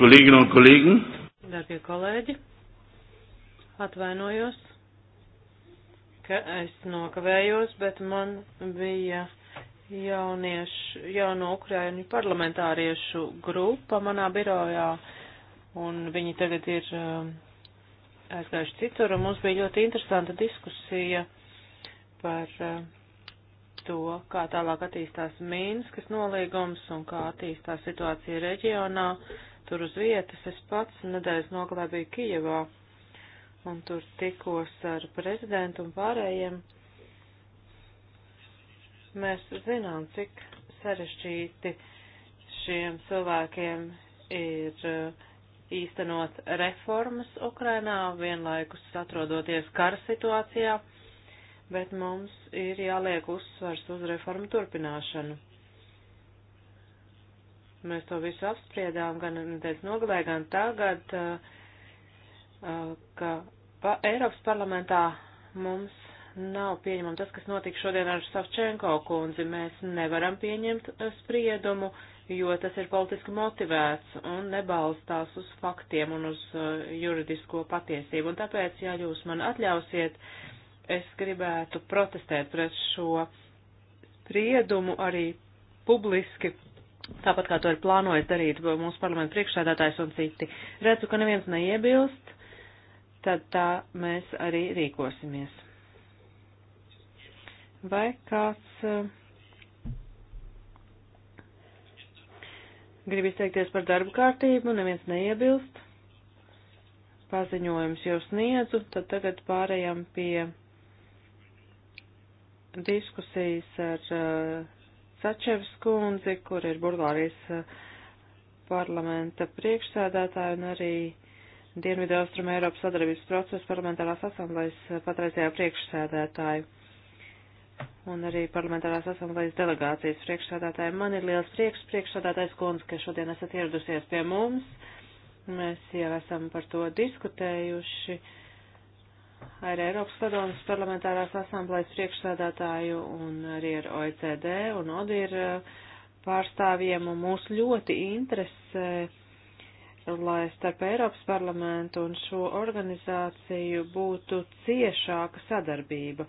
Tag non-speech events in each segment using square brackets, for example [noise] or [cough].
Kolleginnen un kolēģi. Darbie kolēģi, atvainojos, ka es nokavējos, bet man bija jauniešu, jauno ukraiņu parlamentāriešu grupa manā birojā, un viņi tagad ir um, aizgājuši citur, un mums bija ļoti interesanta diskusija par um, to, kā tālāk attīstās Mīnskas nolīgums un kā attīstās situācija reģionā. Uh, tur uz vietas. Es pats nedēļas nogalē biju Kijavā un tur tikos ar prezidentu un pārējiem. Mēs zinām, cik sarežģīti šiem cilvēkiem ir eh, īstenot reformas Ukrainā, vienlaikus atrodoties kara situācijā, bet mums ir jāliek uzsvars uz reformu turpināšanu. Mēs to visu apspriedām gan nedēļas nogalē, gan tagad, uh, uh, ka pa Eiropas parlamentā mums nav pieņemam tas, kas notika šodien ar Savčenko kundzi. Mēs nevaram pieņemt uh, spriedumu, jo tas ir politiski motivēts un nebalstās uz faktiem un uz juridisko patiesību. Un tāpēc, ja jūs man atļausiet, es gribētu protestēt pret šo spriedumu arī publiski tāpat kā to ir plānojis darīt mūsu parlamenta priekšsēdētājs un citi. Redzu, ka neviens neiebilst, tad tā mēs arī rīkosimies. Vai kāds eh, grib izteikties par darbu kārtību, neviens neiebilst, paziņojums jau sniedzu, tad tagad pārējām pie diskusijas ar uh, Sačevs kundzi, kur ir Burgārijas eh, parlamenta priekšsēdētāja un arī Dienvidu Austrumu Eiropas sadarbības procesa parlamentārās asamblejas eh, patreizējā priekšsēdētāja un arī parlamentārās asamblejas delegācijas priekšsādātājiem. Man ir liels prieks, priekšsādātājs Kons, ka šodien esat ieradusies pie mums. Mēs jau esam par to diskutējuši ar Eiropas padomas parlamentārās asamblējas priekšsādātāju un arī ar OECD un ODIR eh, pārstāvjiem. Un mūs ļoti interesē, lai starp Eiropas parlamentu un šo organizāciju būtu ciešāka sadarbība,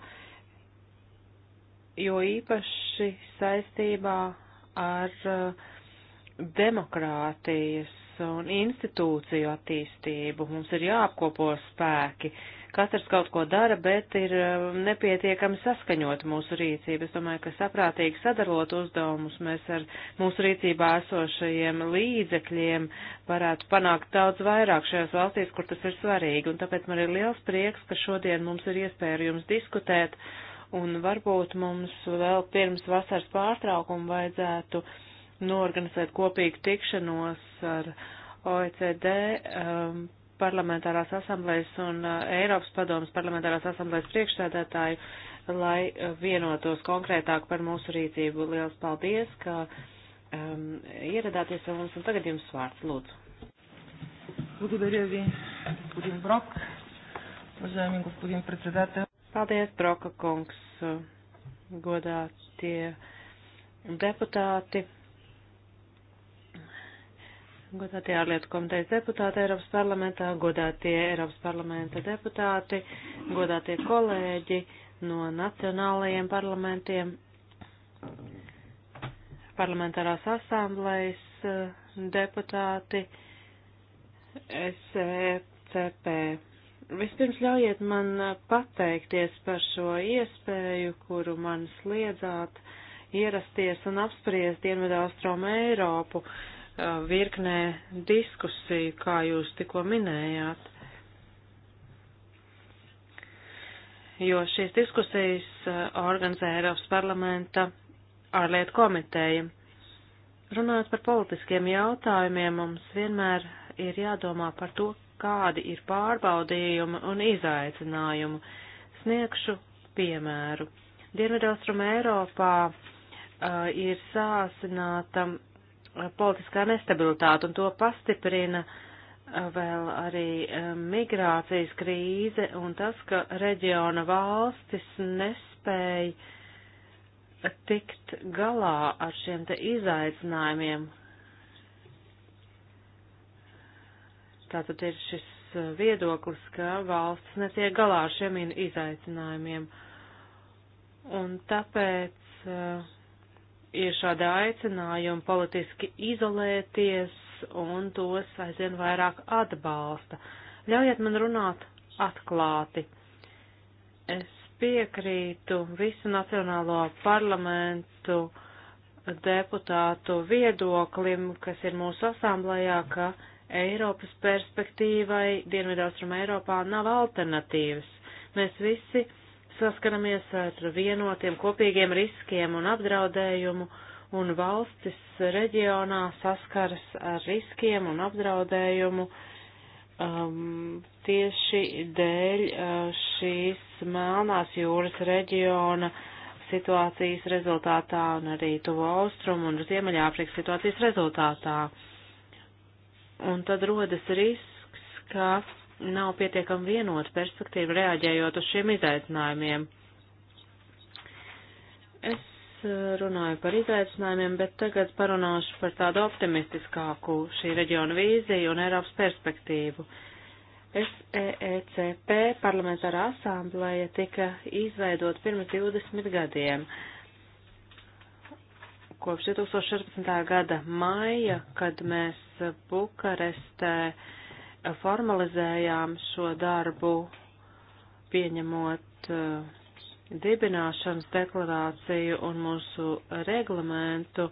jo īpaši saistībā ar eh, demokrātijas un institūciju attīstību mums ir jāapkopo spēki. Uh, katrs kaut ko dara, bet ir um, nepietiekami saskaņot mūsu rīcību. Es domāju, ka saprātīgi sadarot uzdevumus mēs ar mūsu rīcībā esošajiem līdzekļiem varētu panākt daudz vairāk šajās valstīs, kur tas ir svarīgi. Un tāpēc man ir liels prieks, ka šodien mums ir iespēja ar jums diskutēt. Un varbūt mums vēl pirms vasaras pārtraukuma vajadzētu norganizēt kopīgu tikšanos ar OECD um, parlamentārās asamblēs un uh, Eiropas padomas parlamentārās asamblēs priekšstādātāju, lai uh, vienotos konkrētāk par mūsu rīcību. Liels paldies, ka um, ieradāties ar mums un tagad jums vārds, lūdzu. Paldies, Broka kungs, uh, godātie deputāti godātie ārlietu komitejas deputāti Eiropas parlamentā, godātie Eiropas parlamenta deputāti, godātie kolēģi no nacionālajiem parlamentiem, parlamentārās asamblējas eh, deputāti, SCP. E Vispirms ļaujiet man eh, pateikties par šo iespēju, kuru man sliedzāt ierasties un apspriest Dienvidu Austrumu Eiropu. Uh, Uh, virknē diskusiju, kā jūs tikko minējāt. Jo šīs diskusijas uh, organizē Eiropas parlamenta ārlietu komiteja. Runājot par politiskiem jautājumiem, mums vienmēr ir jādomā par to, kādi ir pārbaudījumi un izaicinājumi. Sniegšu piemēru. Dienvidaustruma Eiropā uh, ir sāsināta Eh, politiskā nestabilitāte, un to pastiprina eh, vēl arī eh, migrācijas krīze un tas, ka reģiona valstis nespēja tikt galā ar šiem te izaicinājumiem. Tātad ir šis viedoklis, ka valsts netiek galā ar šiem izaicinājumiem. Un tāpēc uh, ir šādi aicinājumi politiski izolēties un tos aizvien vairāk atbalsta. Ļaujiet man runāt atklāti. Es piekrītu visu Nacionālo parlamentu deputātu viedoklim, kas ir mūsu asamblējā, ka Eiropas perspektīvai Dienvidaustrum Eiropā nav alternatīvas. Mēs visi saskaramies ar vienotiem kopīgiem riskiem un apdraudējumu, un valstis reģionā saskaras ar riskiem un apdraudējumu um, tieši dēļ uh, šīs Melnās jūras reģiona situācijas rezultātā un arī tuvo austrumu un Ziemeļāfrikas situācijas rezultātā. Un tad rodas risks, ka uh, nav pietiekami vienota perspektīva reaģējot uz šiem izaicinājumiem. Es eh, runāju par izaicinājumiem, bet tagad parunāšu par tādu optimistiskāku šī reģiona vīziju un Eiropas perspektīvu. SEECP parlamentārā asamblēja tika izveidot pirms 20 gadiem. Kopš 2016. gada maija, kad mēs Bukarestē uh, formalizējām šo darbu, pieņemot eh, dibināšanas deklarāciju un mūsu reglamentu,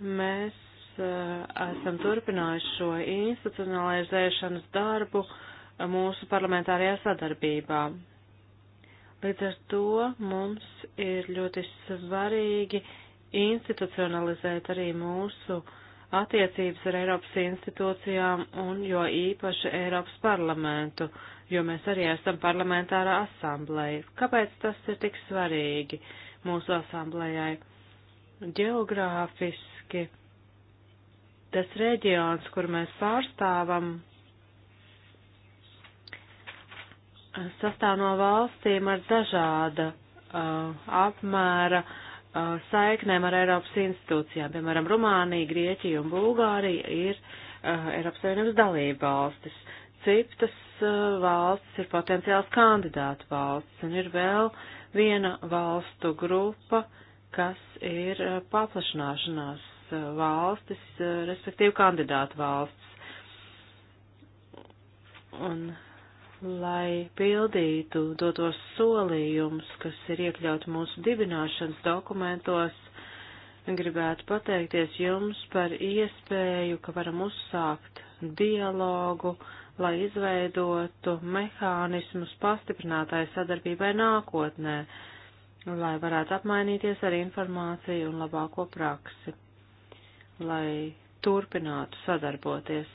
mēs eh, esam turpinājuši šo institucionalizēšanas darbu eh, mūsu parlamentārajā sadarbībā. Līdz ar to mums ir ļoti svarīgi institucionalizēt arī mūsu uh, attiecības ar Eiropas institūcijām un jo īpaši Eiropas parlamentu, jo mēs arī esam parlamentārā asambleja. Kāpēc tas ir tik svarīgi mūsu asamblējai? Geogrāfiski tas reģions, kur mēs pārstāvam, sastāv no valstīm ar dažāda uh, apmēra uh, Uh, saiknēm ar Eiropas institūcijām. Piemēram, Rumānija, Grieķija un Bulgārija ir uh, Eiropas Savienības dalība valstis. Ciptas uh, valsts ir potenciāls kandidātu valsts un ir vēl viena valstu grupa, kas ir uh, paplašanāšanās uh, valstis, uh, respektīvi kandidātu valsts. Un lai pildītu dotos solījumus, kas ir iekļauti mūsu dibināšanas dokumentos. Gribētu pateikties jums par iespēju, ka varam uzsākt dialogu, lai izveidotu mehānismus pastiprinātāju sadarbībai nākotnē, lai varētu apmainīties ar informāciju un labāko praksi, lai turpinātu sadarboties.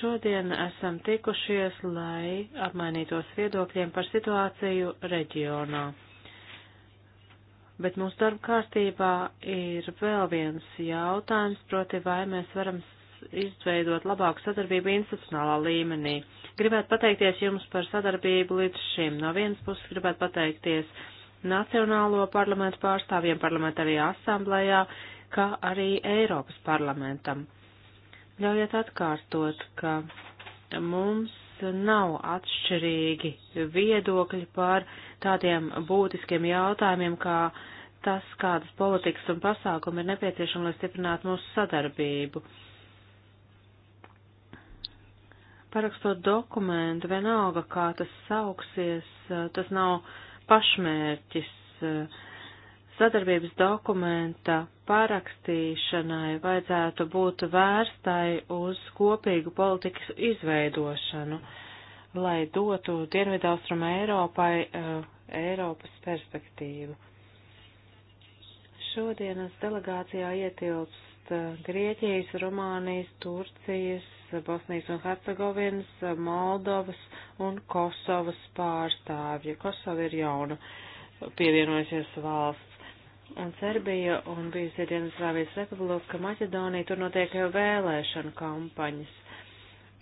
Šodien esam tikušies, lai apmainītos viedokļiem par situāciju reģionā. Bet mūsu darba kārtībā ir vēl viens jautājums, proti vai mēs varam izveidot labāku sadarbību institucionālā līmenī. Gribētu pateikties jums par sadarbību līdz šim. No vienas puses gribētu pateikties Nacionālo parlamentu pārstāvjiem parlamentārajā asamblējā, kā arī Eiropas parlamentam. Ļaujiet atkārtot, ka mums nav atšķirīgi viedokļi par tādiem būtiskiem jautājumiem, kā tas, kādas politikas un pasākumi ir nepieciešami, lai stiprinātu mūsu sadarbību. Parakstot dokumentu, vienalga, kā tas sauksies, tas nav pašmērķis. Sadarbības dokumenta parakstīšanai vajadzētu būt vērstai uz kopīgu politikas izveidošanu, lai dotu Dienvidaustrum Eiropai uh, Eiropas perspektīvu. Šodienas delegācijā ietilpst uh, Grieķijas, Rumānijas, Turcijas, Bosnijas un Hercegovinas, Moldovas un Kosovas pārstāvji. Kosova ir jauna pievienojusies valsts un Serbija un bijusi Dienvidslāvijas republika Maķedonija, tur notiek vēlēšana kampaņas.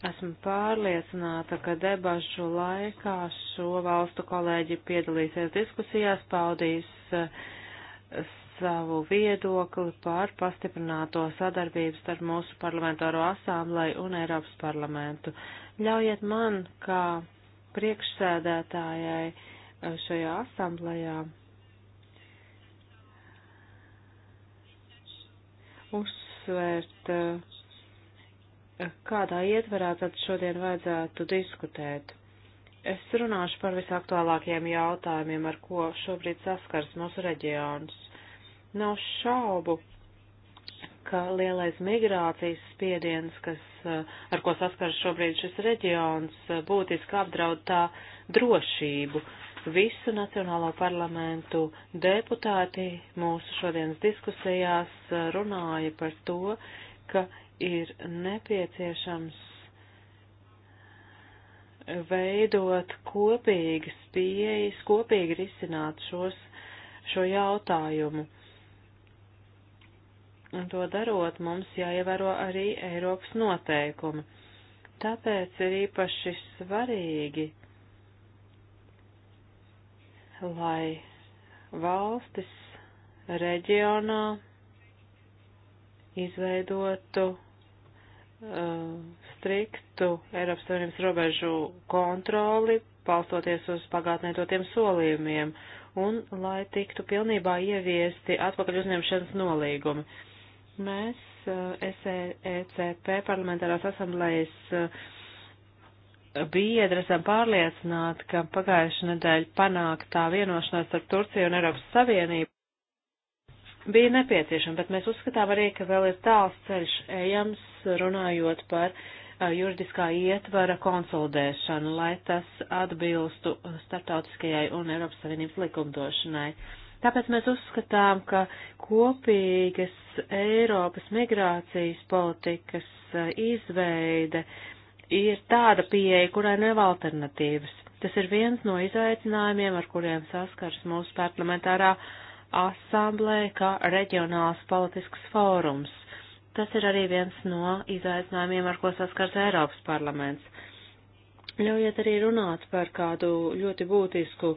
Esmu pārliecināta, ka debašu laikā šo valstu kolēģi piedalīsies diskusijās, paudīs eh, savu viedokli par pastiprināto sadarbību starp mūsu parlamentāro asāmblēju un Eiropas parlamentu. Ļaujiet man, kā priekšsēdētājai eh, šajā asamblējā, uzsvērt, eh, kādā ietverā tad šodien vajadzētu diskutēt. Es runāšu par visaktuālākajiem jautājumiem, ar ko šobrīd saskars mūsu reģions. Nav šaubu, ka lielais migrācijas spiediens, kas, eh, ar ko saskars šobrīd šis reģions, eh, būtiski apdraud tā drošību, visu Nacionālo parlamentu deputāti mūsu šodienas diskusijās eh, runāja par to, ka ir nepieciešams veidot kopīgas pieejas, kopīgi risināt šos, šo jautājumu. Un to darot, mums jāievēro arī Eiropas noteikumi. Tāpēc ir īpaši svarīgi lai valstis reģionā izveidotu uh, striktu Eiropas Savienības robežu kontroli, palstoties uz pagātnē dotiem solījumiem, un lai tiktu pilnībā ieviesti atpakaļ uzņemšanas nolīgumi. Mēs uh, SECP parlamentārās asamblējas uh, biedri esam pārliecināti, ka pagājušā nedēļa panāktā vienošanās ar Turciju un Eiropas Savienību bija nepieciešama, bet mēs uzskatām arī, ka vēl ir tāls ceļš ejams, runājot par juridiskā ietvara konsolidēšanu, lai tas atbilstu starptautiskajai un Eiropas Savienības likumdošanai. Tāpēc mēs uzskatām, ka kopīgas Eiropas migrācijas politikas izveide uh, ir tāda pieeja, kurai nav alternatīvas. Tas ir viens no izaicinājumiem, ar kuriem saskars mūsu parlamentārā asamblē, kā reģionāls politisks fórums. Tas ir arī viens no izaicinājumiem, ar ko saskars Eiropas parlaments. Ļaujiet arī runāt par kādu ļoti būtisku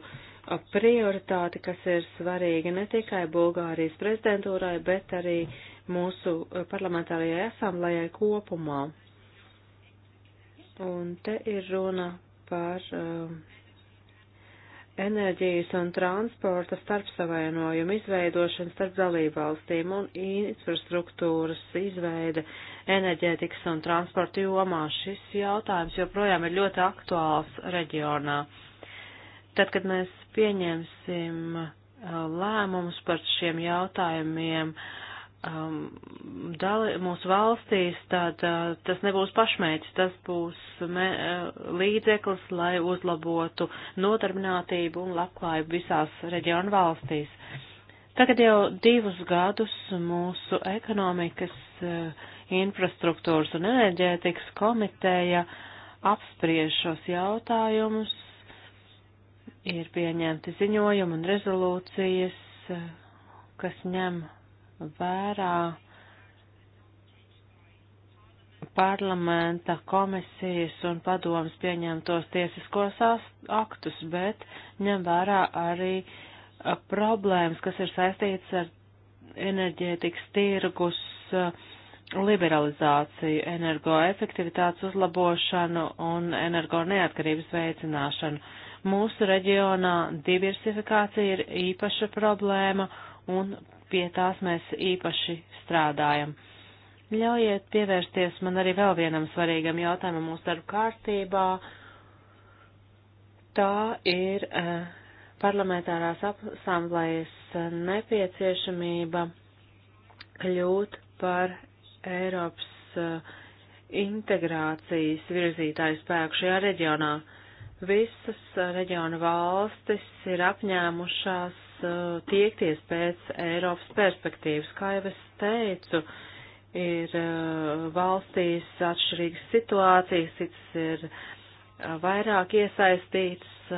prioritāti, kas ir svarīga ne tikai Bulgārijas prezidentūrai, bet arī mūsu parlamentārajai asamblējai kopumā. Un te ir runa par um, enerģijas un transporta starpsavainojumu izveidošanu starp dalībvalstīm un infrastruktūras izveide enerģētikas un transporta jomā. Šis jautājums joprojām ir ļoti aktuāls reģionā. Tad, kad mēs pieņemsim uh, lēmumus par šiem jautājumiem, uh, um, dali, mūsu valstīs, tad uh, tas nebūs pašmērķis, tas būs me, uh, līdzeklis, lai uzlabotu nodarbinātību un labklājību visās reģionu valstīs. Tagad jau divus gadus mūsu ekonomikas, uh, infrastruktūras un enerģētikas komiteja apspriež šos jautājumus, ir pieņemti ziņojumi un rezolūcijas, uh, kas ņem vērā parlamenta, komisijas un padomas pieņemtos tiesiskos aktus, bet ņem vērā arī problēmas, kas ir saistītas ar enerģētikas tirgus liberalizāciju, energoefektivitātes uzlabošanu un energo neatkarības veicināšanu. Mūsu reģionā diversifikācija ir īpaša problēma un pie tās mēs īpaši strādājam. Ļaujiet pievērsties man arī vēl vienam svarīgam jautājumam mūsu darba kārtībā. Tā ir eh, parlamentārās asamblējas nepieciešamība kļūt par Eiropas eh, integrācijas virzītāju spēku šajā reģionā. Visas eh, reģiona valstis ir apņēmušās Eh, tiekties pēc Eiropas perspektīvas. Kā jau es teicu, ir eh, valstīs atšķirīgas situācijas, cits ir eh, vairāk iesaistīts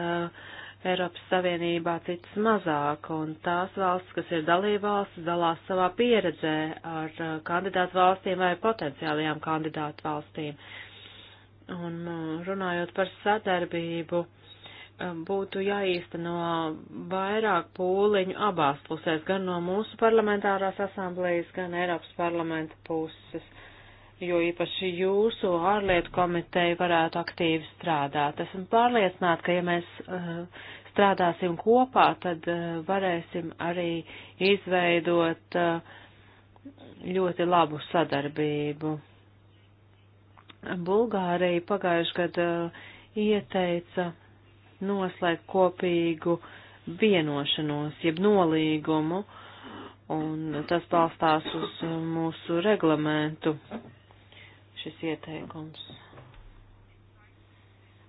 Eiropas Savienībā, cits mazāk, un tās valsts, kas ir dalībvalstis, dalās savā pieredzē ar kandidātu valstīm vai potenciālajām kandidātu valstīm. Un runājot par sadarbību, uh, Um, būtu jāīsteno vairāk pūliņu abās pusēs, gan no mūsu parlamentārās asamblējas, gan Eiropas parlamenta puses, jo īpaši jūsu ārlietu komiteja varētu aktīvi strādāt. Esmu pārliecināta, ka ja mēs uh, strādāsim kopā, tad uh, varēsim arī izveidot uh, ļoti labu sadarbību. Bulgārija pagājuši gadu ieteica noslēgt kopīgu vienošanos, jeb nolīgumu, un tas balstās uz mūsu reglamentu šis ieteikums.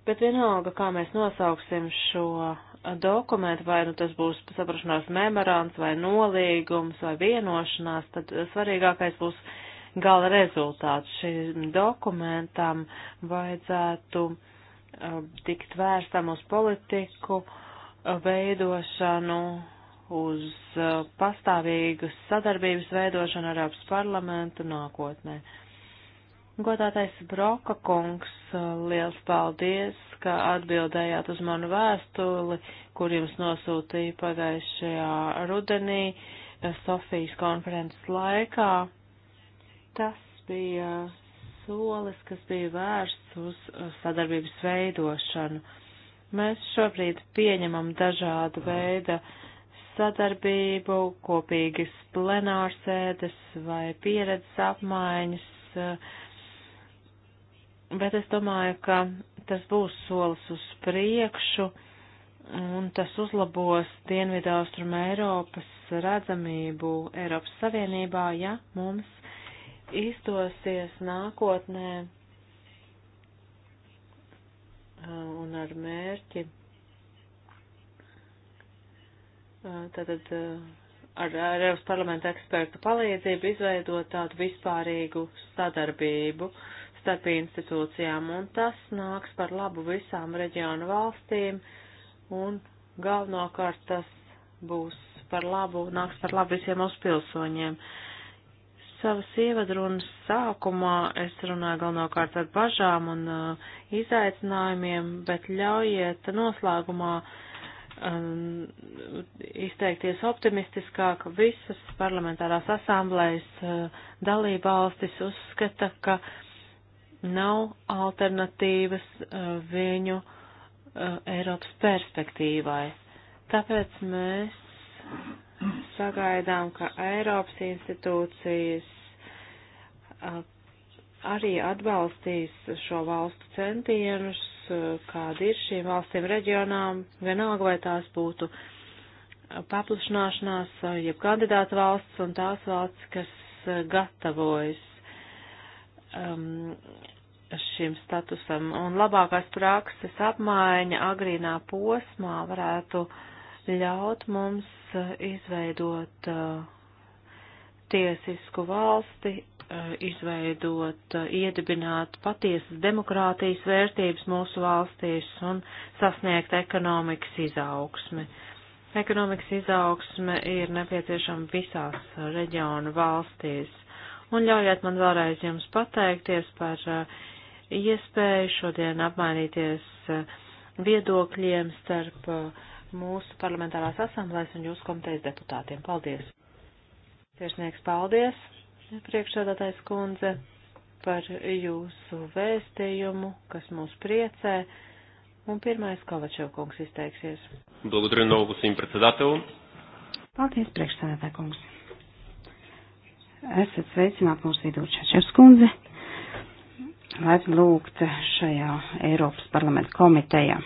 Bet vienalga, kā mēs nosauksim šo dokumentu, vai nu tas būs saprašanās memorands, vai nolīgums, vai vienošanās, tad svarīgākais būs gala rezultāts. Šim dokumentam vajadzētu uh, Um, tikt vērstam uz politiku uh, veidošanu, uz uh, pastāvīgas sadarbības veidošanu ar Eiropas parlamentu nākotnē. Godātais Broka kungs, uh, liels paldies, ka atbildējāt uz manu vēstuli, kur jums nosūtīja pagājušajā rudenī Sofijas konferences laikā. Tas bija solis, kas bija vērsts uz uh, sadarbības veidošanu. Mēs šobrīd pieņemam dažādu veidu sadarbību, kopīgas plenārsēdes vai pieredzes apmaiņas, uh, bet es domāju, ka tas būs solis uz priekšu un tas uzlabos Dienvidaustruma Eiropas redzamību Eiropas Savienībā, ja mums izdosies nākotnē uh, un ar mērķi, uh, tātad uh, ar Eiropas parlamenta ekspertu palīdzību izveidot tādu vispārīgu sadarbību starp institūcijām, un tas nāks par labu visām reģionu valstīm, un galvenokārt tas būs par labu, nāks par labu visiem mūsu pilsoņiem. Uh, savas ievadrunas sākumā es runāju galvenokārt ar bažām un uh, izaicinājumiem, bet ļaujiet noslēgumā um, izteikties optimistiskāk. Visas parlamentārās asamblējas uh, dalībvalstis uzskata, ka nav alternatīvas uh, viņu uh, Eiropas perspektīvai. Tāpēc mēs sagaidām, ka Eiropas institūcijas arī atbalstīs šo valstu centienus, kādi ir šīm valstīm reģionām, vienalga vai tās būtu paplašanāšanās, jeb kandidāta valsts un tās valsts, kas gatavojas um, šim statusam. Un labākās prakses apmaiņa agrīnā posmā varētu ļaut mums izveidot uh, tiesisku valsti E, izveidot, e, iedibināt patiesas demokrātijas vērtības mūsu valstīs un sasniegt ekonomikas izaugsmi. Ekonomikas izaugsme ir nepieciešama visās reģionu valstīs. Un ļaujiet man vēlreiz jums pateikties par e, iespēju šodien apmainīties viedokļiem starp mūsu parlamentārās asamblēs un jūsu komitejas deputātiem. Paldies! Tiešnieks, paldies! priekšsādātājs kundze, par jūsu vēstījumu, kas mūs priecē. Un pirmais Kalačev kungs izteiksies. Благодарю много, господин председател. Paldies, priekšsēdētāj kungs. Esat sveicināti mūsu vidū Čečers kundze. Laipni lūgt šajā Eiropas parlamenta komitejā.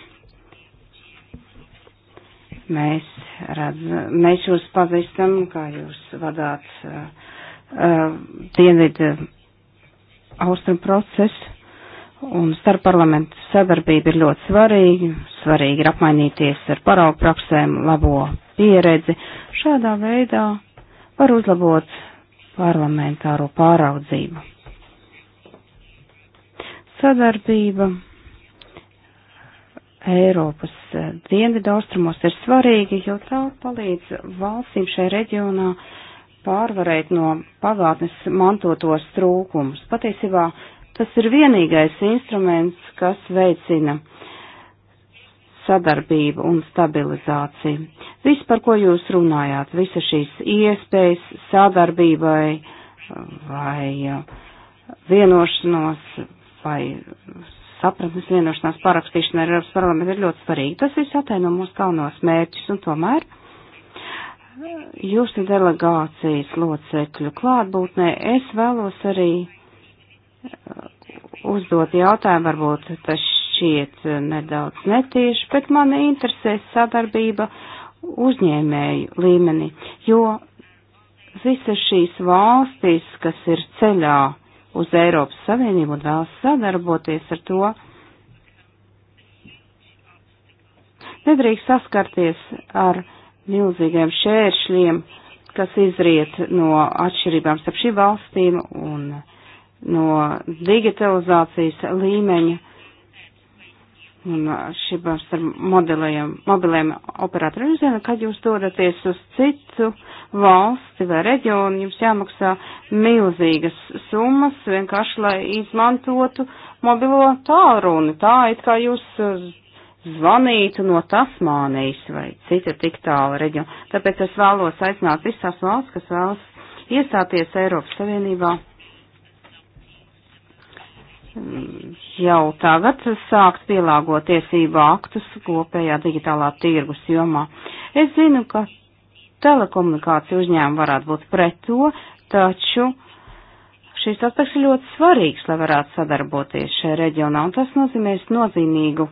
Mēs, redz, mēs jūs pazīstam, kā jūs vadāt uh, Uh, dienvidu austrum procesu. Un starpparlamentu sadarbība ir ļoti svarīga. Svarīgi ir apmainīties ar paraugu praksēm, labo pieredzi. Šādā veidā var uzlabot parlamentāro pāraudzību. Sadarbība Eiropas uh, dienvidu austrumos ir svarīga, jo tā palīdz valstīm šajā reģionā uh, pārvarēt no pagātnes mantotos trūkumus. Patiesībā tas ir vienīgais instruments, kas veicina sadarbību un stabilizāciju. Viss, par ko jūs runājāt, visa šīs iespējas sadarbībai vai uh, vienošanos vai sapratnes vienošanās parakstīšana ar Eiropas parlamentu ir ļoti svarīga. Tas viss ataino mūsu galvenos mērķus un tomēr jūsu delegācijas locekļu klātbūtnē es vēlos arī uh, uzdot jautājumu, varbūt tas šķiet uh, nedaudz netieši, bet mani interesē sadarbība uzņēmēju līmenī, jo visas šīs valstis, kas ir ceļā uz Eiropas Savienību un vēlas sadarboties ar to, nedrīkst saskarties ar milzīgiem šēršļiem, kas izriet no atšķirībām starp šīm valstīm un no digitalizācijas līmeņa un šībās ar modelējiem, mobiliem operatoriem. Es zinu, kad jūs dodaties uz citu valsti vai reģionu, jums jāmaksā milzīgas summas vienkārši, lai izmantotu mobilo tālruni. Tā it kā jūs zvanītu no Tasmānijas vai cita tik tāla reģiona. Tāpēc es vēlos aicināt visās valsts, kas vēlas iestāties Eiropas Savienībā. Jau tagad sākt pielāgot tiesību aktus kopējā digitālā tirgus jomā. Es zinu, ka telekomunikāciju uzņēmumi varētu būt pret to, taču šīs aspekts ir ļoti svarīgs, lai varētu sadarboties šajā reģionā, un tas nozīmēs nozīmīgu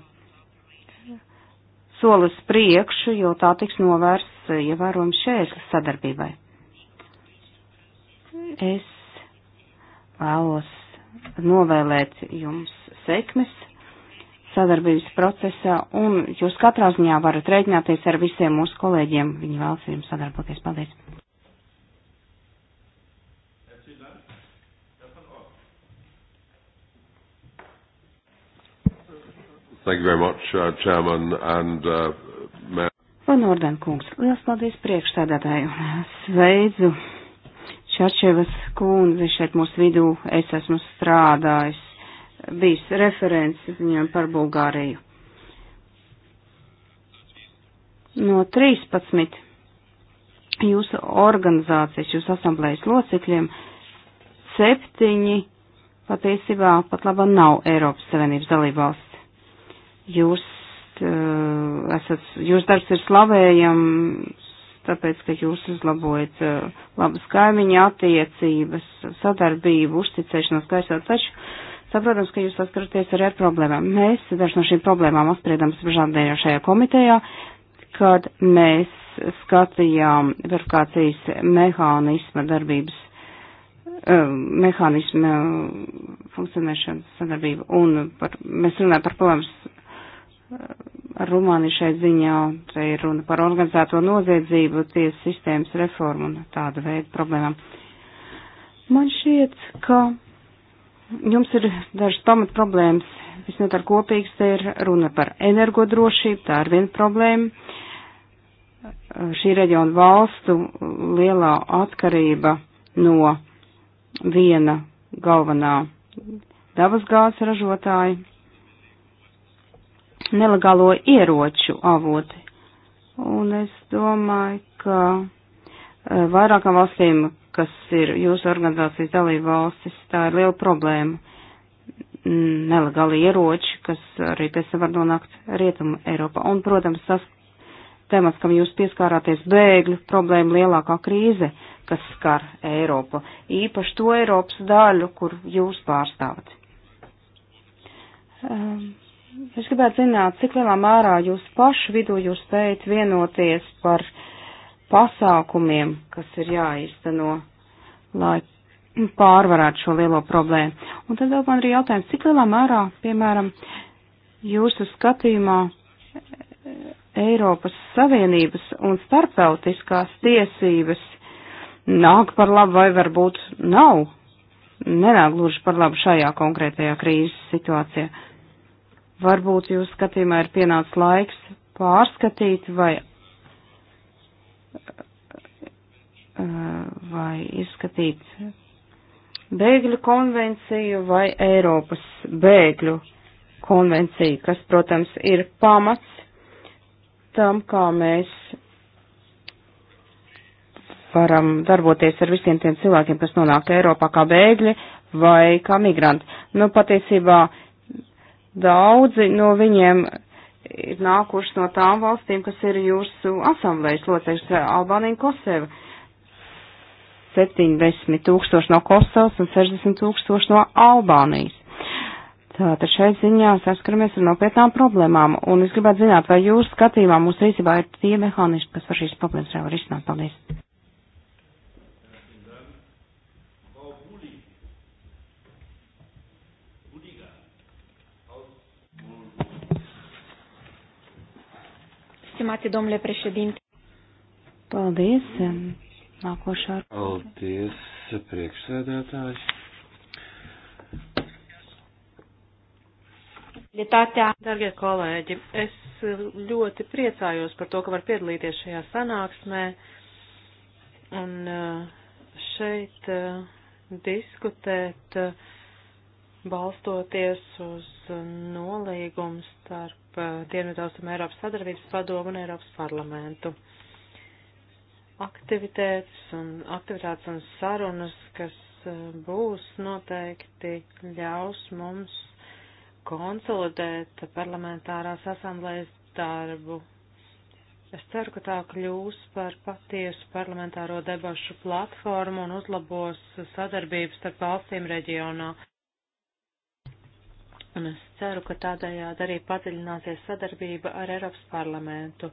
solis priekšu, jo tā tiks novērsts eh, ievērojams šķērslis sadarbībai. Es vēlos novēlēt jums sekmes sadarbības procesā, un jūs katrā ziņā varat rēķināties ar visiem mūsu kolēģiem. Viņi vēlas ar jums sadarboties. Paldies! Thank you very much, uh, Chairman, and uh, Mayor. Van Orden kungs, liels paldies priekšstādātāju. Sveicu Čačevas kundzi šeit mūsu vidū. Es esmu strādājis, bijis referents viņam par Bulgāriju. No 13 jūsu organizācijas, jūsu asamblējas locekļiem, septiņi patiesībā pat laba nav Eiropas Savienības dalībvalsts. Jūs, uh, esat, jūs darbs ir slavējams, tāpēc, ka jūs uzlabojat uh, labas kaimiņa attiecības, sadarbību, uzticēšanos gaisā, taču saprotams, ka jūs saskaraties arī ar problēmām. Mēs dažs no šīm problēmām apspriedām spriežādējā šajā komitejā, kad mēs skatījām verifikācijas mehānisma darbības, uh, mehānisma funkcionēšanas sadarbību un par, mēs runājam par problēmas ar Rumāniju šai ziņā, te ir runa par organizēto noziedzību, tiesu sistēmas reformu un tāda veida problēmām. Man šķiet, ka jums ir dažas pamat problēmas. Visnotar kopīgs te ir runa par energodrošību, tā ir viena problēma. Šī reģiona valstu lielā atkarība no viena galvenā dabasgāzes ražotāja nelegālo ieroču avoti. Un es domāju, ka eh, vairākām valstīm, kas ir jūsu organizācijas dalība valstis, tā ir liela problēma. Nelegāli ieroči, kas arī pēc tam var nonākt Rietumu Eiropā. Un, protams, tas temats, kam jūs pieskārāties, bēgļu problēma lielākā krīze, kas skar Eiropu. Īpaši to Eiropas daļu, kur jūs pārstāvat. Um, Es gribētu zināt, cik lielā mērā jūs paši vidū jūs spējat vienoties par pasākumiem, kas ir jāizteno, lai pārvarētu šo lielo problēmu. Un tad vēl man ir jautājums, cik lielā mērā, piemēram, jūsu skatījumā e, Eiropas Savienības un starptautiskās tiesības nāk par labu vai varbūt nav, nenāk gluži par labu šajā konkrētajā krīzes situācijā. Varbūt jūs skatījumā ir pienācis laiks pārskatīt vai, vai izskatīt bēgļu konvenciju vai Eiropas bēgļu konvenciju, kas, protams, ir pamats tam, kā mēs varam darboties ar visiem tiem cilvēkiem, kas nonāk Eiropā kā bēgļi vai kā migranti. Nu, patiesībā Daudzi no viņiem ir nākuši no tām valstīm, kas ir jūsu asamblējas locekļus - Albānija un Koseva. 70 tūkstoši no Kosovas un 60 tūkstoši no Albānijas. Tātad šeit ziņā saskaramies ar nopietnām problēmām, un es gribētu zināt, vai jūsu skatījumā mūsu rīcībā ir tie mehānismi, kas var šīs problēmas reāli risināt. Paldies! stimati domnule președinte. Paldies. Nākošā. Paldies, priekšsēdētājs. Darbie kolēģi, es ļoti priecājos par to, ka var piedalīties šajā sanāksmē. Un eh, šeit eh, diskutēt uh, balstoties uz nolīgumu starp eh, Dienvidaustumu Eiropas sadarbības padomu un Eiropas parlamentu. Aktivitātes un, aktivitātes un sarunas, kas eh, būs noteikti ļaus mums konsolidēt parlamentārās asamblējas darbu. Es ceru, ka tā kļūs par patiesu parlamentāro debašu platformu un uzlabos sadarbības starp valstīm reģionā un es ceru, ka tādējādi arī padziļināsies sadarbība ar Eiropas parlamentu.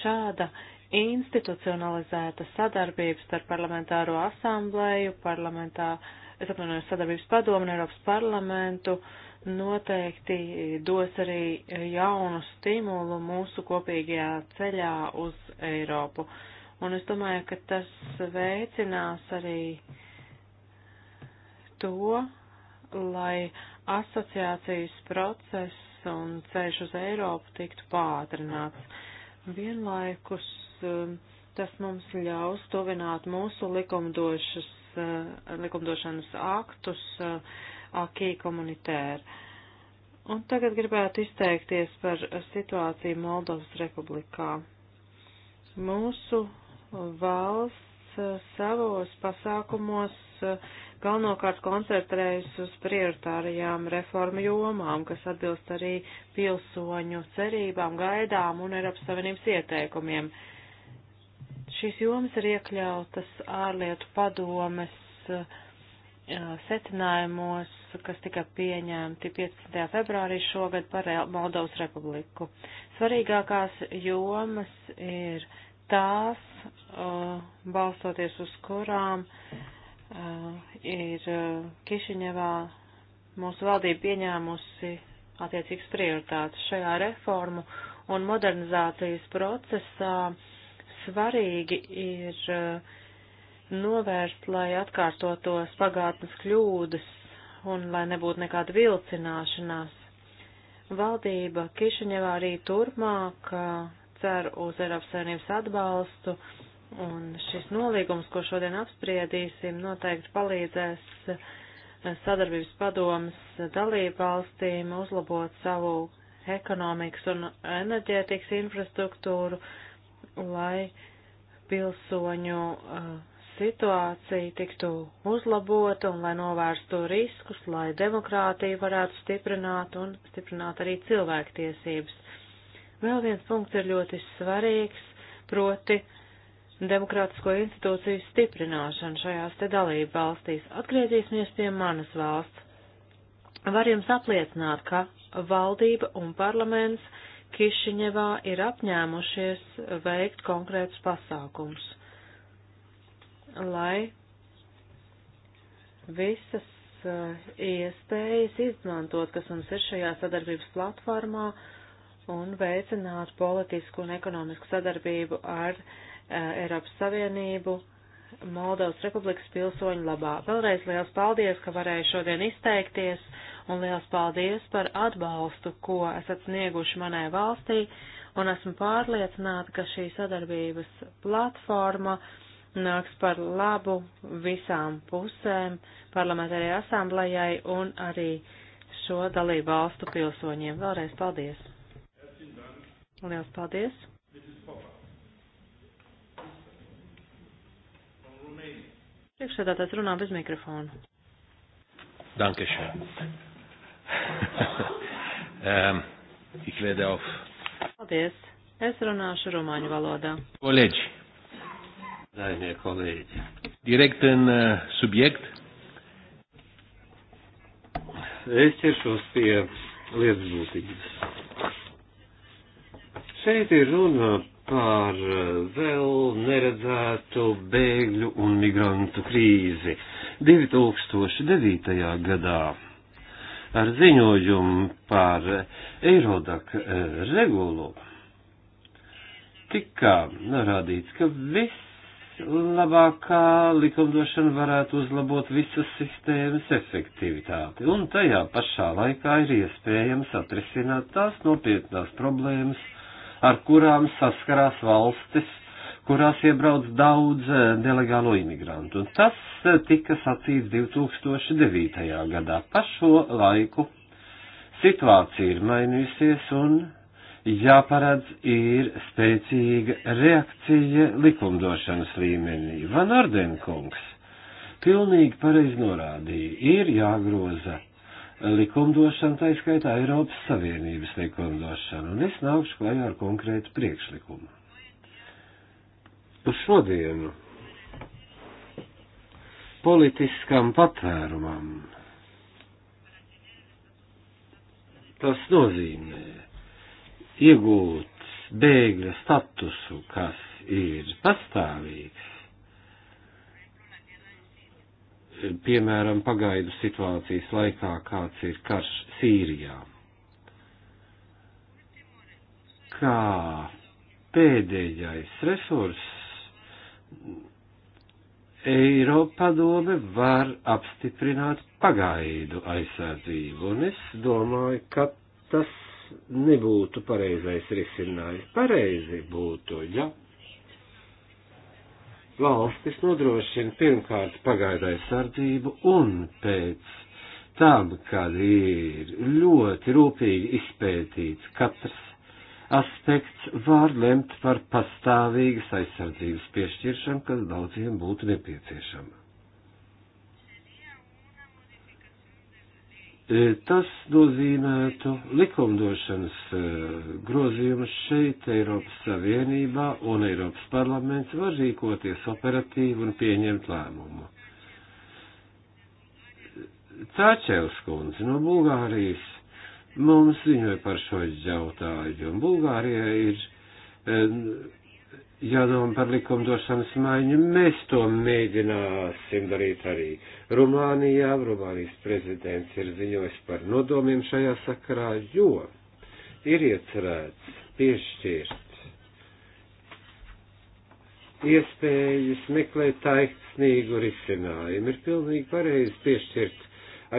Šāda institucionalizēta sadarbība starp parlamentāro asamblēju, parlamentā, es atvainojos, sadarbības padomu un Eiropas parlamentu noteikti dos arī jaunu stimulu mūsu kopīgajā ceļā uz Eiropu. Un es domāju, ka tas veicinās arī to, lai uh, asociācijas process un ceļš uz Eiropu tiktu pātrināts. Vienlaikus um, tas mums ļaus tuvināt mūsu uh, likumdošanas aktus uh, akī komunitēru. Un tagad gribētu izteikties par situāciju Moldovas republikā. Mūsu valsts uh, savos pasākumos galvenokārt koncentrējas uz prioritārajām reformu jomām, kas atbilst arī pilsoņu cerībām, gaidām un Eiropas Savienības ieteikumiem. Šīs jomas ir iekļautas ārlietu padomes eh, secinājumos, kas tika pieņemti 15. februārī šogad par Moldovas republiku. Svarīgākās jomas ir tās, eh, balstoties uz kurām uh, Uh, ir uh, Kišiņevā mūsu valdība pieņēmusi attiecīgas prioritātes šajā reformu un modernizācijas procesā. Svarīgi ir uh, novērst, lai atkārtotos pagātnes kļūdas un lai nebūtu nekāda vilcināšanās. Valdība Kišiņevā arī turpmāk cer uz Eiropas Savienības atbalstu Un šis nolīgums, ko šodien apspriedīsim, noteikti palīdzēs eh, sadarbības padomas dalību valstīm uzlabot savu ekonomikas un enerģētikas infrastruktūru, lai pilsoņu eh, situācija tiktu uzlabota un lai novērstu riskus, lai demokrātiju varētu stiprināt un stiprināt arī cilvēktiesības. Vēl viens punkts ir ļoti svarīgs, proti demokrātisko institūciju stiprināšanu šajās te dalību valstīs. Atgriezīsimies pie manas valsts. Var jums apliecināt, ka valdība un parlaments Kišiņevā ir apņēmušies veikt konkrētus pasākums, lai visas eh, iespējas izmantot, kas mums ir šajā sadarbības platformā, un veicināt politisku un ekonomisku sadarbību ar uh, Eh, Eiropas Savienību Moldovas Republikas pilsoņu labā. Vēlreiz liels paldies, ka varēju šodien izteikties, un liels paldies par atbalstu, ko esat snieguši manai valstī, un esmu pārliecināta, ka šī sadarbības platforma nāks par labu visām pusēm, parlamentārajai asamblējai un arī šo dalību valstu pilsoņiem. Vēlreiz paldies! Liels paldies! Priekšsēdētājs runā bez mikrofona. Dankeschön. um, [laughs] ähm, ich werde auf. Paldies. Es runāšu rumāņu valodā. Kolēģi. Daimie kolēģi. Direkt un uh, äh, subjekt. Es ķeršos pie lietas būtības. Šeit ir runa par eh, vēl neredzētu bēgļu un migrantu krīzi. 2009. gadā ar ziņojumu par Eirodak eh, regulu tika norādīts, ka vislabākā likumdošana varētu uzlabot visas sistēmas efektivitāti, un tajā pašā laikā ir iespējams atrisināt tās nopietnās problēmas, ar kurām saskarās valstis, kurās iebrauc daudz eh, nelegālo imigrantu. Un tas eh, tika sacīts 2009. gadā. Pa šo laiku situācija ir mainījusies un jāparedz ir spēcīga reakcija likumdošanas līmenī. Van Ordenkungs pilnīgi pareizi norādīja, ir jāgroza likumdošanu, tā izskaitā Eiropas Savienības likumdošanu, un es nākušu klajā ar konkrētu priekšlikumu. Uz šodienu politiskam patvērumam tas nozīmē iegūt bēgļa statusu, kas ir pastāvīgs, piemēram, pagaidu situācijas laikā, kāds ir karš Sīrijā. Kā pēdējais resurs Eiropadome var apstiprināt pagaidu aizsardzību, un es domāju, ka tas nebūtu pareizais risinājums. Pareizi būtu, ja valstis nodrošina pirmkārt pagaidu aizsardzību un pēc tam, kad ir ļoti rūpīgi izpētīts katrs aspekts, var lemt par pastāvīgas aizsardzības piešķiršanu, kas daudziem būtu nepieciešama. E, tas nozīmētu likumdošanas e, grozījumus šeit, Eiropas Savienībā, un Eiropas parlaments var rīkoties operatīvi un pieņemt lēmumu. Cāčēvs kundze no Bulgārijas mums ziņoja par šo jautājumu. Bulgārijai ir e, jādomā par likumdošanas maiņu. Mēs to mēģināsim darīt arī Rumānijā. Rumānijas prezidents ir ziņojis par nodomiem šajā sakarā, jo ir iecerēts piešķirt iespējas meklēt taisnīgu risinājumu. Ir pilnīgi pareizi piešķirt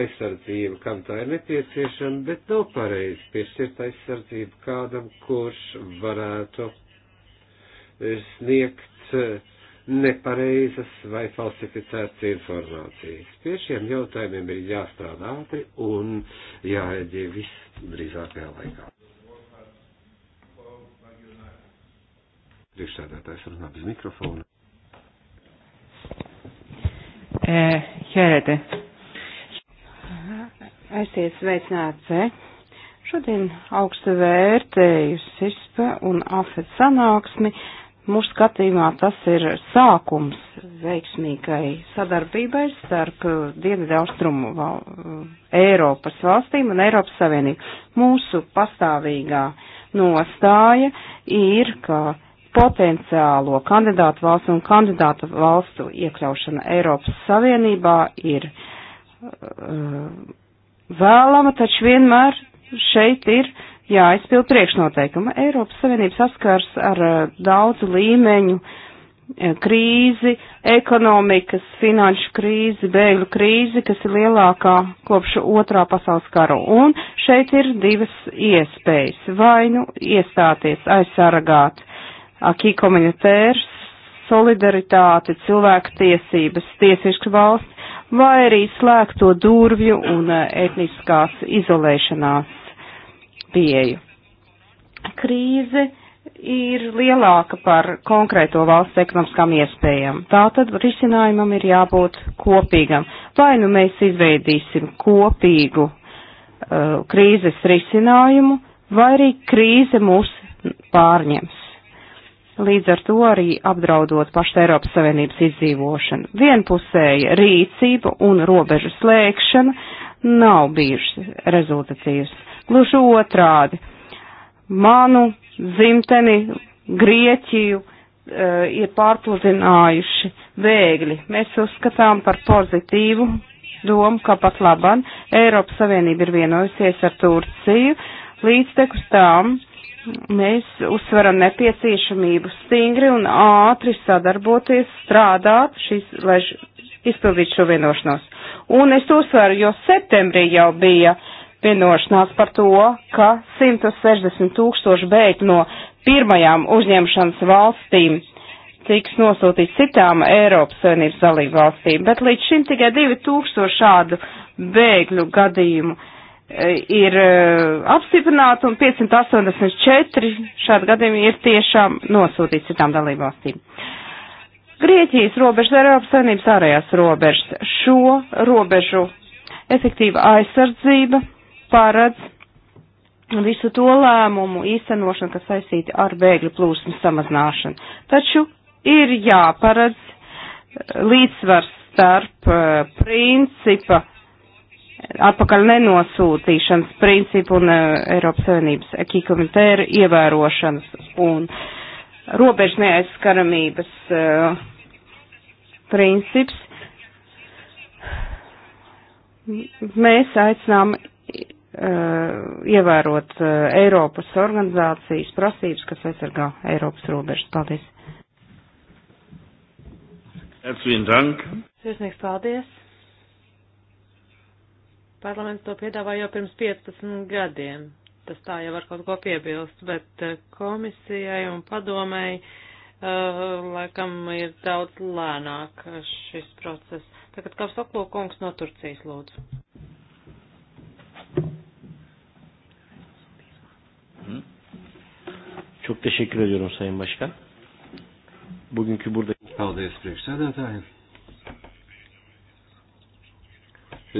aizsardzību, kam tā ir nepieciešama, bet nav pareizi piešķirt aizsardzību kādam, kurš varētu sniegt eh, nepareizas vai falsificētas informācijas. Pie šiem jautājumiem ir jāstrādā ātri un jāreģē viss drīzākajā laikā. Priekšsēdētājs runā bez mikrofona. E, eh, Hērete. Esiet sveicināts. Eh? Šodien augstu vērtējusi SISPA un AFET sanāksmi. Eh? Mūsu skatījumā tas ir sākums veiksmīgai sadarbībai starp Dienvidaustrumu val Eiropas valstīm un Eiropas Savienību. Mūsu pastāvīgā nostāja ir, ka potenciālo kandidātu valstu un kandidātu valstu iekļaušana Eiropas Savienībā ir uh, vēlama, taču vienmēr šeit ir uh, jāizpild priekšnoteikuma. Eiropas Savienība saskars ar eh, daudzu līmeņu eh, krīzi, ekonomikas, finanšu krīzi, bēgļu krīzi, kas ir lielākā kopš otrā pasaules karu. Un šeit ir divas iespējas. Vai nu iestāties, aizsargāt akī komunitērs, solidaritāti, cilvēku tiesības, tiesisku valsts, vai arī slēgto durvju un eh, etniskās izolēšanās pieeju. Krīze ir lielāka par konkrēto valsts ekonomiskām iespējām. Tātad risinājumam ir jābūt kopīgam. Vai nu mēs izveidīsim kopīgu uh, krīzes risinājumu, vai arī krīze mūs pārņems. Līdz ar to arī apdraudot pašu Eiropas Savienības izdzīvošanu. Vienpusēja rīcība un robežu slēgšana nav bijušas rezultatīvas. Gluži otrādi. Manu dzimteni, Grieķiju e, ir pārpludinājuši bēgļi. Mēs uzskatām par pozitīvu domu, ka pat laban Eiropas Savienība ir vienojusies ar Turciju. Līdztekus tām mēs uzsveram nepieciešamību stingri un ātri sadarboties, strādāt, šis, lai izpildītu šo vienošanos. Un es uzsveru, jo septembrī jau bija uh, vienošanās par to, ka 160 tūkstoši bēgļu no pirmajām uzņemšanas valstīm tiks nosūtīts citām Eiropas Savienības dalību valstīm, bet līdz šim tikai 2000 šādu bēgļu gadījumu e, ir e, apstiprināti un 584 šādu gadījumu ir tiešām nosūtīts citām dalību valstīm. Grieķijas robežas ir Eiropas Savienības ārējās robežas. Šo robežu efektīva aizsardzība paredz visu to lēmumu īstenošanu, kas saistīti ar bēgļu plūsmu samazināšanu. Taču ir jāparedz eh, līdzsvars starp eh, principa atpakaļ nenosūtīšanas principu un eh, Eiropas Savienības ekikomitēra ievērošanas un robežu neaizskaramības uh, princips. Mēs aicinām Uh, ievērot uh, Eiropas organizācijas prasības, kas aizsargā Eiropas robežas. Paldies! Herzlichen Dank! Sirsnīgs paldies! Parlaments to piedāvāja jau pirms 15 gadiem. Tas tā jau var kaut ko piebilst, bet uh, komisijai un padomēji uh, laikam ir daudz lēnāk šis process. Tagad kā saklo kungs no Turcijas lūdzu. Çok teşekkür ediyorum Sayın Başkan. Bugünkü burada... Paldies, priekšsēdētāji.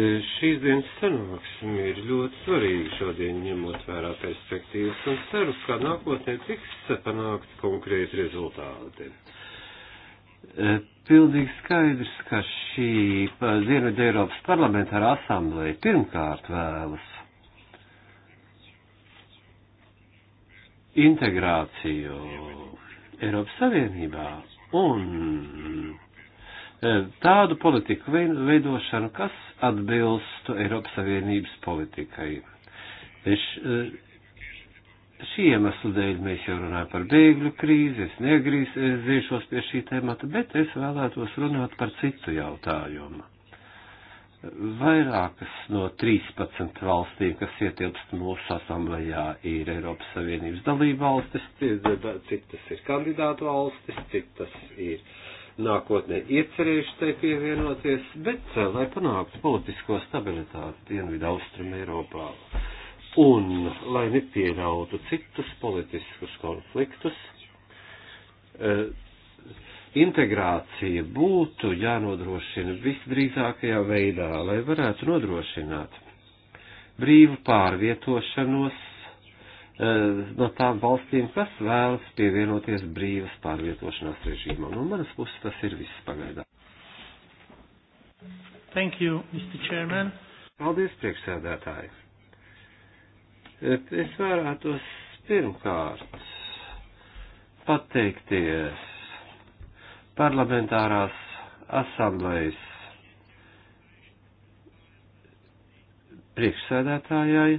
E, šīs dienas sanāksme ir ļoti svarīga šodien, ņemot vērā perspektīvas, un ceru, ka nākotnē tiks panākt konkrēti rezultāti. E, pilnīgi skaidrs, ka šī Ziemeļa Eiropas parlamentārā asambleja pirmkārt vēlas integrāciju Eiropas Savienībā un e, tādu politiku veidošanu, kas atbilstu Eiropas Savienības politikai. Es, e, šī iemesla dēļ mēs jau runājam par bēgļu krīzi, es negrīzīšos e, pie šī temata, bet es vēlētos runāt par citu jautājumu Vairākas no 13 valstīm, kas ietilpst mūsu asamblējā, ir Eiropas Savienības dalība valstis, citas ir kandidātu valstis, citas ir nākotnē iecerējuši tai pievienoties, bet lai panāktu politisko stabilitāti Dienvidu Austrum Eiropā un lai nepieļautu citus politiskus konfliktus, eh, integrācija būtu jānodrošina visdrīzākajā veidā, lai varētu nodrošināt brīvu pārvietošanos eh, no tām valstīm, kas vēlas pievienoties brīvas pārvietošanās režīmam. No manas puses tas ir viss pagaidām. Thank you, Mr. Chairman. Paldies, priekšsēdētāji. Eh, es vēlētos pirmkārt pateikties parlamentārās asamblejas priekšsēdētājai,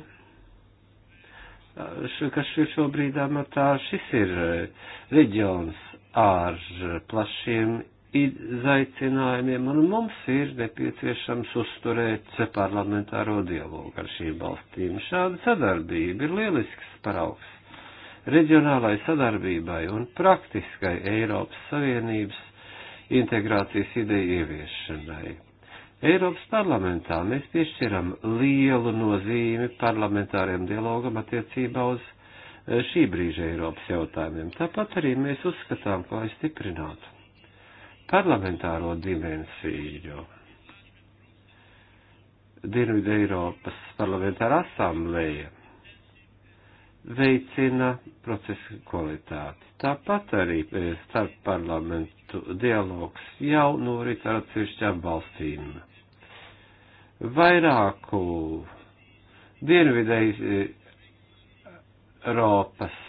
kas ir šobrīd amatā, šis ir e, reģions ar plašiem izaicinājumiem, un mums ir nepieciešams uzturēt parlamentāro dialogu ar šīm valstīm. Šāda sadarbība ir lielisks paraugs reģionālai sadarbībai un praktiskai Eiropas Savienības integrācijas ideju ieviešanai. Eiropas parlamentā mēs piešķiram lielu nozīmi parlamentāriem dialogam attiecībā uz eh, šī brīža Eiropas jautājumiem. Tāpat arī mēs uzskatām, ka lai stiprinātu parlamentāro dimensiju. Dienvidu Eiropas parlamentāra asambleja veicina procesu kvalitāti. Tāpat arī e, starp parlamentu dialogs jau norit ar atsevišķām valstīm. Vairāku dienvidēji e, Eiropas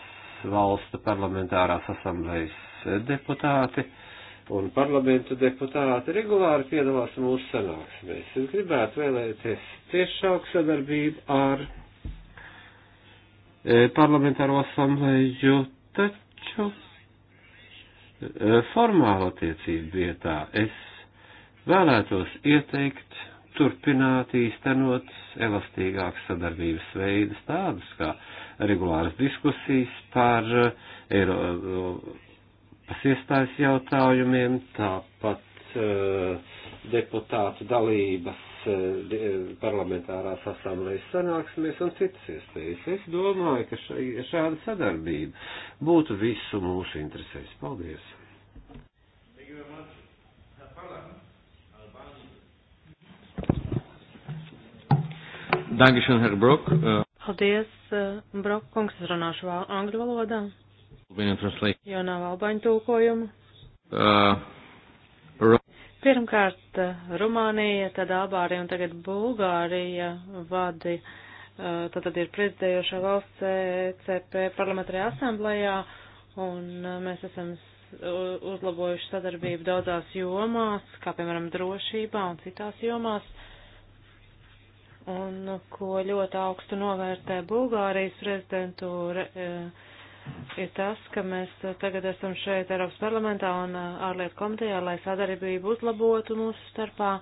valstu parlamentārās asamblējas deputāti un parlamentu deputāti regulāri piedalās mūsu sanāksmēs. Es gribētu vēlēties ciešāku sadarbību ar E, parlamentāro asambleju, taču e, formāla tiecība vietā es vēlētos ieteikt turpināt īstenot elastīgākas sadarbības veidus tādus kā regulāras diskusijas par Eiropas iestājas jautājumiem, tāpat uh, deputātu dalības Eh, eh, parlamentārās asamblējas sanāksmēs un citas iespējas. Es domāju, ka šai, šāda sadarbība būtu visu mūsu interesēs. Paldies! Dankeschön, Herr Brock. Eh, Paldies, Brok, kungs, es runāšu angļu valodā. Jo nav albaņu tūkojumu. Uh. Pirmkārt eh, Rumānija, tad Albārija un tagad Bulgārija vadi, eh, tad ir prezidējošā valsts e CP parlamentārajā asamblējā, un eh, mēs esam uzlabojuši sadarbību daudzās jomās, kā piemēram drošībā un citās jomās, un ko ļoti augstu novērtē Bulgārijas prezidentūra. E, ir tas, ka mēs uh, tagad esam šeit Eiropas parlamentā un uh, ārlietu komitejā, lai sadarbību uzlabotu mūsu starpā.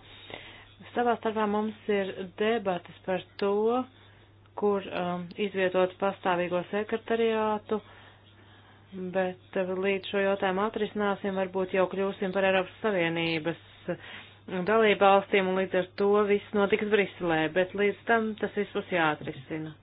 Savā starpā mums ir debatas par to, kur um, izvietot pastāvīgo sekretariātu, bet uh, līdz šo jautājumu atrisināsim, varbūt jau kļūsim par Eiropas Savienības dalībvalstīm, un līdz ar to viss notiks Briselē, bet līdz tam tas viss būs jāatrisina.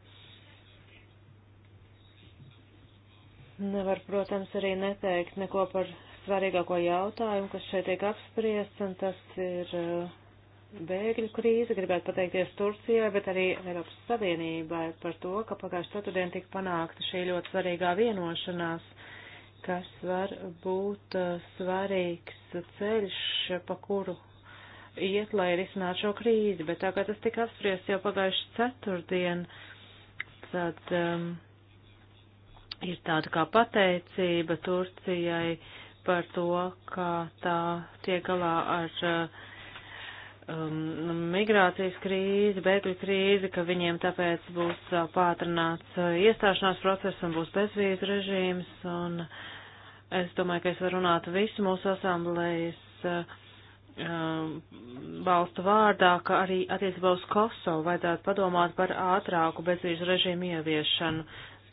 Nevar, protams, arī neteikt neko par svarīgāko jautājumu, kas šeit tiek apspriests, un tas ir uh, bēgļu krīze. Gribētu pateikties Turcijai, bet arī Eiropas Savienībai par to, ka pagājušā ceturtdien tika panākta šī ļoti svarīgā vienošanās, kas var būt uh, svarīgs ceļš, pa kuru iet, lai risinātu šo krīzi. Bet tā kā tas tika apspriests jau pagājušā ceturtdien, tad. Um, ir tāda kā pateicība Turcijai par to, kā tā tiek galā ar uh, um, migrācijas krīzi, bēgļu krīzi, ka viņiem tāpēc būs uh, pātrināts uh, iestāšanās process un būs bezvīzu režīms. Un es domāju, ka es varu runāt visu mūsu asamblējas. Uh, balstu um, vārdā, ka arī attiecībā uz Kosovu vajadzētu padomāt par ātrāku bezvīzu režīmu ieviešanu.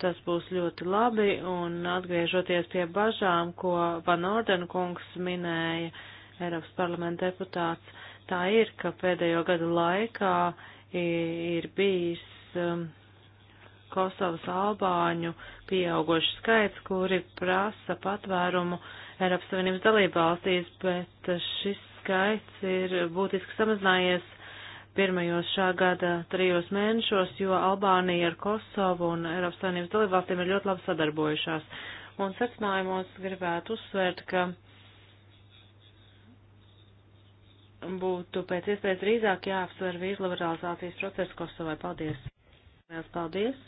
Tas būs ļoti labi, un atgriežoties pie bažām, ko Van Orden kungs minēja, Eiropas parlamenta deputāts, tā ir, ka pēdējo gadu laikā ir bijis um, Kosovas albāņu pieaugošs skaits, kuri prasa patvērumu Eiropas Savienības dalībvalstīs, bet šis skaits ir būtiski samazinājies pirmajos šā gada trijos mēnešos, jo Albānija ar Kosovu un Eiropas Savienības dalībvalstīm ir ļoti labi sadarbojušās. Un secinājumos gribētu uzsvērt, ka būtu pēc iespējas drīzāk jāapsver vīzu liberalizācijas procesu Kosovai. Paldies! Liels paldies!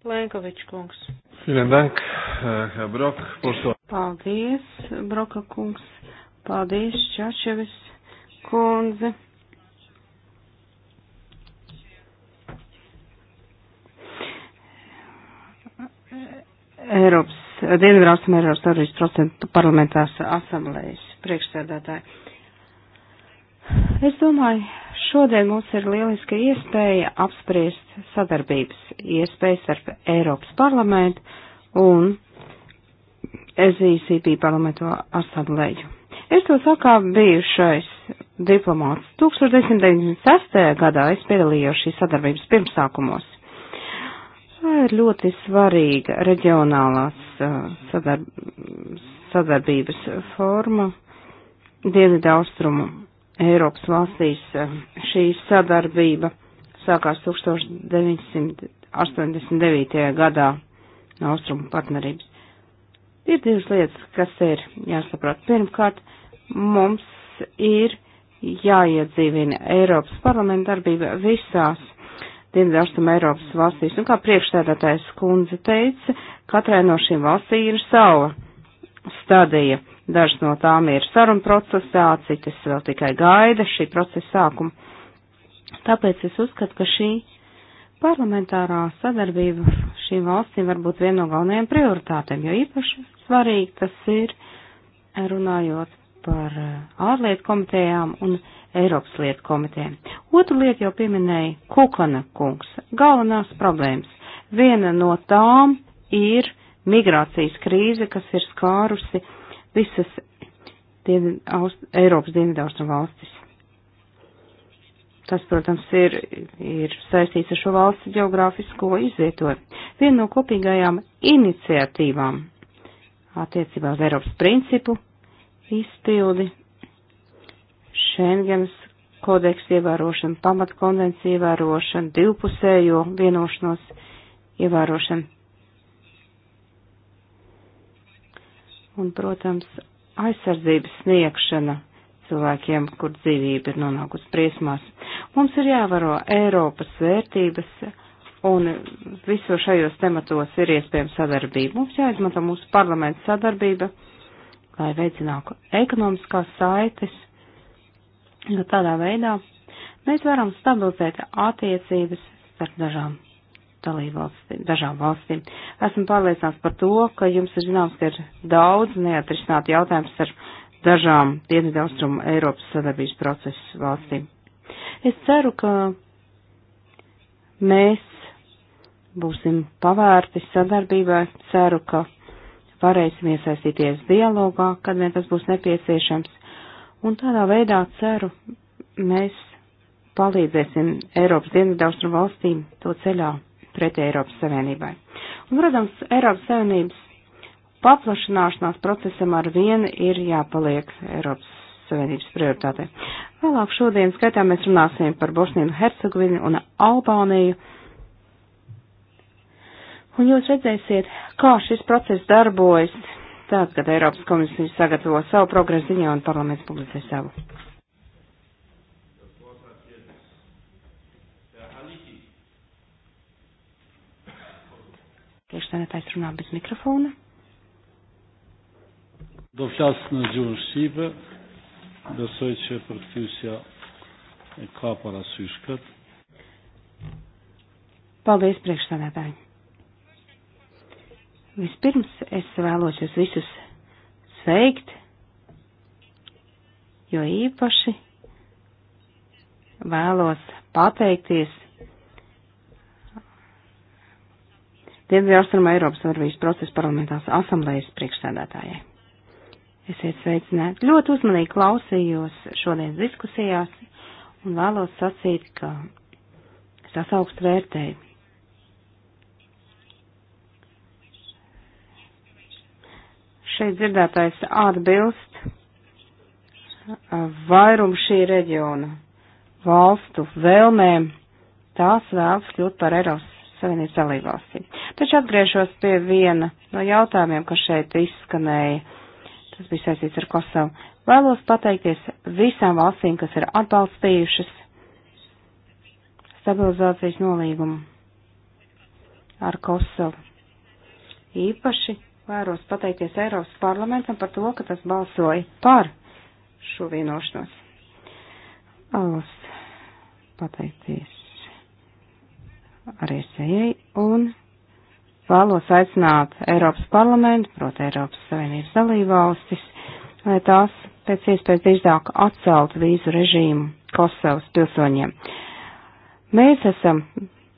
Plenkovičs kungs. Dank, eh, Brok, Paldies, Broka kungs. Paldies, Čačevis kundze. Eiropas, Dienvidrāstam Eiropas Savienības procentu parlamentās asamblējas priekšsēdētāji. Es domāju, šodien mums ir lieliska iespēja apspriest sadarbības iespējas starp Eiropas parlamentu un SZCP parlamento asamblēju. Es to saku kā bijušais diplomāts. 1996. gadā es piedalījos šīs sadarbības pirmsākumos. Tā ir ļoti svarīga reģionālās uh, sadarb sadarbības forma Dienvidu austrumu Eiropas valstīs. Uh, šī sadarbība sākās 1989. gadā no austrumu partnerības. Ir divas lietas, kas ir jāsaprot. Pirmkārt, Mums ir jāiedzīvina Eiropas parlamenta darbība visās Dienvidārstam Eiropas valstīs. Un nu, kā priekšstādātājs kundze teica, katrai no šīm valstī ir sava stadija. Dažas no tām ir saruna procesā, citas vēl tikai gaida šī procesa sākuma. Tāpēc es uzskatu, ka šī parlamentārā sadarbība šīm valstīm var būt viena no galvenajām prioritātēm, jo īpaši svarīgi tas ir runājot par eh, ārlietu komitejām un Eiropas lietu komitejām. Otru lietu jau pieminēja Kukana kungs. Galvenās problēmas. Viena no tām ir migrācijas krīze, kas ir skārusi visas dien, Aust, Eiropas dienvidaustru valstis. Tas, protams, ir, ir saistīts ar šo valsts geogrāfisko izvietojumu. Viena no kopīgajām iniciatīvām attiecībā uz Eiropas principu izpildi, Schengens kodeksa ievērošana, pamatkonvencija ievērošana, divpusējo vienošanos ievērošana. Un, protams, aizsardzības sniegšana cilvēkiem, kur dzīvība ir nonākusi briesmās. Mums ir jāvaro Eiropas vērtības, un viso šajos tematos ir iespējama sadarbība. Mums jāizmanto mūsu parlamenta sadarbība lai veicinātu ekonomiskās saites, jo tādā veidā mēs varam stabilizēt attiecības starp dažām dalībvalstīm, dažām valstīm. Esmu pārliecināts par to, ka jums ir zināms, ka ir daudz neatrisināti jautājums ar dažām Dienvidaustrumu Eiropas sadarbības procesu valstīm. Es ceru, ka mēs būsim pavērti sadarbībai, ceru, ka varēsim iesaistīties dialogā, kad vien tas būs nepieciešams. Un tādā veidā ceru, mēs palīdzēsim Eiropas dienvidaustru valstīm to ceļā pretī Eiropas Savienībai. Un, protams, Eiropas Savienības paplašanāšanās procesam ar vienu ir jāpaliek Eiropas Savienības prioritātei. Vēlāk šodien skaitā mēs runāsim par Bosniju, Hercegovinu un Albāniju Un jūs redzēsiet, kā šis process darbojas tad, kad Eiropas komisija sagatavo savu progresu ziņā un parlaments publicē savu. Priekšsēdētājs runā bez mikrofona. Dovšāsna dzīvošība, da soiče praktīvsjā e, kā parasuškat. Paldies, priekšsēdētāji. Vispirms es vēlos jūs visus sveikt, jo īpaši vēlos pateikties Dienvidaustruma Eiropas Norvīzijas procesa parlamentās asamblējas priekšsēdētājai. Esiet sveicināti. Ļoti uzmanīgi klausījos šodienas diskusijās un vēlos sacīt, ka es tās augstu vērtēju Šeit dzirdētājs atbilst uh, vairum šī reģiona valstu vēlmēm. Tās vēlas kļūt par Eiropas Savienības dalībvalstīm. Taču atgriežos pie viena no jautājumiem, kas šeit izskanēja. Tas bija saistīts ar Kosovu. Vēlos pateikties visām valstīm, kas ir atbalstījušas stabilizācijas nolīgumu ar Kosovu. Īpaši vēros pateikties Eiropas parlamentam par to, ka tas balsoja par šo vienošanos. Vēlos pateikties arī sējai un vēlos aicināt Eiropas parlamentu, proti Eiropas Savienības dalībvalstis, lai tās pēc iespējas drīzāk atceltu vīzu režīmu Kosovas pilsoņiem. Mēs esam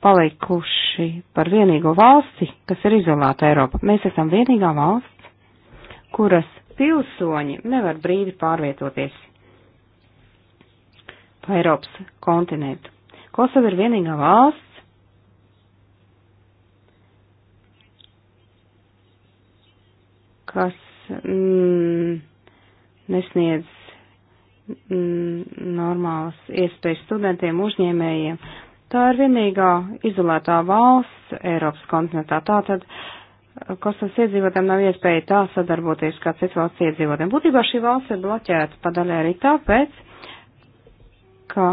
palikuši par vienīgo valsti, kas ir izolēta Eiropa. Mēs esam vienīgā valsts, kuras pilsoņi nevar brīvi pārvietoties pa Eiropas kontinentu. Kosova ir vienīgā valsts, kas mm, nesniedz mm, normālas iespējas studentiem, uzņēmējiem Tā ir vienīgā izolētā valsts Eiropas kontinentā. Tātad eh, Kosovas iedzīvotājiem nav iespēja tā sadarboties kā citu valsts iedzīvotājiem. Būtībā šī valsts ir bloķēta padaļai arī tāpēc, ka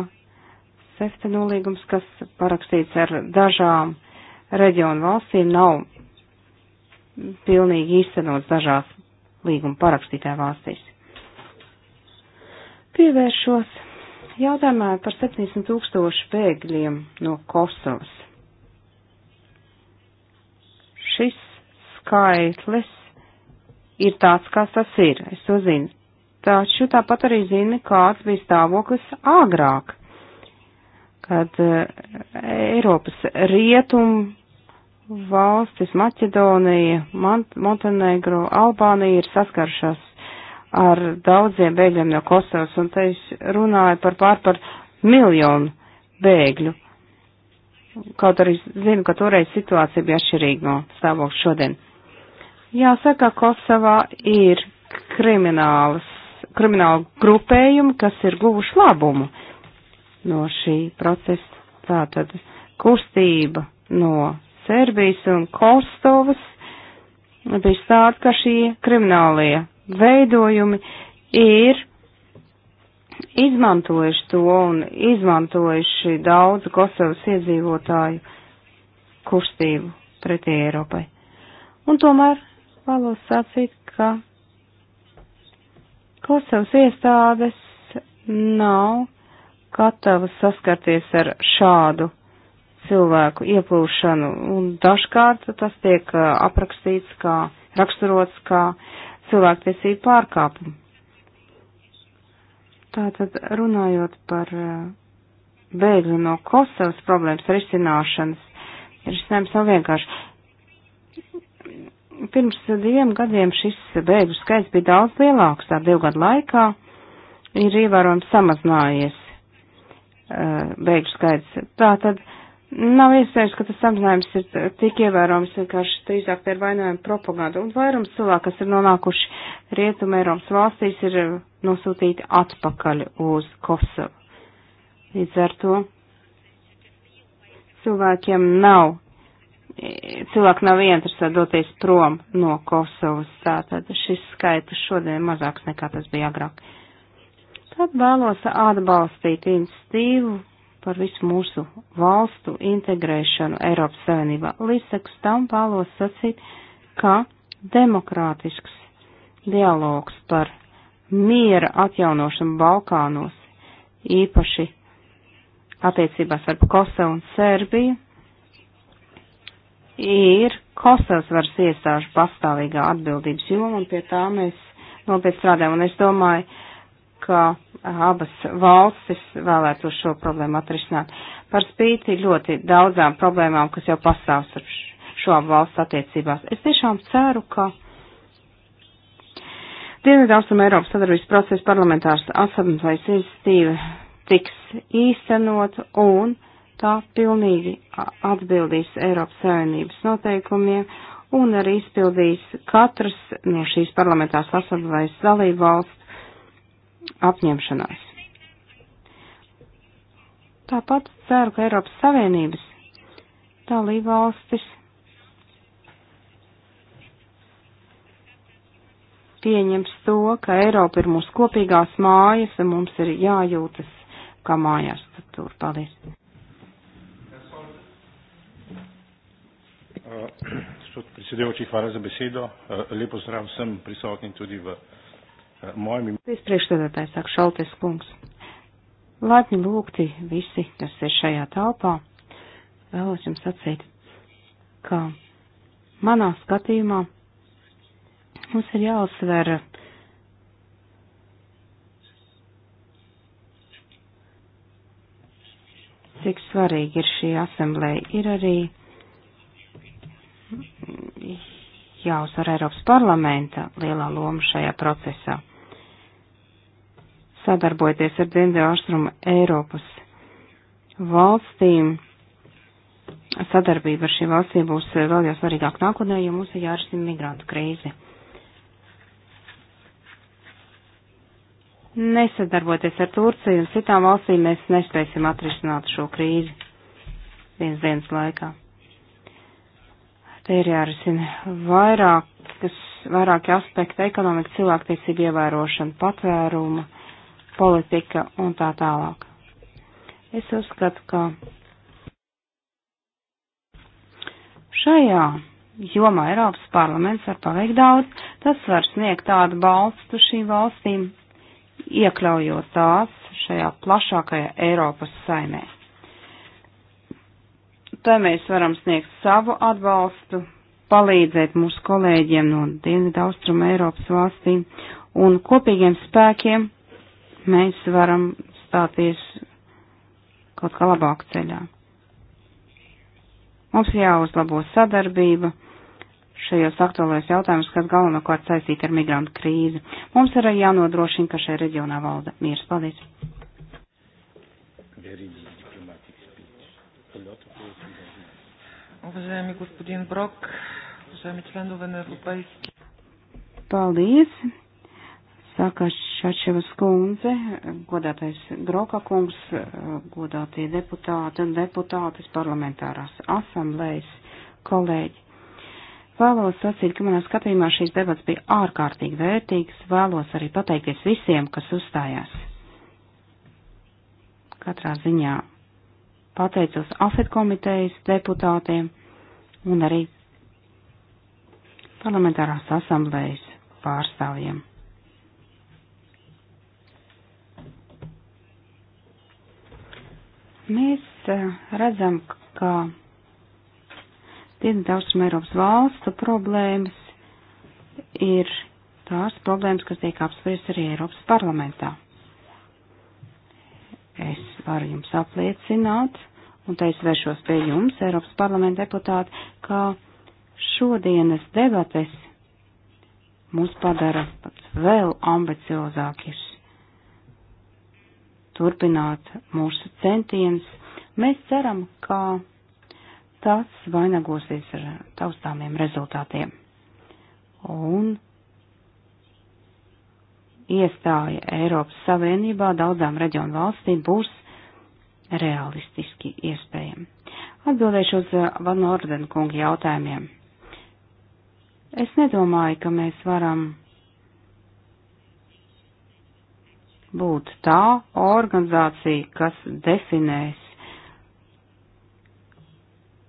SEFTA nolīgums, kas parakstīts ar dažām reģionu valstīm, nav pilnīgi īstenots dažās līguma parakstītē valstīs. Pievēršos Jautājumā par 700 tūkstošu bēgļiem no Kosovas. Šis skaitlis ir tāds, kāds tas ir, es to zinu. Taču tāpat arī zini, kāds bija stāvoklis agrāk, kad uh, Eiropas rietum valstis Maķedonija, Mont Montenegro, Albānija ir saskaršās ar daudziem bēgļiem no Kosovas, un te es runāju par pār par miljonu bēgļu. Kaut arī zinu, ka toreiz situācija bija atšķirīga no stāvokļa šodien. Jāsaka, Kosovā ir kriminālas, krimināla grupējumi, kas ir guvuši labumu no šī procesa. Tātad kustība no Serbijas un Kosovas bija tāda, ka šie kriminālie veidojumi ir izmantojuši to un izmantojuši daudzu Kosovas iedzīvotāju kustību pretī Eiropai. Un tomēr vēlos sacīt, ka Kosovas iestādes nav gatavas saskarties ar šādu cilvēku ieplūšanu, un dažkārt tas tiek aprakstīts kā, raksturots kā uh, cilvēktiesību pārkāpumu. Tātad runājot par eh, bēgļu no Kosovas problēmas risināšanas, risinājums nav vienkārši. Pirms diviem gadiem šis bēgļu skaits bija daudz lielāks, tā divu gadu laikā ir ievērojami samazinājies eh, bēgļu skaits. Tātad Nav iespējams, ka tas samazinājums ir tik ievērojams, vienkārši drīzāk te ir vainojama propaganda. Un vairums cilvēku, kas ir nonākuši Rietuma Eiropas valstīs, ir eh, nosūtīti atpakaļ uz Kosovu. Līdz ar to cilvēkiem nav, eh, cilvēki nav ieinteresēti doties prom no Kosovas. Tātad šis skaitlis šodien ir mazāks nekā tas bija agrāk. Tad vēlos atbalstīt institīvu par visu mūsu valstu integrēšanu Eiropas Savienībā. Līdz tam vēlos sacīt, ka demokrātisks dialogs par miera atjaunošanu Balkānos, īpaši attiecībās ar Kosovu un Serbiju, ir Kosovas varas iestāžu pastāvīgā atbildības joma, un pie tā mēs nopietni strādājam. Un es domāju, ka abas valstis vēlētos šo problēmu atrisināt. Par spīti ļoti daudzām problēmām, kas jau pastāv ar šo abu valstu attiecībās. Es tiešām ceru, ka Dienvidaustruma Eiropas sadarbības procesa parlamentārs asamblejas institīva tiks īstenot un tā pilnīgi atbildīs Eiropas Savienības noteikumiem un arī izpildīs katras no šīs parlamentās asamblejas dalību valsts apņemšanās. Tāpat ceru, ka Eiropas Savienības dalībvalstis pieņems to, ka Eiropa ir mūsu kopīgās mājas un mums ir jājūtas kā mājās. Tur, paldies. Uh, [clears throat] gospod predsedujoči, hvala za besedo. Uh, Lepo zdrav vsem prisotnim tudi v Vicepriekšstādātājs saka Šaltes kungs. Laipni lūgti visi, kas ir šajā telpā. Vēlos jums sacīt, ka manā skatījumā mums ir jāuzsver cik svarīgi ir šī asemblēja. Ir arī jāuzsver Eiropas parlamenta lielā loma šajā procesā sadarbojoties ar Dienvidu Austrumu Eiropas valstīm. Sadarbība ar šīm valstīm būs vēl jau svarīgāk nākotnē, jo mums ir jārisina migrantu krīze. Nesadarboties ar Turciju un citām valstīm, mēs nespēsim atrisināt šo krīzi viens dienas laikā. Te ir jārisina vairākas, vairāki aspekti - ekonomika, cilvēktiesība ievērošana, patvēruma politika un tā tālāk. Es uzskatu, ka šajā jomā Eiropas parlaments var paveikt daudz, tas var sniegt tādu balstu šīm valstīm, iekļaujot tās šajā plašākajā Eiropas saimē. Tā mēs varam sniegt savu atbalstu, palīdzēt mūsu kolēģiem no Dienvidu Austrum Eiropas valstīm un kopīgiem spēkiem mēs varam stāties kaut kā labāk ceļā. Mums jāuzlabo sadarbība šajos aktuālajos jautājumus, kas galvenokārt saistīti ar migrantu krīzi. Mums arī jānodrošina, ka šajā reģionā valda miers. Paldies! Уважаеми господин Брок, уважаеми членове на Европейски. Paldies! Saka Šačevas kundze, godātais Groka kungs, godātie deputāti un deputātes parlamentārās asamblējas kolēģi. Vēlos sacīt, ka manā skatījumā šīs debats bija ārkārtīgi vērtīgs. Vēlos arī pateikties visiem, kas uzstājās. Katrā ziņā pateicos AFET komitejas deputātiem un arī parlamentārās asamblējas pārstāvjiem. Mēs eh, redzam, ka Dienvidaustrumē Eiropas valstu problēmas ir tās problēmas, kas tiek apspriest arī Eiropas parlamentā. Es varu jums apliecināt, un te es vēršos pie jums, Eiropas parlamenta deputāti, ka šodienas debates mūs padara pat vēl ambiciozākus turpināt mūsu centienus. Mēs ceram, ka tas vainagosies ar taustāmiem rezultātiem. Un iestāja Eiropas Savienībā daudzām reģionu valstīm būs realistiski iespējami. Atbildēšu uz uh, Van Orden kunga jautājumiem. Es nedomāju, ka mēs varam būt tā organizācija, kas definēs,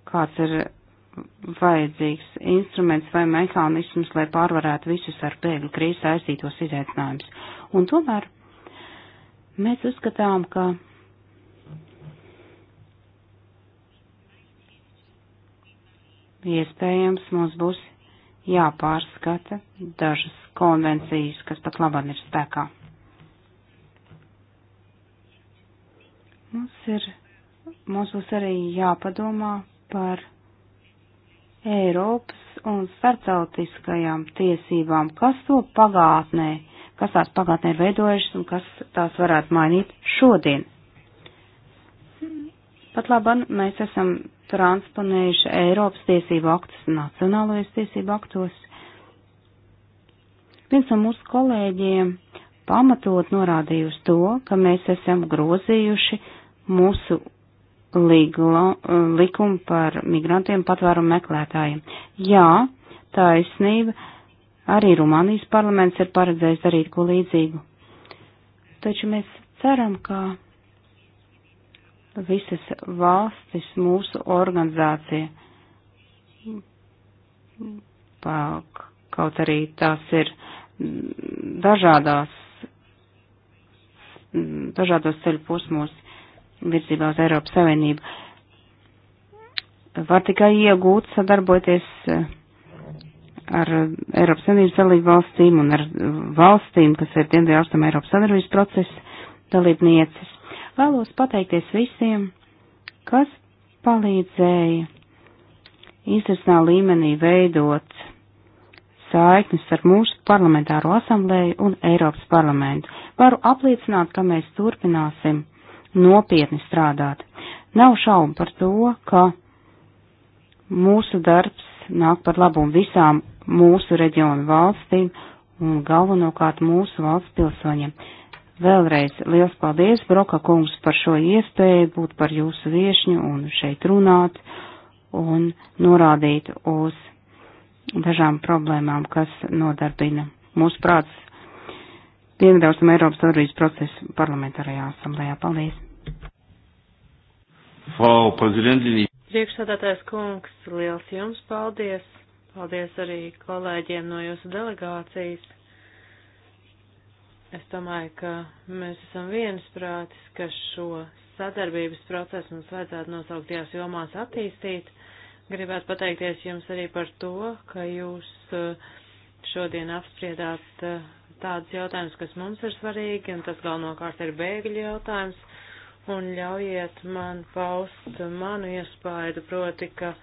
kāds ir vajadzīgs instruments vai mehānisms, lai pārvarētu visus ar bēgļu krīzi saistītos izaicinājumus. Un tomēr mēs uzskatām, ka iespējams mums būs jāpārskata dažas konvencijas, kas pat labāk ir spēkā. Mums ir, mums būs arī jāpadomā par Eiropas un starptautiskajām tiesībām, kas to pagātnē, kas tās pagātnē ir veidojušas un kas tās varētu mainīt šodien. Pat labam mēs esam transponējuši Eiropas tiesību aktus un nacionālajos tiesību aktos. Viens no mūsu kolēģiem pamatot norādīja uz to, ka mēs esam grozījuši mūsu līglo, likumu par migrantiem patvērumu meklētājiem. Jā, taisnība, arī Rumānijas parlaments ir paredzējis darīt ko līdzīgu. Taču mēs ceram, ka visas valstis mūsu organizācija, kaut arī tās ir dažādās, dažādos ceļu posmos, virzībā uz Eiropas Savienību. Var tikai iegūt sadarboties eh, ar Eiropas Savienības dalību valstīm un ar valstīm, kas ir Dienvidu Austrum Eiropas sadarbības procesa dalībnieces. Vēlos pateikties visiem, kas palīdzēja institucionālā līmenī veidot saiknes ar mūsu parlamentāro asamblēju un Eiropas parlamentu. Varu apliecināt, ka mēs turpināsim nopietni strādāt. Nav šaubu par to, ka mūsu darbs nāk par labumu visām mūsu reģionu valstīm un galvenokārt mūsu valsts pilsoņiem. Vēlreiz liels paldies, Broka kungs, par šo iespēju būt par jūsu viešņu un šeit runāt un norādīt uz dažām problēmām, kas nodarbina mūsu prāts Dienvidaustrum Eiropas sadarbības procesu parlamentārajā asamblējā. Paldies! Frau Präsidentin! Priekšsādātājs kungs, liels jums paldies! Paldies arī kolēģiem no jūsu delegācijas. Es domāju, ka mēs esam viensprātis, ka šo sadarbības procesu mums vajadzētu nosauktajās jomās attīstīt. Gribētu pateikties jums arī par to, ka jūs eh, šodien apspriedāt eh, tāds jautājums, kas mums ir svarīgi, un tas galvenokārt ir bēgļu jautājums, un ļaujiet man paust manu iespaidu, proti, ka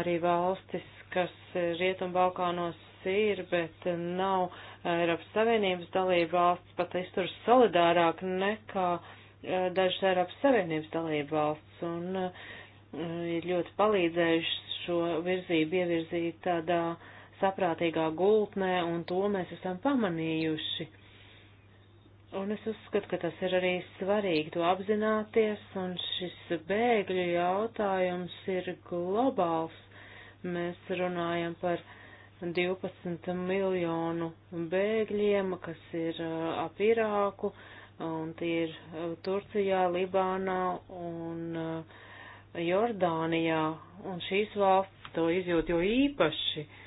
arī valstis, kas Rietumbalkānos ir, bet nav Eiropas Savienības dalība valsts, pat izturas solidārāk nekā eh, dažas Eiropas Savienības dalība valsts, un eh, ir ļoti palīdzējuši šo virzību ievirzīt tādā uh, saprātīgā gultnē, un to mēs esam pamanījuši. Un es uzskatu, ka tas ir arī svarīgi to apzināties, un šis bēgļu jautājums ir globāls. Mēs runājam par 12 miljonu bēgļiem, kas ir uh, ap Irāku, un tie ir uh, Turcijā, Libānā un uh, Jordānijā, un šīs valsts to izjūt jo īpaši. Uh,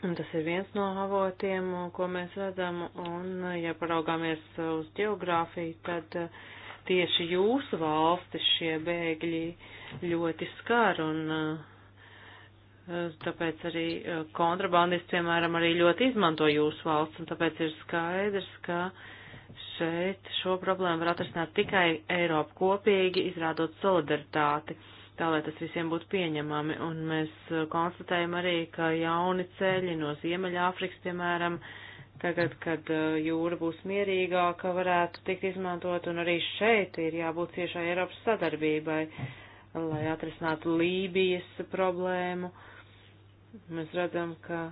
Un tas ir viens no avotiem, uh, ko mēs redzam, un uh, ja paraugāmies uh, uz geogrāfiju, tad tieši jūsu valstis šie bēgļi ļoti skar, un tāpēc arī kontrabandisti, piemēram, arī ļoti izmanto jūsu valsts, un tāpēc ir skaidrs, ka šeit šo problēmu var atrisināt tikai Eiropa kopīgi, izrādot solidaritāti tā lai tas visiem būtu pieņemami. Un mēs uh, konstatējam arī, ka jauni ceļi no Ziemeļāfrikas, piemēram, tagad, kad uh, jūra būs mierīgāka, varētu tikt izmantot, un arī šeit ir jābūt ciešai Eiropas sadarbībai, lai atrisinātu Lībijas problēmu. Mēs redzam, ka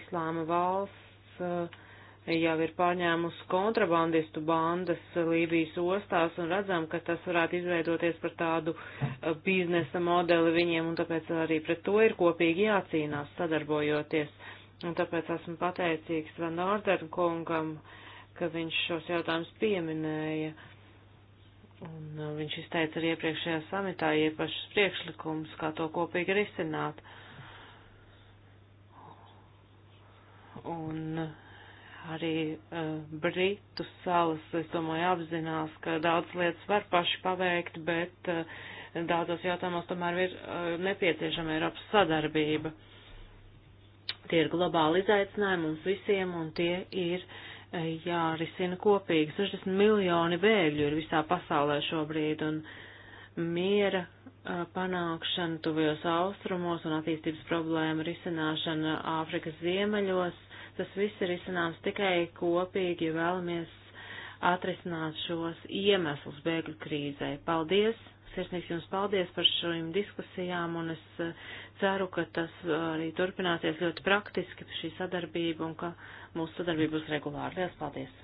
Islāma valsts uh, jau ir pārņēmusi kontrabandistu bandas Lībijas ostās un redzam, ka tas varētu izveidoties par tādu eh, biznesa modeli viņiem un tāpēc arī pret to ir kopīgi jācīnās sadarbojoties. Un tāpēc esmu pateicīgs Van Ordern kungam, ka viņš šos jautājumus pieminēja. Un eh, viņš izteica arī iepriekšējā samitā iepašas priekšlikums, kā to kopīgi risināt. Un uh, Arī uh, Britu salas, es domāju, apzinās, ka daudz lietas var paši paveikt, bet uh, daudzos jautājumos tomēr ir uh, nepieciešama Eiropas sadarbība. Tie ir globāli izaicinājumi mums visiem, un tie ir uh, jārisina kopīgi. 60 miljoni bēgļu ir visā pasaulē šobrīd, un miera panākšana tuvajos austrumos un attīstības problēma risināšana Āfrikas ziemeļos Tas viss ir izcināms tikai kopīgi, ja vēlamies atrisināt šos iemeslus bēgļu krīzē. Paldies! Sirsnīgs jums paldies par šīm diskusijām, un es eh, ceru, ka tas eh, arī turpināsies ļoti praktiski šī sadarbība un ka mūsu sadarbība būs regulāra. Lielas paldies!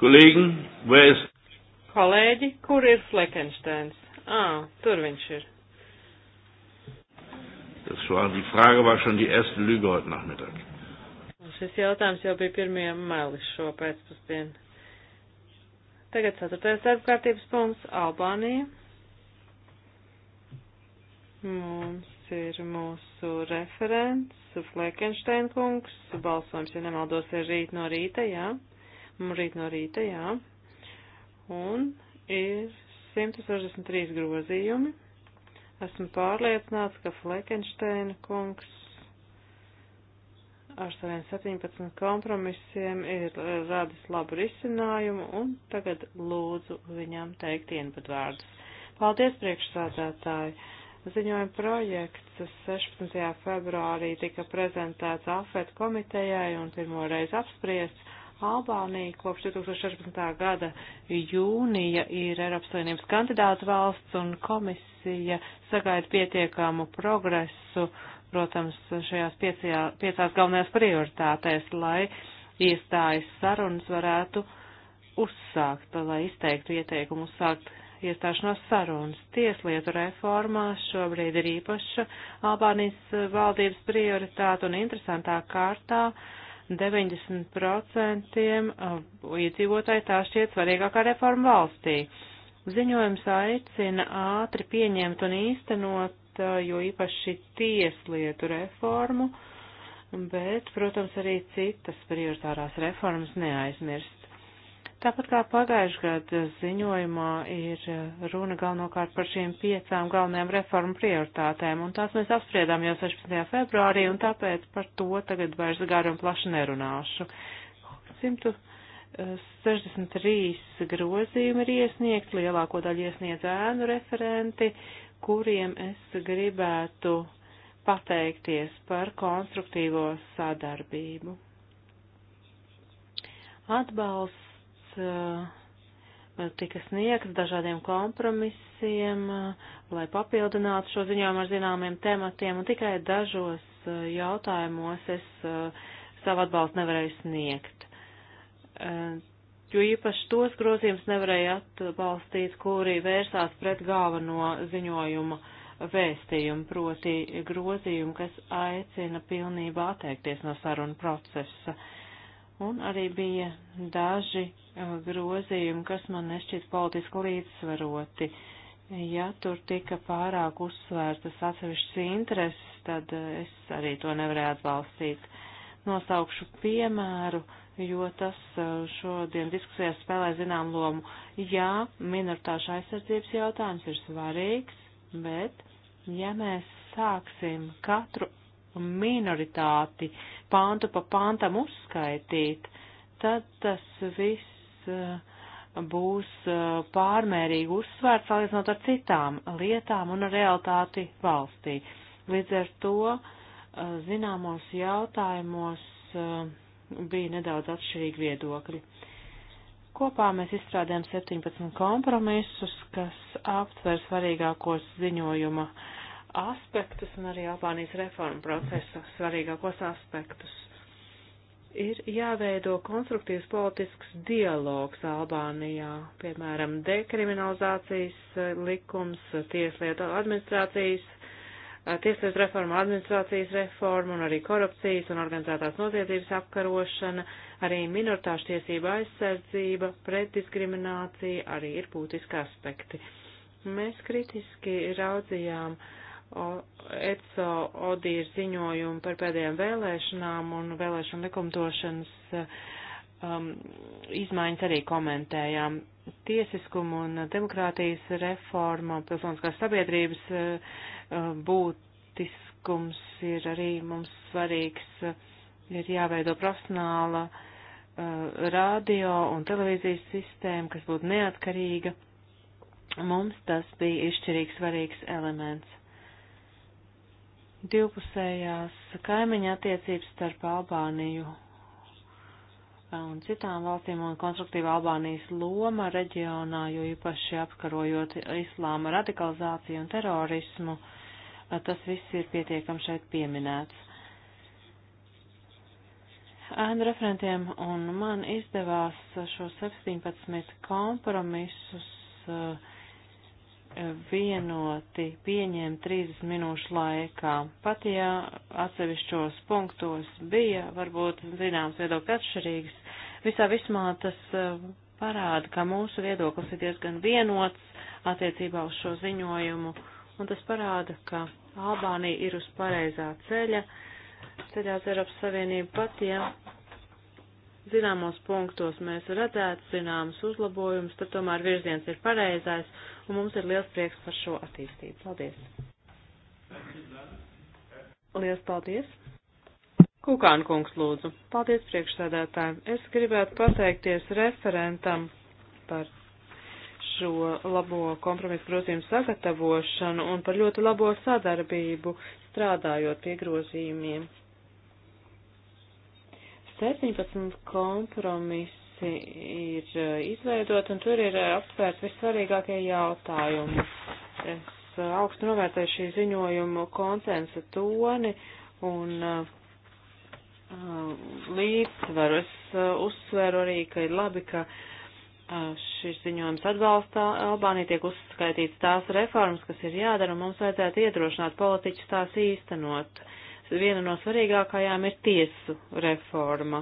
Kolēģi, vai es? Kolēģi, kur ir Fleckensteins? Ā, tur viņš ir. Tas war, die Frage war schon die erste Lüge heute Nachmittag. Šis jautājums jau bija pirmie meli šo pēcpusdienu. Tagad ceturtais darbkārtības punkts - Albānija. Mums ir mūsu referents Fleckenstein kungs. Balsojums, ja nemaldos, ir rīt no rīta, jā. Ja? rīt no rīta, jā. Un ir 163 grozījumi. Esmu pārliecināts, ka Fleckensteina kungs ar saviem 17 kompromisiem ir eh, radis labu risinājumu, un tagad lūdzu viņam teikt ienpadvārdus. Paldies, priekšsādātāji! Ziņojuma projekts 16. februārī tika prezentēts AFET komitejai un pirmo reizi apspriests Albānija kopš 2016. gada jūnija ir Eiropas Savienības kandidāta valsts un komisija sagaida pietiekamu progresu, protams, šajās piecajā, piecās galvenajās prioritātēs, lai iestājas sarunas varētu uzsākt, lai izteiktu ieteikumu uzsākt iestāšanos sarunas. Tieslietu reformā šobrīd ir īpaša Albānijas valdības prioritāte un interesantā kārtā. Uh, 90% uh, iedzīvotāji tā šķiet svarīgākā reforma valstī. Ziņojums aicina ātri pieņemt un īstenot, uh, jo īpaši tieslietu reformu, bet, protams, arī citas prioritārās reformas neaizmirst. Tāpat kā pagājušajā gadā ziņojumā ir eh, runa galvenokārt par šīm piecām galvenajām reformu prioritātēm, un tās mēs apspriedām jau 16. februārī, un tāpēc par to tagad vairs gari un plaši nerunāšu. 100. 63 grozījumi ir iesniegti, lielāko daļu iesniedz ēnu referenti, kuriem es gribētu pateikties par konstruktīvo sadarbību. Atbalsts Uh, tika sniegts dažādiem kompromisiem, uh, lai papildinātu šo ziņojumu ar zināmiem tematiem, un tikai dažos uh, jautājumos es savu atbalstu nevarēju sniegt. Jo īpaši tos grozījums nevarēja atbalstīt, kuri vērsās pret galveno ziņojumu vēstījumu, proti grozījumu, kas aicina pilnībā atteikties no sarunu procesa. Uh, Un arī bija daži grozījumi, kas man nešķiet politiski līdzsvaroti. Ja tur tika pārāk uzsvērtas atsevišķas intereses, tad es arī to nevarēju atbalstīt. Nosaukšu piemēru, jo tas šodien diskusijās spēlē zinām lomu. Jā, minoritāšu aizsardzības jautājums ir svarīgs, bet ja mēs sāksim katru minoritāti pāntu pa pāntam uzskaitīt, tad tas viss uh, būs uh, pārmērīgi uzsvērts salīdzinot ar citām lietām un realitāti valstī. Līdz ar to uh, zināmos jautājumos bija nedaudz atšķirīgi viedokļi. Kopā mēs izstrādājam 17 kompromisus, kas aptver svarīgākos ziņojuma uh, aspektus un arī Albānijas reformu procesa svarīgākos aspektus. Ir jāveido konstruktīvs politisks dialogs Albānijā, piemēram, dekriminalizācijas likums, tieslietu administrācijas, tieslietu reforma, administrācijas reforma un arī korupcijas un organizētās noziedzības apkarošana, arī minoritāšu tiesība aizsardzība, pretdiskriminācija arī ir būtiski aspekti. Mēs kritiski raudzījām uh, ECO ODIR ziņojumu par pēdējām vēlēšanām un vēlēšanu likumdošanas um, izmaiņas arī komentējām. Tiesiskumu un demokrātijas reforma, pilsoniskās sabiedrības uh, uh, būtiskums ir arī mums svarīgs, ir jāveido profesionāla uh, radio un televīzijas sistēma, kas būtu neatkarīga. Mums tas bija izšķirīgs svarīgs elements divpusējās kaimiņa attiecības starp Albāniju eh, un citām valstīm un konstruktīva Albānijas loma reģionā, jo īpaši apkarojot islāma radikalizāciju un terorismu, eh, tas viss ir pietiekam šeit pieminēts. Ēnu referentiem un man izdevās šo 17 kompromisus uh, vienoti pieņēma 30 minūšu laikā. Pat ja atsevišķos punktos bija varbūt zināms viedokļi atšķirīgs, visā vismā tas e, parāda, ka mūsu viedoklis ir diezgan vienots attiecībā uz šo ziņojumu, un tas parāda, ka Albānija ir uz pareizā ceļa, ceļā uz Eiropas Savienību pat, ja zināmos punktos mēs redzētu zināmas uzlabojumus, tad tomēr virziens ir pareizais, un mums ir liels prieks par šo attīstību. Paldies! Liels paldies! Kukāna kungs lūdzu. Paldies priekšsēdētājiem. Es gribētu pateikties referentam par šo labo kompromisu grozījumu sagatavošanu un par ļoti labo sadarbību strādājot pie grozījumiem. 17 kompromisi ir eh, izveidot, un tur ir eh, aptvērt vissvarīgākie jautājumi. Es eh, augstu novērtēju šī ziņojumu konsensa toni un uh, līdzsvaru. Es uh, uzsveru arī, ka ir labi, ka uh, šis ziņojums atbalsta Albāniju, tiek uzskaitīts tās reformas, kas ir jādara, un mums vajadzētu iedrošināt politiķus tās īstenot. Uh, viena no svarīgākajām ir tiesu reforma.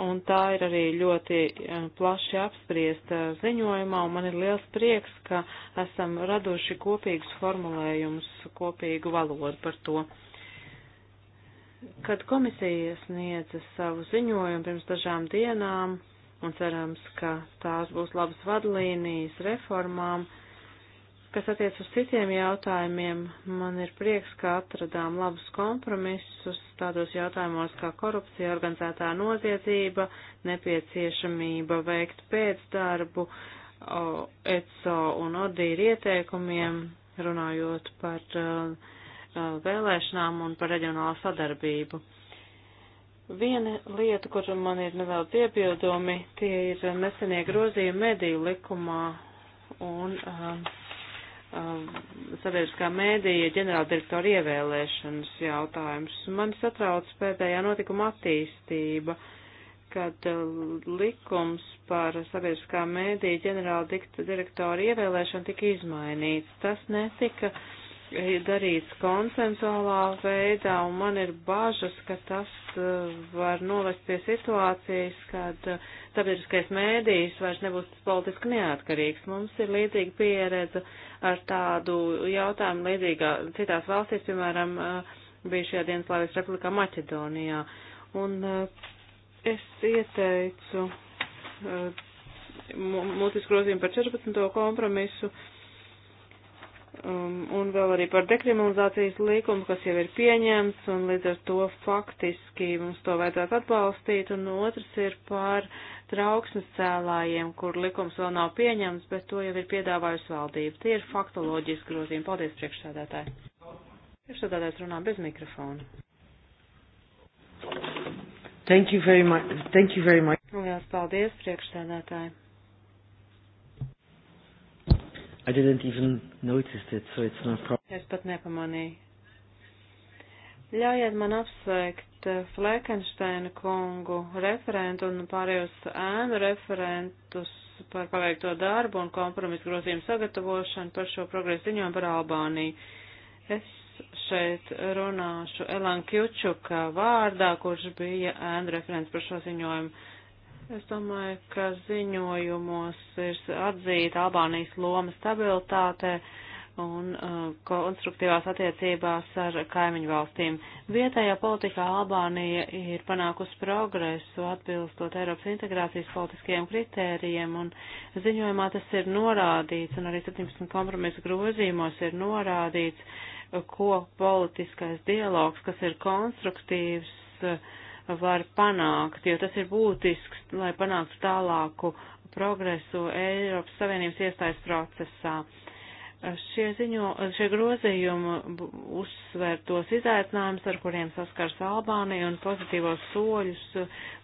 Un tā ir arī ļoti e, plaši apspriesta ziņojumā, un man ir liels prieks, ka esam raduši kopīgus formulējumus, kopīgu valodu par to. Kad komisija sniedza savu ziņojumu pirms dažām dienām, un cerams, ka tās būs labas vadlīnijas reformām, uh, Kas attiec uz citiem jautājumiem, man ir prieks, ka atradām labus kompromisus tādos jautājumos kā korupcija, organizētā noziedzība, nepieciešamība veikt pēcdarbu, ECO un ODIR ieteikumiem, runājot par vēlēšanām un par reģionālu sadarbību. Viena lieta, kur man ir nedaudz iebildumi, tie ir nesenie grozījumi mediju likumā un uh, Um, sabiedriskā mēdīja ģenerāldirektora ievēlēšanas jautājums. Man satrauc pēdējā notikuma attīstība, kad uh, likums par sabiedriskā mēdīja ģenerāldirektora ievēlēšanu tika izmainīts. Tas netika darīts konsensuālā veidā, un man ir bažas, ka tas eh, var novest pie situācijas, kad eh, sabiedriskais mēdījis vairs nebūs politiski neatkarīgs. Mums ir līdzīga pieredze ar tādu jautājumu līdzīgā citās valstīs, piemēram, eh, bijušajā Dienaslāvijas republikā Maķedonijā. Un es ieteicu mūtisku grozījumu par 14. kompromisu Um, un vēl arī par dekriminalizācijas līkumu, kas jau ir pieņemts, un līdz ar to faktiski mums to vajadzētu atbalstīt, un otrs ir par trauksmes cēlājiem, kur likums vēl nav pieņemts, bet to jau ir piedāvājusi valdība. Tie ir faktoloģiski grozījumi. Paldies, priekšsēdētāji. Priekšsēdētājs runā bez mikrofona. Thank you very much. Thank you very much. Lielas paldies, priekšsēdētāji. I didn't even notice it, so it's not problem. Es pat nepamanīju. Ļaujiet man apsveikt eh, Flekensteina kungu referentu un pārējos ēnu referentus par paveikto darbu un kompromisu grozījumu sagatavošanu par šo progresu ziņojumu par Albāniju. Es šeit runāšu Elan Kjučuka vārdā, kurš bija ēnu referents par šo ziņojumu. Es domāju, ka ziņojumos ir atzīta Albānijas loma stabilitātē un uh, konstruktīvās attiecībās ar kaimiņu valstīm. Vietējā politikā Albānija ir panākusi progresu atbilstot Eiropas integrācijas politiskajiem kritērijiem, un ziņojumā tas ir norādīts, un arī 17 kompromisa grozījumos ir norādīts, ko politiskais dialogs, kas ir konstruktīvs, uh, var panākt, jo tas ir būtisks, lai panāktu tālāku progresu Eiropas Savienības iestājas procesā. Šie, ziņo, šie grozījumi uzsver tos izaicinājumus, ar kuriem saskars Albānija un pozitīvos soļus,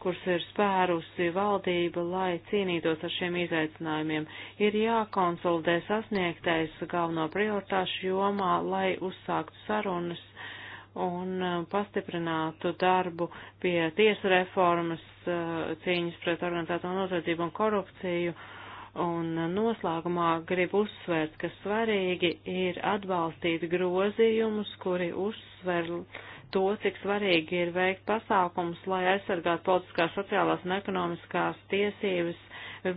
kurus ir spērusi valdība, lai cīnītos ar šiem izaicinājumiem. Ir jākonsolidē sasniegtais galveno prioritāšu jomā, lai uzsāktu sarunas un uh, pastiprinātu darbu pie tiesu reformas, uh, cīņas pret organizēto noziedzību un korupciju. Un uh, noslēgumā gribu uzsvērt, ka svarīgi ir atbalstīt grozījumus, kuri uzsver to, cik svarīgi ir veikt pasākumus, lai aizsargātu politiskās, sociālās un ekonomiskās tiesības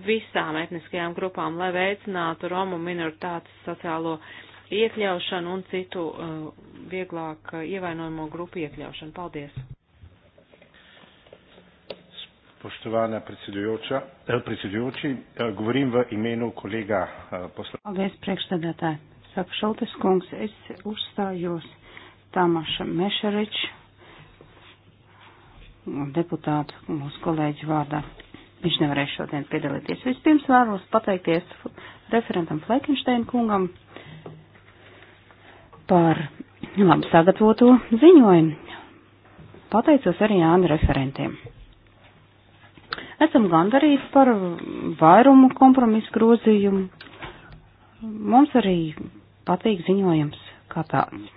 visām etniskajām grupām, lai veicinātu Romu minoritātes sociālo uh, iekļaušanu un citu uh, vieglāk uh, ievainojamo grupu iekļaušanu. Paldies! Spoštovana predsedujoča, eh, predsedujoči, eh, govorim v imenu kolega eh, poslanca. Paldies, priekšstādātāji. Saka Šultes kungs, es uzstājos Tamaša Mešarič, deputātu mūsu kolēģu vārdā. Viņš nevarēja šodien piedalīties. Vispirms vēlos pateikties referentam Flekenšteina kungam par labi sagatavoto ziņojumu. Pateicos arī Jāna referentiem. Esam gandarīti par vairumu kompromisu grozījumu. Mums arī patīk ziņojums kā tāds.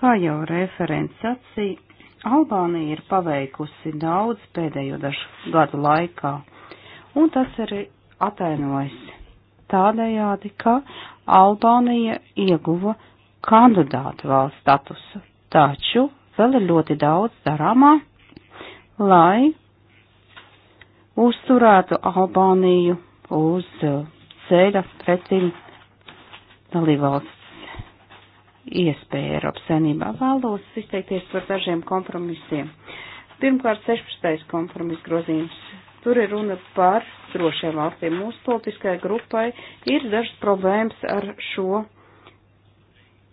Kā jau referents sacīja, Albānija ir paveikusi daudz pēdējo dažu gadu laikā, un tas arī atainojas tādējādi, ka Albānija ieguva kandidātu valsts statusu, taču vēl ir ļoti daudz darāmā, lai uzturētu Albāniju uz ceļa pretim dalībvalsts iespēja Eiropas saimnībā. Vēlos izteikties par dažiem kompromisiem. Pirmkārt, 16. kompromiss grozījums Tur ir runa par drošiem valstīm. Mūsu politiskai grupai ir dažas problēmas ar šo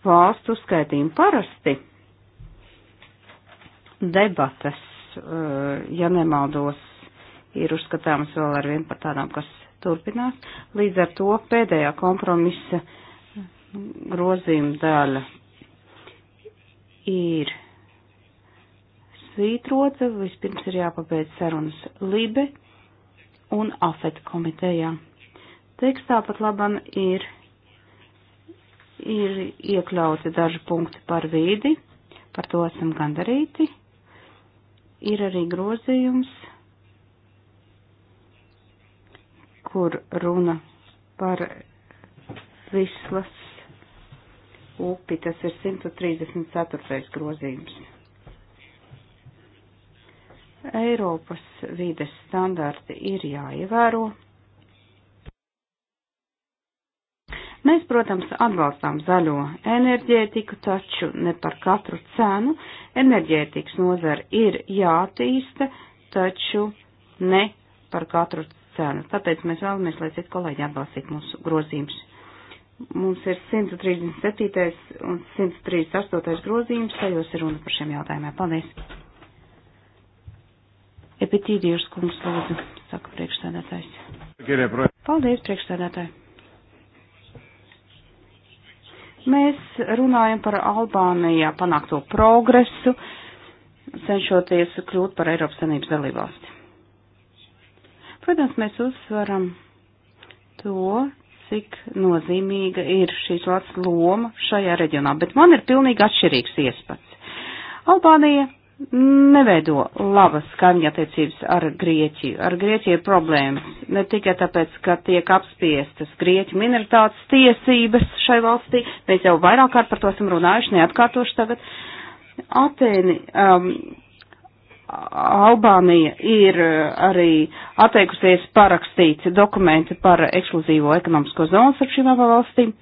valstu skaitījumu. Parasti debates, eh, ja nemaldos, ir uzskatāmas vēl ar vien par tādām, kas turpinās. Līdz ar to pēdējā kompromisa grozījuma daļa ir svītrota. Vispirms ir jāpabeidz sarunas Libe un AFET komitejā. Tekstā pat labam ir, ir iekļauti daži punkti par vīdi, par to esam gandarīti. Ir arī grozījums, kur runa par vislas upi, tas ir 134. grozījums. Eiropas vides standarti ir jāievēro. Mēs, protams, atbalstām zaļo enerģētiku, taču ne par katru cenu. Enerģētikas nozara ir jātīsta, taču ne par katru cenu. Tāpēc mēs vēlamies, lai citi kolēģi atbalstītu mūsu grozījumus. Mums ir 137. un 138. grozījums, tajos ir runa par šiem jautājumiem. Paldies! Epitīdiešu kungs lūdzu, saka priekšstādātājs. Paldies, priekšstādātāji. Mēs runājam par Albānijā panākto progresu, cenšoties kļūt par Eiropas Sanības dalībvalsti. Protams, mēs uzsveram to, cik nozīmīga ir šīs valsts loma šajā reģionā, bet man ir pilnīgi atšķirīgs iespats. Albānija neveido labas kaimiņa attiecības ar Grieķiju. Ar Grieķiju ir problēmas ne tikai tāpēc, ka tiek apspiestas Grieķu minoritātes tiesības šai valstī, mēs jau vairāk kārt par to esam runājuši, neatkārtoši tagad. Atēni, um, Albānija ir uh, arī atteikusies parakstīt dokumenti par ekskluzīvo ekonomisko zonu ar šīm abām valstīm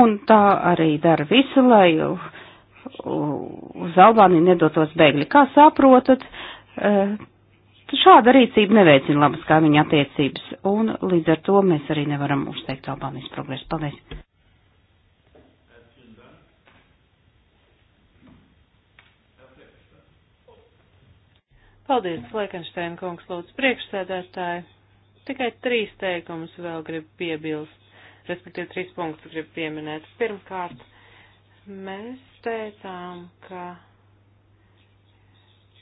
un tā arī dara visu, lai uz Albāniju nedotos bēgļi. Kā saprotat, e, šāda rīcība neveicina labas kaimiņa attiecības, un līdz ar to mēs arī nevaram uzteikt Albānijas progresu. Paldies! Paldies, Lekenšteina kungs, lūdzu, priekšsēdētāji. Tikai trīs teikumus vēl gribu piebilst, respektīvi trīs punktus gribu pieminēt. Pirmkārt, mēs teicām, ka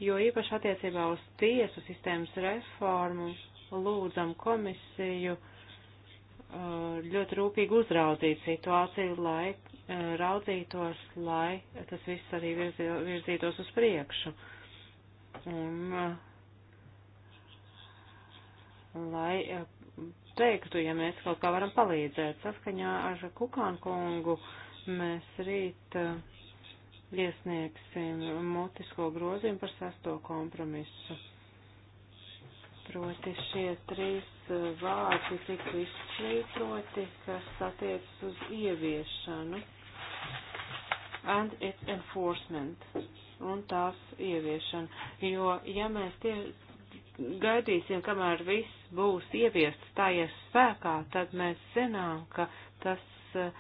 jo īpaši attiecībā uz tiesu sistēmas reformu lūdzam komisiju uh, ļoti rūpīgi uzraudzīt situāciju, lai uh, raudzītos, lai tas viss arī virzītos uz priekšu. Un uh, lai teiktu, ja mēs kaut kā varam palīdzēt. Saskaņā ar Kukānu kungu mēs rīt uh, iesniegsim mutisko grozījumu par sesto kompromisu. Proti šie trīs uh, vārdi tiks izslītroti, kas attiecas uz ieviešanu and its enforcement un tās ieviešanu. Jo, ja mēs tie gaidīsim, kamēr viss būs ieviests, stājies spēkā, tad mēs zinām, ka tas uh,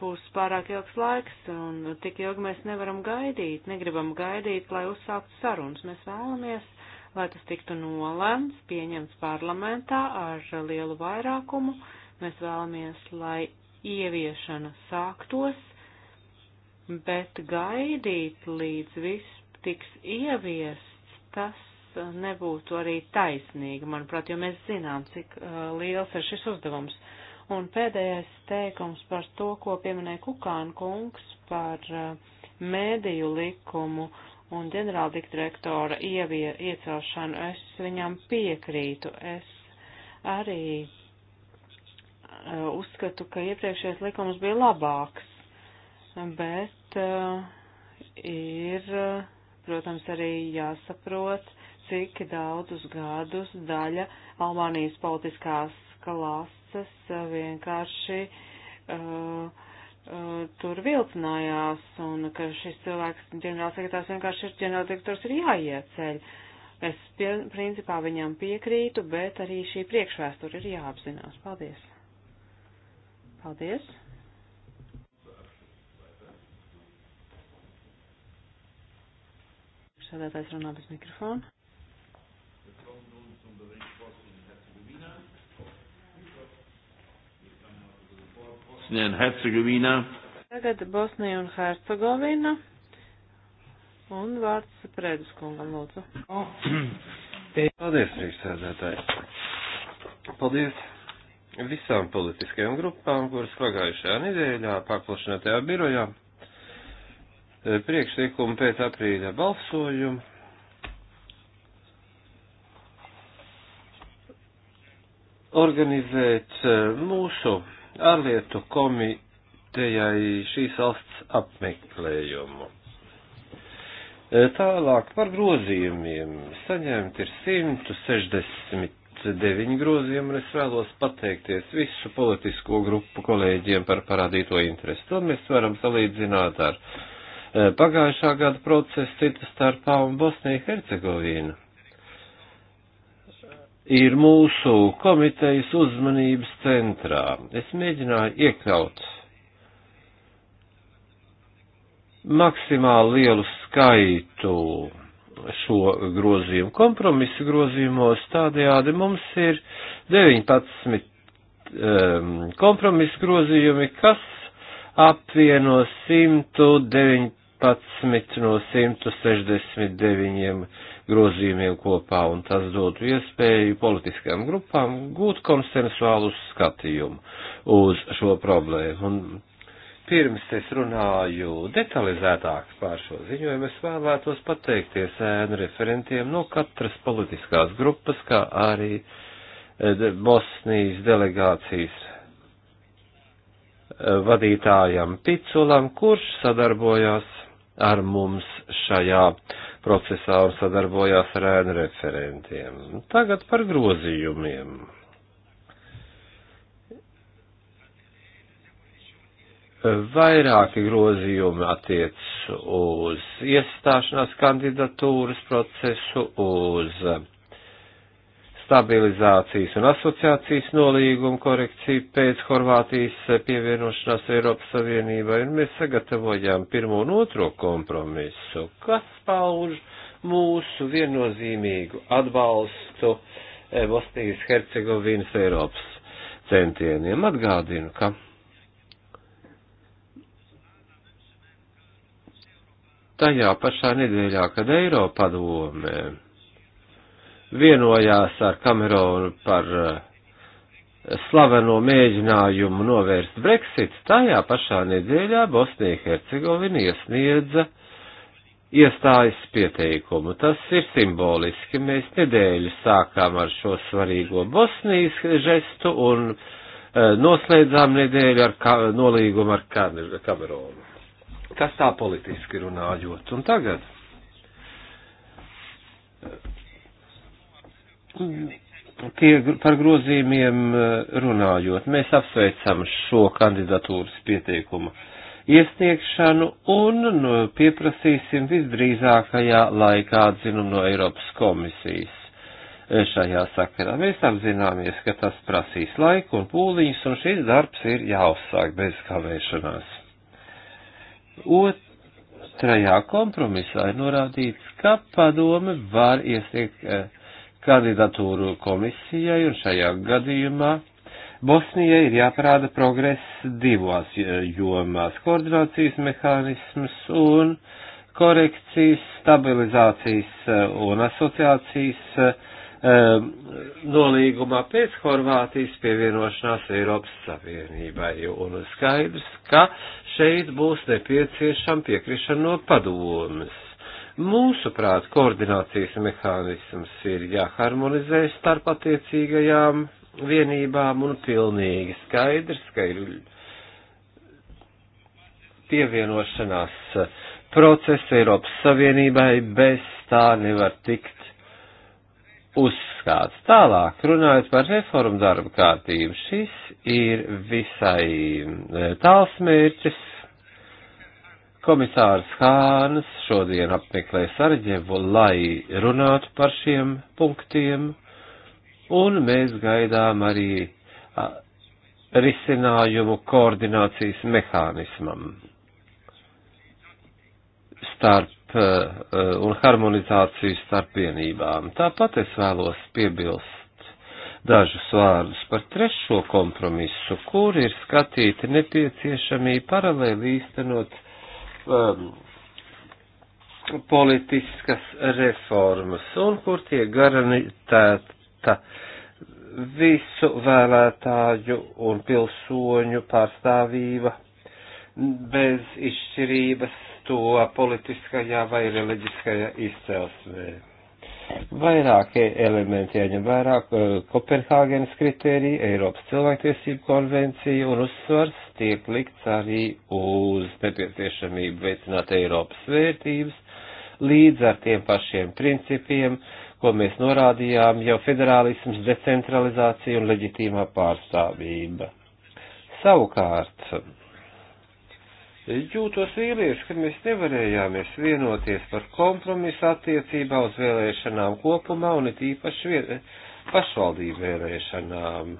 būs pārāk ilgs laiks, un tik ilgi mēs nevaram gaidīt, negribam gaidīt, lai uzsāktu sarunas. Mēs vēlamies, lai tas tiktu nolēmts, pieņemts parlamentā ar lielu vairākumu. Mēs vēlamies, lai ieviešana sāktos, bet gaidīt līdz viss tiks ieviests, tas nebūtu arī taisnīgi, manuprāt, jo mēs zinām, cik uh, liels ir šis uzdevums. Uh, Un pēdējais teikums par to, ko pieminēja Kukāna kungs par eh, mēdīju likumu un ģenerāldirektora ievie, iecelšanu, es viņam piekrītu. Es arī uh, uzskatu, ka iepriekšējais likums bija labāks, bet uh, ir, protams, arī jāsaprot, cik daudzus gadus daļa Albānijas politiskās klāsts tiesas vienkārši uh, uh, tur vilcinājās un ka šis cilvēks, ģenerālsekretārs, vienkārši ir ģenerāldirektors ir jāieceļ. Es pie, principā viņam piekrītu, bet arī šī priekšvēsture ir jāapzinās. Paldies! Paldies! Sēdētājs runā bez mikrofona. Bosnija un Hercegovina. Tagad Bosnija un Hercegovina. Un vārds Prēdus kungam lūdzu. Paldies, priekšsēdētāji. Paldies visām politiskajām grupām, kuras pagājušajā nedēļā paplašinātajā birojā eh, priekšlikumu pēc aprīļa balsojumu. Organizēt eh, mūsu ārlietu komitejai šīs valsts apmeklējumu. E, tālāk par grozījumiem. Saņemt ir 169 grozījumi, un es vēlos pateikties visu politisko grupu kolēģiem par parādīto interesi. To mēs varam salīdzināt ar e, pagājušā gada procesu citu starpā un Bosniju Hercegovīnu ir mūsu komitejas uzmanības centrā. Es mēģināju iekļaut maksimāli lielu skaitu šo grozījumu kompromisu grozījumos, tādējādi mums ir 19 um, kompromisu grozījumi, kas apvieno 119 no 169 grozījumiem kopā, un tas dotu iespēju politiskajām grupām gūt konsensuālu skatījumu uz šo problēmu. Un pirms es runāju detalizētāk pār šo ziņojumu, es vēlētos pateikties ēnu referentiem no katras politiskās grupas, kā arī e, Bosnijas delegācijas e, vadītājam Piculam, kurš sadarbojās ar mums šajā procesā un sadarbojās ar ēnu referentiem. Tagad par grozījumiem. Vairāki grozījumi attiec uz iestāšanās kandidatūras procesu, uz stabilizācijas un asociācijas nolīguma korekciju pēc Horvātijas pievienošanās Eiropas Savienībai, un mēs sagatavojām pirmo un otro kompromisu, kas pauž mūsu viennozīmīgu atbalstu eh, Bosnijas Hercegovinas Eiropas centieniem. Atgādinu, ka tajā pašā nedēļā, kad Eiropa domē vienojās ar Kameronu par eh, slaveno mēģinājumu novērst Brexit, tajā pašā nedēļā Bosnija Hercegovina iesniedza iestājas pieteikumu. Tas ir simboliski. Mēs nedēļu sākām ar šo svarīgo Bosnijas žestu un e, noslēdzām nedēļu ar ka, nolīgumu ar Kameronu. Tas tā politiski runājot. Un tagad pie, par grozījumiem eh, runājot, mēs apsveicam šo kandidatūras pieteikumu iesniegšanu un nu, pieprasīsim visdrīzākajā laikā atzinumu no Eiropas komisijas eh, šajā sakarā. Mēs apzināmies, ka tas prasīs laiku un pūliņus, un šis darbs ir jāuzsāk bez kavēšanās. Otrajā kompromisā ir norādīts, ka padome var iesniegt eh, kandidatūru komisijai, un šajā gadījumā Bosnijai ir jāparāda progress divās eh, jomās - koordinācijas mehānisms un korekcijas, stabilizācijas eh, un asociācijas um, nolīgumā pēc Horvātijas pievienošanās Eiropas Savienībai. Un skaidrs, ka šeit būs nepieciešama piekrišana no padomas. Mūsuprāt, koordinācijas mehānisms ir jāharmonizē starp attiecīgajām vienībām un pilnīgi skaidrs, ka ir pievienošanās procesa Eiropas Savienībai bez tā nevar tikt uzskāts. Tālāk, runājot par reformu darba kārtību, šis ir visai eh, tāls mērķis, Komisārs Hāns šodien apmeklē Sarģevu, lai runātu par šiem punktiem, un mēs gaidām arī risinājumu koordinācijas mehānismam starp un harmonizāciju starp vienībām. Tāpat es vēlos piebilst dažus vārdus par trešo kompromisu, kur ir skatīta nepieciešamība paralēli īstenot Um, politiskas reformas un kur tiek garantēta visu vēlētāju un pilsoņu pārstāvība bez izšķirības to politiskajā vai reliģiskajā izcelsmē vairākie elementi jāņem vērā eh, - Kopenhāgenes kritērija, Eiropas cilvēktiesību konvencija un uzsvars tiek likts arī uz nepieciešamību veicināt Eiropas vērtības līdz ar tiem pašiem principiem, ko mēs norādījām jau federālisms, decentralizācija un leģitīmā pārstāvība. Savukārt, jūtos vīlieši, kad mēs nevarējāmies vienoties par kompromisu attiecībā uz vēlēšanām kopumā un it īpaši vien, pašvaldību vēlēšanām.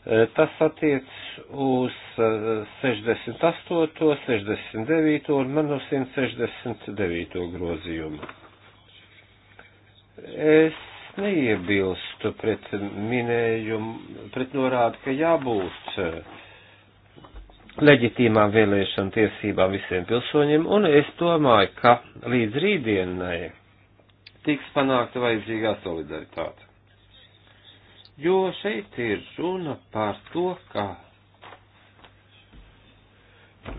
E, tas attiec uz 68, e, 69 un manu 169 grozījumu. Es neiebilstu pret minējumu, pret norādi, ka jābūt e, leģitīmām vēlēšanu tiesībām visiem pilsoņiem, un es domāju, ka līdz rītdienai tiks panākta vajadzīgā solidaritāte. Jo šeit ir runa par to, ka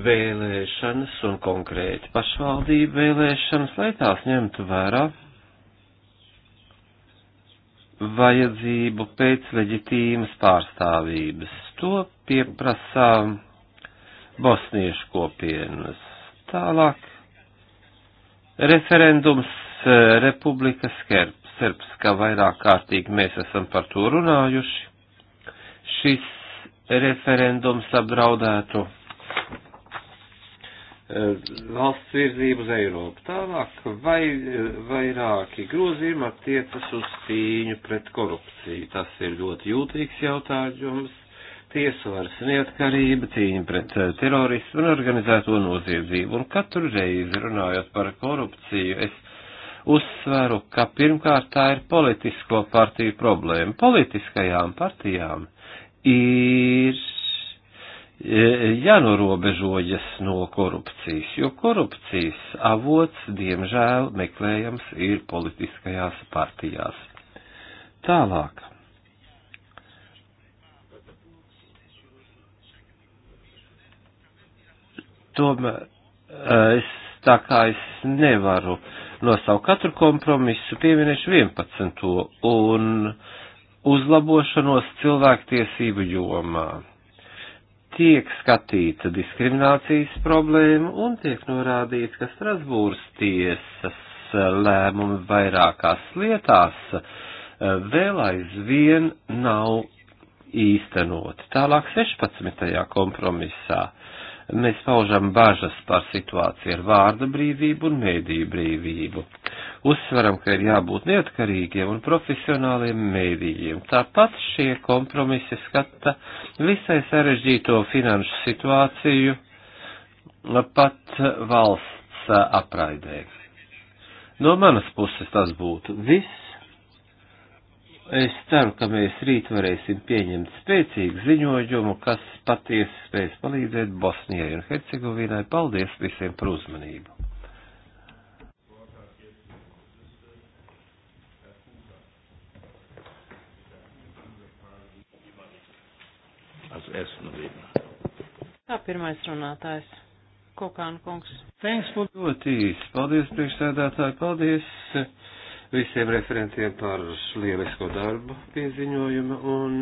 vēlēšanas un konkrēti pašvaldību vēlēšanas, lai tās ņemtu vērā vajadzību pēc leģitīmas pārstāvības. To pieprasām bosniešu kopienas. Tālāk referendums eh, Republika Serbska vairāk kārtīgi mēs esam par to runājuši. Šis referendums apdraudētu eh, valsts virzību uz Eiropu. Tālāk vai, eh, vairāki grozījumi attiecas uz cīņu pret korupciju. Tas ir ļoti jūtīgs jautājums tiesvaras neatkarība, cīņa pret eh, terorismu un organizēto noziedzību. Un katru reizi runājot par korupciju, es uzsveru, ka pirmkārt tā ir politisko partiju problēma. Politiskajām partijām ir eh, jānorobežojas no korupcijas, jo korupcijas avots, diemžēl, meklējams ir politiskajās partijās. Tālāk. tomēr eh, es tā kā es nevaru nosaukt katru kompromisu, pieminēšu 11. un uzlabošanos cilvēktiesību jomā. Tiek skatīta diskriminācijas problēma un tiek norādīts, ka Strasbūras tiesas eh, lēmumi vairākās lietās eh, vēl aizvien nav īstenoti. Tālāk 16. kompromisā mēs paužam bažas par situāciju ar vārda brīvību un mēdīju brīvību. Uzsveram, ka ir jābūt neatkarīgiem un profesionāliem mēdījiem. Tāpat šie kompromisi skata visai sarežģīto finanšu situāciju pat valsts apraidē. No manas puses tas būtu viss. Es ceru, ka mēs rīt varēsim pieņemt spēcīgu ziņojumu, kas patiesi spēs palīdzēt Bosnijai un Hercegovinai. Paldies visiem par uzmanību! Tā pirmais runātājs. Kokāna kungs. Thanks for... Ļoti īsi. Paldies, priekšsēdētāji. Paldies visiem referentiem par lielisko darbu pieziņojumu un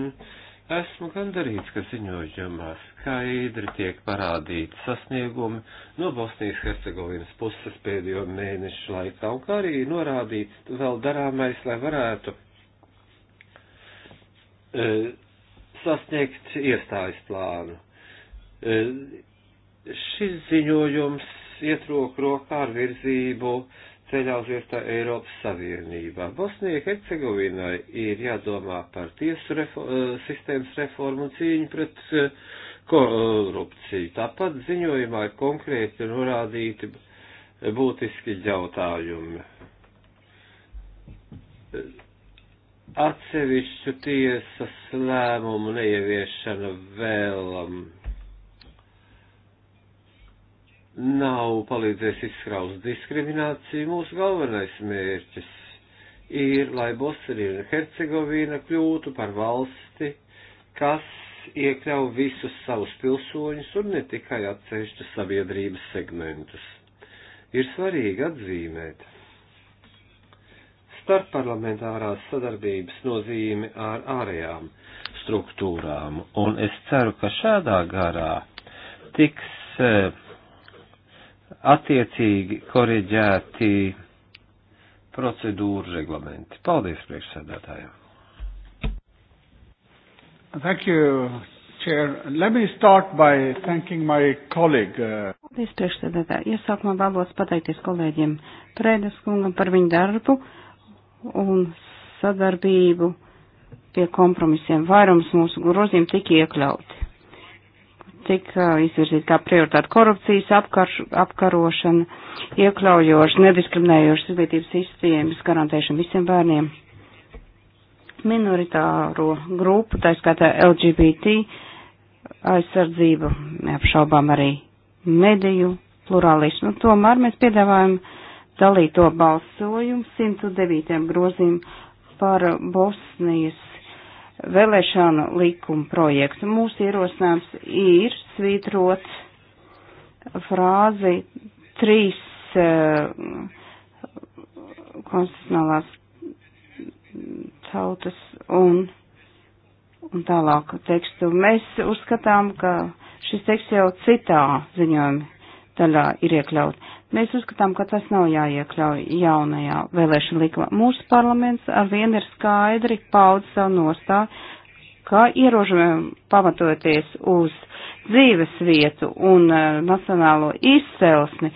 esmu gandarīts, ka ziņojumā skaidri tiek parādīti sasniegumi no Bosnijas Hercegovinas puses pēdējo mēnešu laikā un kā arī norādīts vēl darāmais, lai varētu e, sasniegt iestājas plānu. E, šis ziņojums iet roku rokā ar virzību ceļā uz vietā Eiropas Savienībā. Bosnijai Hercegovinai ir jādomā par tiesu refo eh, sistēmas reformu un cīņu pret eh, korupciju. Tāpat ziņojumā ir konkrēti norādīti būtiski jautājumi. Atsevišķu tiesas lēmumu neieviešana vēlam nav palīdzējis izskraust diskrimināciju. Mūsu galvenais mērķis ir, lai Bosnija un Hercegovina kļūtu par valsti, kas iekļauj visus savus pilsoņus un ne tikai atsevišķus sabiedrības segmentus. Ir svarīgi atzīmēt starpparlamentārās sadarbības nozīmi ar ārējām struktūrām, un es ceru, ka šādā garā tiks eh, attiecīgi koreģēti procedūru reglamenti. Paldies priekšsēdētājiem. Thank you, Chair. Let me start by thanking my colleague. Uh, Paldies priekšsēdētāji. Iesākumā vēlos pateikties kolēģiem Prēdes kungam par viņu darbu un sadarbību pie kompromisiem. Vairums mūsu grozīm tika iekļauti tika izvirzīta kā prioritāte korupcijas apkar, apkarošana, iekļaujoša, nediskriminējoša izglītības sistēmas garantēšana visiem bērniem, minoritāro grupu, tā skatā LGBT aizsardzību, neapšaubām arī mediju plurālismu. Nu, tomēr mēs piedāvājam dalīto balsojumu 109 grozīm par Bosnijas vēlēšanu likuma projektu. Mūsu ierosinājums ir svītrot frāzi trīs uh, konstitucionālās tautas un, un tālāk tekstu. Mēs uzskatām, ka šis teksts jau citā ziņojuma daļā ir iekļaut. Mēs uzskatām, ka tas nav jāiekļauj jaunajā vēlēšana likumā. Mūsu parlaments ar vienu ir skaidri paudz savu nostāju, ka ierožojumi pamatoties uz dzīves vietu un uh, nacionālo izcelsmi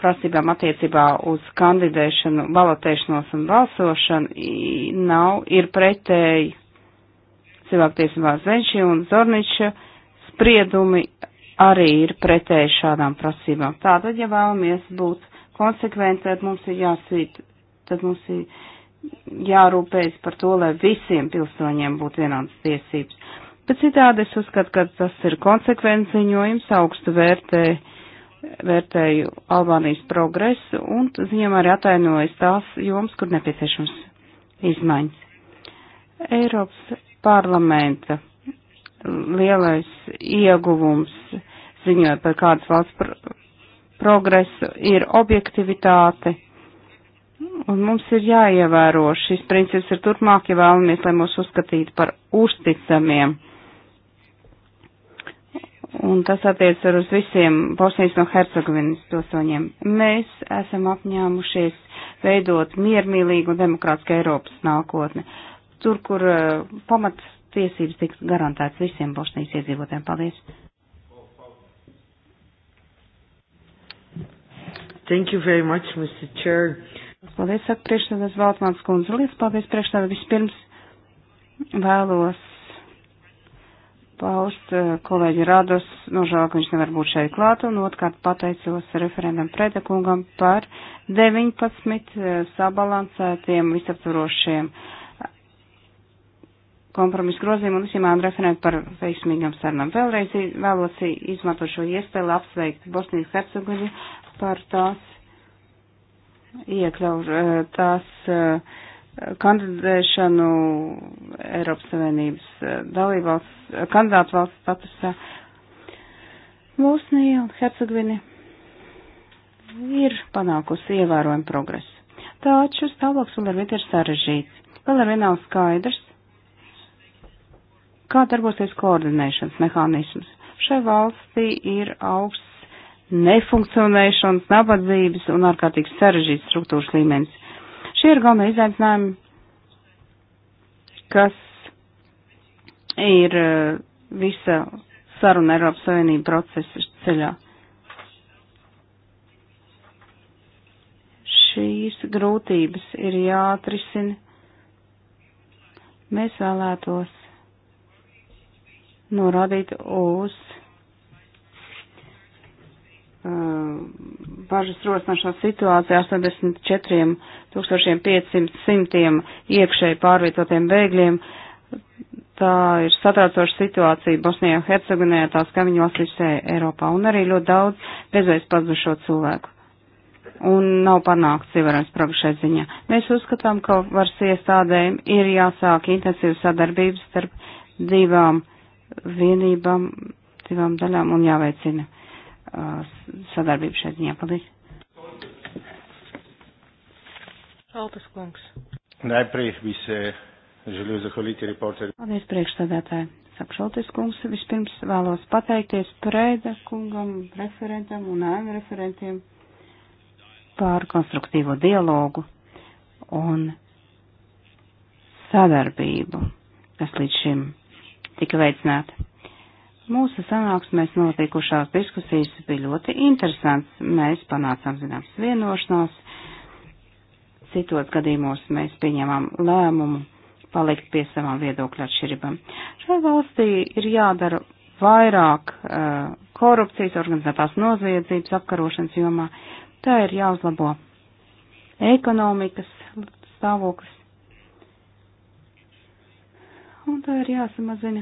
prasībām attiecībā uz kandidēšanu, balotēšanos un balsošanu nav, ir pretēji cilvēktiesībās Zenši un Zorniča spriedumi arī ir pretēji šādām prasībām. Tātad, ja vēlamies būt konsekventi, tad mums ir jācīt, tad mums ir jārūpējas par to, lai visiem pilsoņiem būtu vienādas tiesības. Bet citādi es uzskatu, ka tas ir konsekvents ziņojums, augstu vērtē, vērtēju Albānijas progresu un ziņām arī atainojas tās joms, kur nepieciešams izmaiņas. Eiropas parlamenta lielais ieguvums ziņot par kādas valsts pro progresu ir objektivitāte. Un mums ir jāievēro šis princips ir turpmāk, ja vēlamies, lai mūs uzskatītu par uzticamiem. Un tas attiec ar uz visiem Bosnijas no Hercegovinas pilsoņiem. Mēs esam apņēmušies veidot miermīlīgu un demokrātisku Eiropas nākotni. Tur, kur uh, eh, pamats tiesības tiks garantētas visiem Bosnijas iedzīvotājiem. Paldies! Thank you very much, Mr. Chair. Paldies, saka priekšsēdētājs Valtmāns kundze. Liels paldies priekšsēdētājai. Vispirms vēlos paust eh, kolēģi Rados, nožēl, ka viņš nevar būt šeit klāt, un otrkārt pateicos referendam pretekungam par 19 eh, sabalansētiem visaptvarošiem uh, kompromisu grozījumu un visiem referēt par veiksmīgām sarunām. Vēlreiz vēlos izmantot šo iespēju apsveikt Bosnijas Hercegovi par tās iekļauž, eh, tās eh, kandidēšanu Eiropas Savienības eh, dalībvalsts, kandidātu valsts statusā. Bosnija un Hercegovina ir panākusi ievērojumu progresu. Taču stāvoklis vēl ar vien ir sarežģīts. Vēl ar vien nav skaidrs, kā darbosies koordinēšanas mehānisms. Šai valstī ir augsts nefunkcionēšanas, nabadzības un ārkārtīgi sarežģīts struktūras līmenis. Šie ir galvenie izaicinājumi, kas ir eh, visa saruna Eiropas Savienība procesa ceļā. Šīs grūtības ir jāatrisina. Mēs vēlētos norādīt uz uh, bažas rosinošā situācija 84,500 iekšēji pārvietotiem bēgļiem. Tā ir satraucoša situācija Bosnijā, Hercegunē, tās kaimiņu valstīs Eiropā un arī ļoti daudz bezveiz pazudušo cilvēku. Un nav panākts ievērojams progresē ziņā. Mēs uzskatām, ka varas iestādēm ir jāsāk intensīva sadarbības starp divām vienībām, divām daļām un jāveicina uh, sadarbība šeit ziņā. Paldies! Šaltas kungs. Najprej bi se želel zahvaliti reporterju. Paldies priekšstādātāji. Sapšaltis kungs, vispirms vēlos pateikties Prēda kungam, referentam un ēnu referentiem par konstruktīvo dialogu un sadarbību, kas līdz šim tika veicināta. Mūsu sanāksmēs notikušās diskusijas bija ļoti interesants. Mēs panācām zināmas vienošanās. Citos gadījumos mēs pieņēmām lēmumu palikt pie savām viedokļu atšķirībām. Šai valstī ir jādara vairāk uh, korupcijas, organizētās noziedzības apkarošanas jomā. Tā ir jāuzlabo ekonomikas stāvoklis un tā ir jāsamazina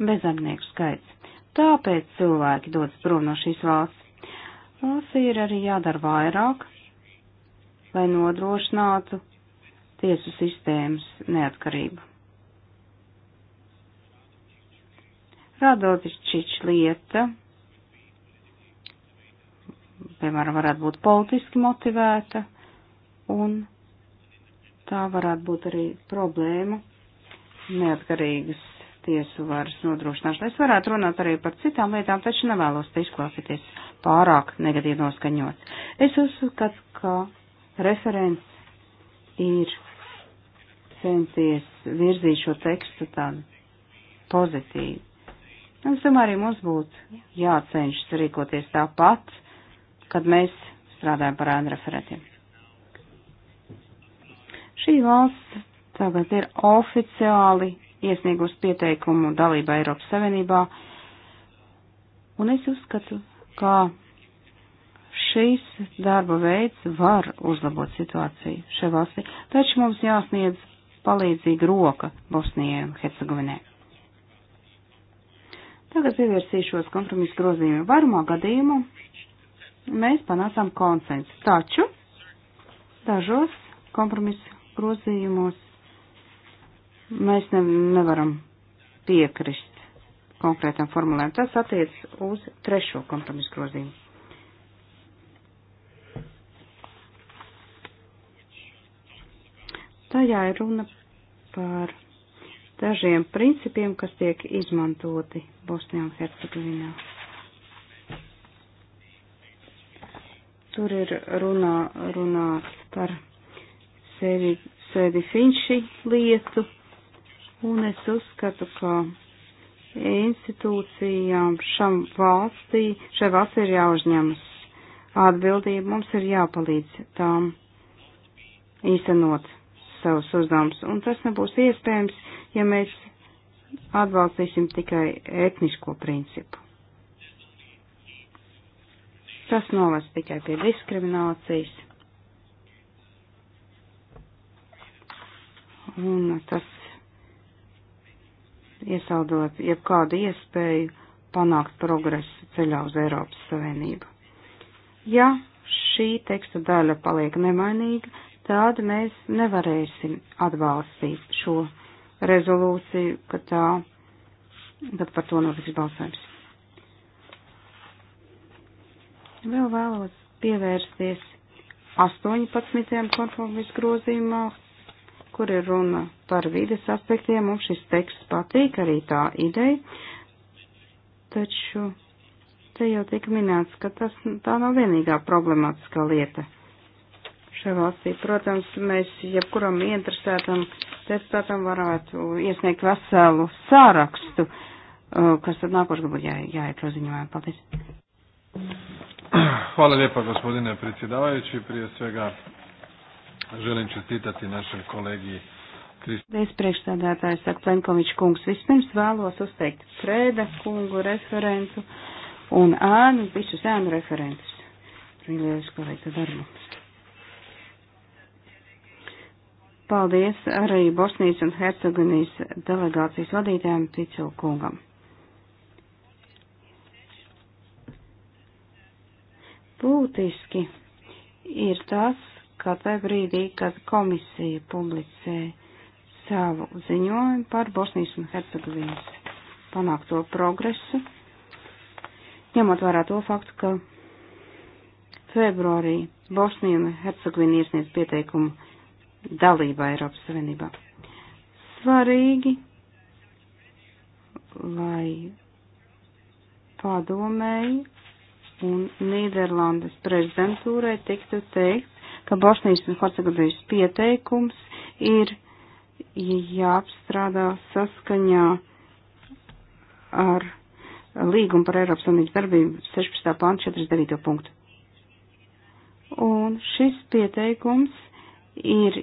bezamnieku skaits. Tāpēc cilvēki dodas prom no šīs valsts. Mums ir arī jādara vairāk, lai nodrošinātu tiesu sistēmas neatkarību. Radotis čič lieta, piemēram, varētu būt politiski motivēta un tā varētu būt arī problēma neatkarīgas tiesu varas nodrošināšana. Es varētu runāt arī par citām lietām, taču nevēlos te izklāstīties pārāk negatīvi noskaņots. Es uzskatu, ka referents ir centies virzīt šo tekstu tādu pozitīvu. Un, es domāju, arī mums būtu jācenšas rīkoties tāpat, kad mēs strādājam par ēnu referentiem. Šī valsts tagad ir oficiāli iesniegus pieteikumu dalībā Eiropas Savienībā, un es uzskatu, ka šīs darba veids var uzlabot situāciju šajā valstī, taču mums jāsniedz palīdzīga roka Bosnijai un Hercegovinai. Tagad pievērsīšos kompromisu grozījumu. Varumā gadījumu mēs panācām konsensu, taču dažos kompromisu grozījumos mēs ne, nevaram piekrist konkrētām formulēm. Tas attiec uz trešo kompromisu grozījumu. Tajā ir runa par dažiem principiem, kas tiek izmantoti Bosnijā un Hercegovinā. Tur ir runā, runāts par Sēdi, sēdi Finči lietu, un es uzskatu, ka institūcijām šam valstī, šai valstī ir jāuzņemas atbildība, mums ir jāpalīdz tām īstenot savus uzdevumus, un tas nebūs iespējams, ja mēs atbalstīsim tikai etnisko principu. Tas novest tikai pie diskriminācijas un tas iesaldot jebkādu iespēju panākt progresu ceļā uz Eiropas Savienību. Ja šī teksta daļa paliek nemainīga, tad mēs nevarēsim atbalstīt šo rezolūciju, ka tā, tad par to notiks balsojums. Vēl vēlos pievērsties 18. konformijas grozījumā, kur ir runa par vides aspektiem. Mums šis teksts patīk, arī tā ideja. Taču te jau tika minēts, ka tas, tā nav vienīgā problemātiskā lieta šajā valstī. Protams, mēs jebkuram interesētam deputātam varētu iesniegt veselu sārakstu, uh, kas tad nākošais būtu jā, jāiekļau ziņojumā. Paldies. Hvala lijepa gospodine predsjedavajući. Prije svega Želim čestitati našem kolēģi Paldies, priekšstādātājs, saka Plenkovičs kungs. Vispirms vēlos uzteikt Frēda kungu referentu un Ānu visus ēnu referentus. Mīļais kolēģi, darbu. Paldies arī Bosnijas un Hercegonijas delegācijas vadītājiem Picu kungam. Būtiski ir tas, kā tajā brīdī, kad komisija publicēja savu ziņojumu par Bosnijas un Hercegovinas panākto progresu, ņemot vērā to faktu, ka februārī Bosnija un Hercegovina iesniedz pieteikumu dalībā Eiropas Savienībā. Svarīgi, lai padomēji un Nīderlandes prezidentūrai tiktu teikt, ka Bosnijas un Hercegovinas pieteikums ir jāapstrādā saskaņā ar līgumu par Eiropas Savienības darbību 16. pānta 49. punktu. Un šis pieteikums ir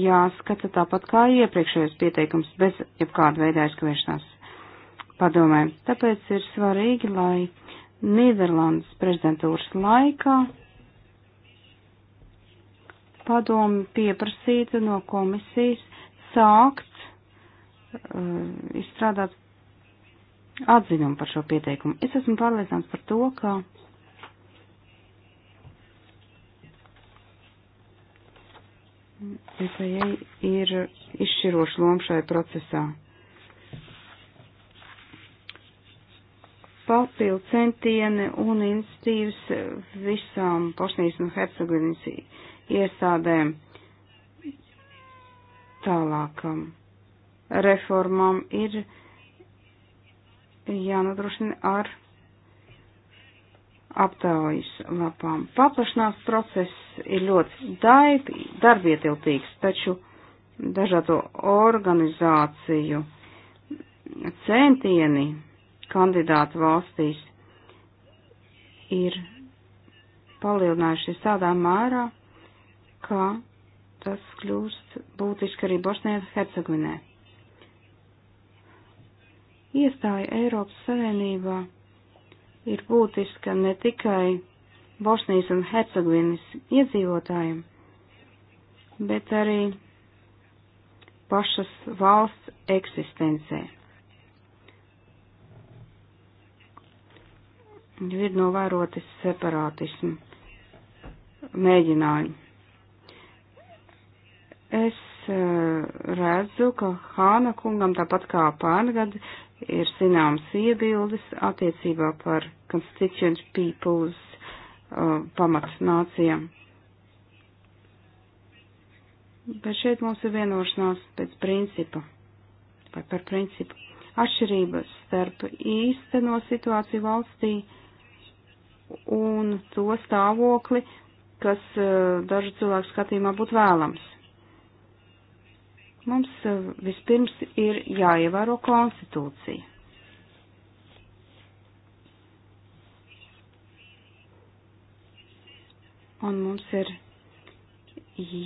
jāskata tāpat kā iepriekšējais pieteikums, bez jebkāda veida aizkavēšanās padomē. Tāpēc ir svarīgi, lai Nīderlandes prezidentūras laikā padomu pieprasītu no komisijas sākt uh, izstrādāt atzinumu par šo pieteikumu. Es esmu pārliecināts par to, ka FAA ir izšķiroša loma šai procesā. Papildu centieni un institīvas visām Bosnijas un Hercegovinas iestādēm tālākam reformam ir jānodrošina ar aptaujas lapām. Paplašanās process ir ļoti daigi, darbietilpīgs, taču dažādo organizāciju centieni kandidātu valstīs ir palielinājušies tādā mērā, ka tas kļūst būtiski arī Bosnijai un Hercegovinai. Iestāja Eiropas Savienībā ir būtiska ne tikai Bosnijas un Hercegovinas iedzīvotājiem, bet arī pašas valsts eksistencē. Ir novēroti separātismu mēģinājumi. Es eh, redzu, ka Hāna kungam, tāpat kā pārgad, ir zināms iebildes attiecībā par constituent peoples uh, eh, pamats nācijām. Bet šeit mums ir vienošanās pēc principa vai par principu. Atšķirības starp īsteno situāciju valstī un to stāvokli, kas uh, dažu cilvēku skatījumā būtu vēlams. Mums e, vispirms ir jāievēro konstitūcija. Un mums ir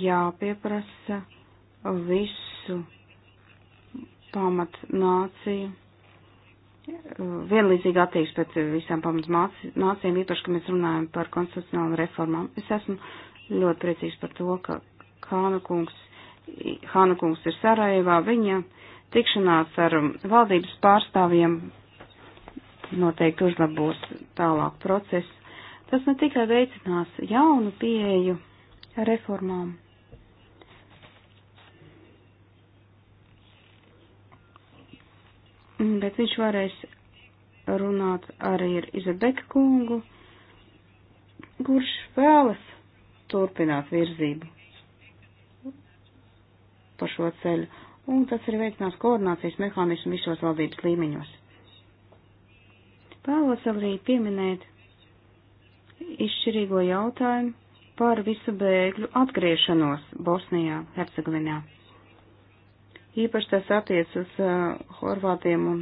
jāpieprasa visu pamatnāciju e, vienlīdzīga attieksme pret visām pamatnācijām, īpaši, ka mēs runājam par konstitucionālām reformām. Es esmu ļoti priecīgs par to, ka Kāna kungs Hāna kungs ir Sarajevā, viņa tikšanās ar um, valdības pārstāvjiem noteikti uzlabos tālāk procesu. Tas ne tikai veicinās jaunu pieeju reformām. Mm, bet viņš varēs runāt arī ar Izabeka kungu, kurš vēlas turpināt virzību par šo ceļu, un tas ir veicinās koordinācijas mehānismu visos valdības līmeņos. Vēlos arī pieminēt izšķirīgo jautājumu par visu bēgļu atgriešanos Bosnijā, Hercegovinā. Īpaši tas attiec uz uh, horvātiem un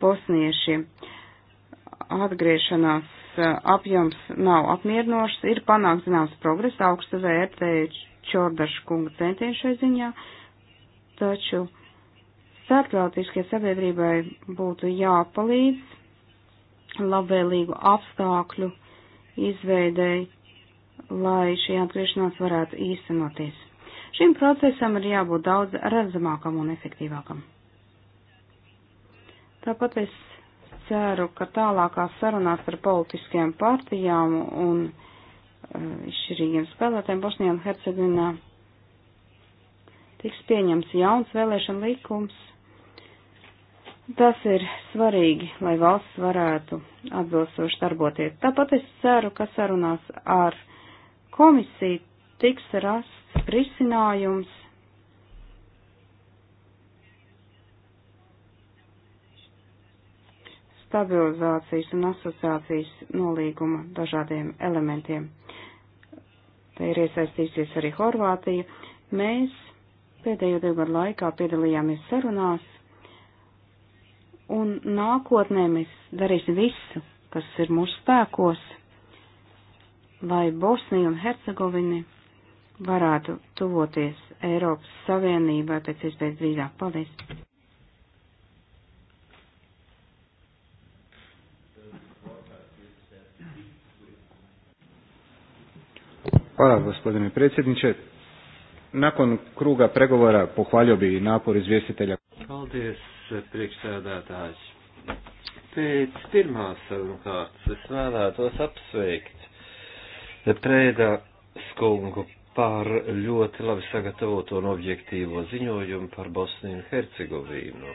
bosniešiem. Atgriešanās uh, apjoms nav apmierinošs, ir panākts zināms progress, augstu vērtēju Čordašu kunga centienu šai ziņā. Uh, taču starptautiskie sabiedrībai būtu jāpalīdz labvēlīgu apstākļu izveidēji, lai šī atgriešanās varētu īstenoties. Šim procesam ir jābūt daudz redzamākam un efektīvākam. Tāpat es ceru, ka tālākās sarunās ar politiskajām partijām un eh, izšķirīgiem spēlētēm Bosnijā un Hercegovinā tiks pieņemts jauns vēlēšana likums. Tas ir svarīgi, lai valsts varētu atbilstoši darboties. Tāpat es ceru, ka sarunās ar komisiju tiks rasts risinājums stabilizācijas un asociācijas nolīguma dažādiem elementiem. Te ir iesaistīsies arī Horvātija. Mēs Pēdējo divu gadu laikā piedalījāmies sarunās, un nākotnē mēs darīsim visu, kas ir mūsu spēkos, lai Bosnija un Hercegovini varētu tuvoties Eiropas Savienībai pēc iespējas drīzāk. Paldies! Hvala gospodine predsjedniče. Nakon kruga pregovora pohvalio bi napor izvjestitelja. Paldies, priekšsēdētājs. Pēc pirmās savukārt es vēlētos apsveikt Prēdā skungu par ļoti labi sagatavotu un objektīvo ziņojumu par Bosniju un Hercegovīnu.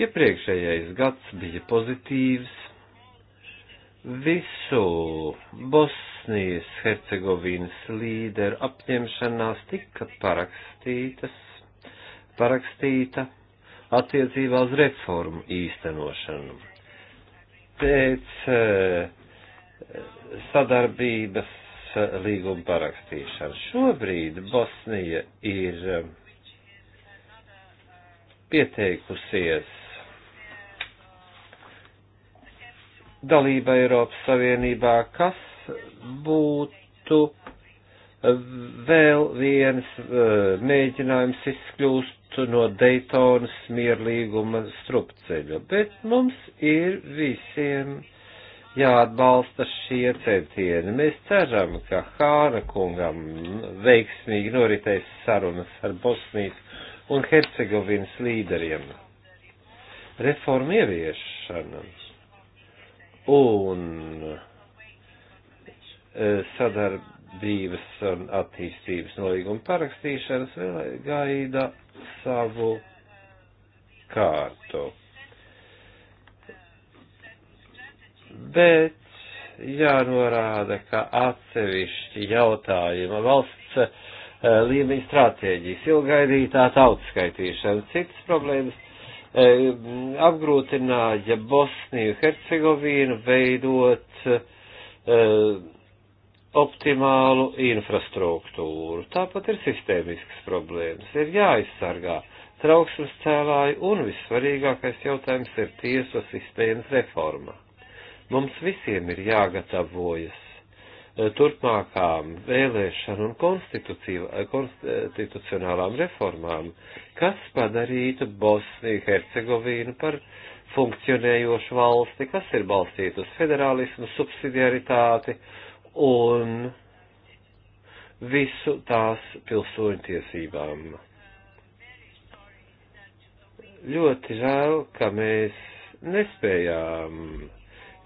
Iepriekšējais gads bija pozitīvs. Visu Bos Bosnijas Hercegovinas līderu apņemšanās tika parakstītas, parakstīta attiecībā uz reformu īstenošanu. Pēc eh, sadarbības eh, līguma parakstīšanu. Šobrīd Bosnija ir eh, pieteikusies dalība Eiropas Savienībā, kas būtu vēl viens e, mēģinājums izkļūst no Daytonas mierlīguma strupceļa, bet mums ir visiem jāatbalsta šie centieni. Mēs ceram, ka Hāna kungam veiksmīgi noritēs sarunas ar Bosnijas un Hercegovinas līderiem. Reforma ieviešana un E, sadarbības un attīstības nolīguma parakstīšanas gaida savu kārtu. Bet jānorāda, ka atsevišķi jautājuma valsts e, līmeņa stratēģijas, ilgaidītā tautskaitīšana, citas problēmas e, apgrūtināja Bosniju Hercegovīnu veidot uh, optimālu infrastruktūru. Tāpat ir sistēmiskas problēmas, ir jāaizsargā trauksmes cēlāji un vissvarīgākais jautājums ir tiesu sistēmas reforma. Mums visiem ir jāgatavojas eh, turpmākām vēlēšanu un eh, konstitucionālām reformām, kas padarītu Bosniju Hercegovīnu par funkcionējošu valsti, kas ir balstīta uz federālismu, subsidiaritāti, uh, un visu tās pilsoņu tiesībām. Ļoti žēl, ka mēs nespējām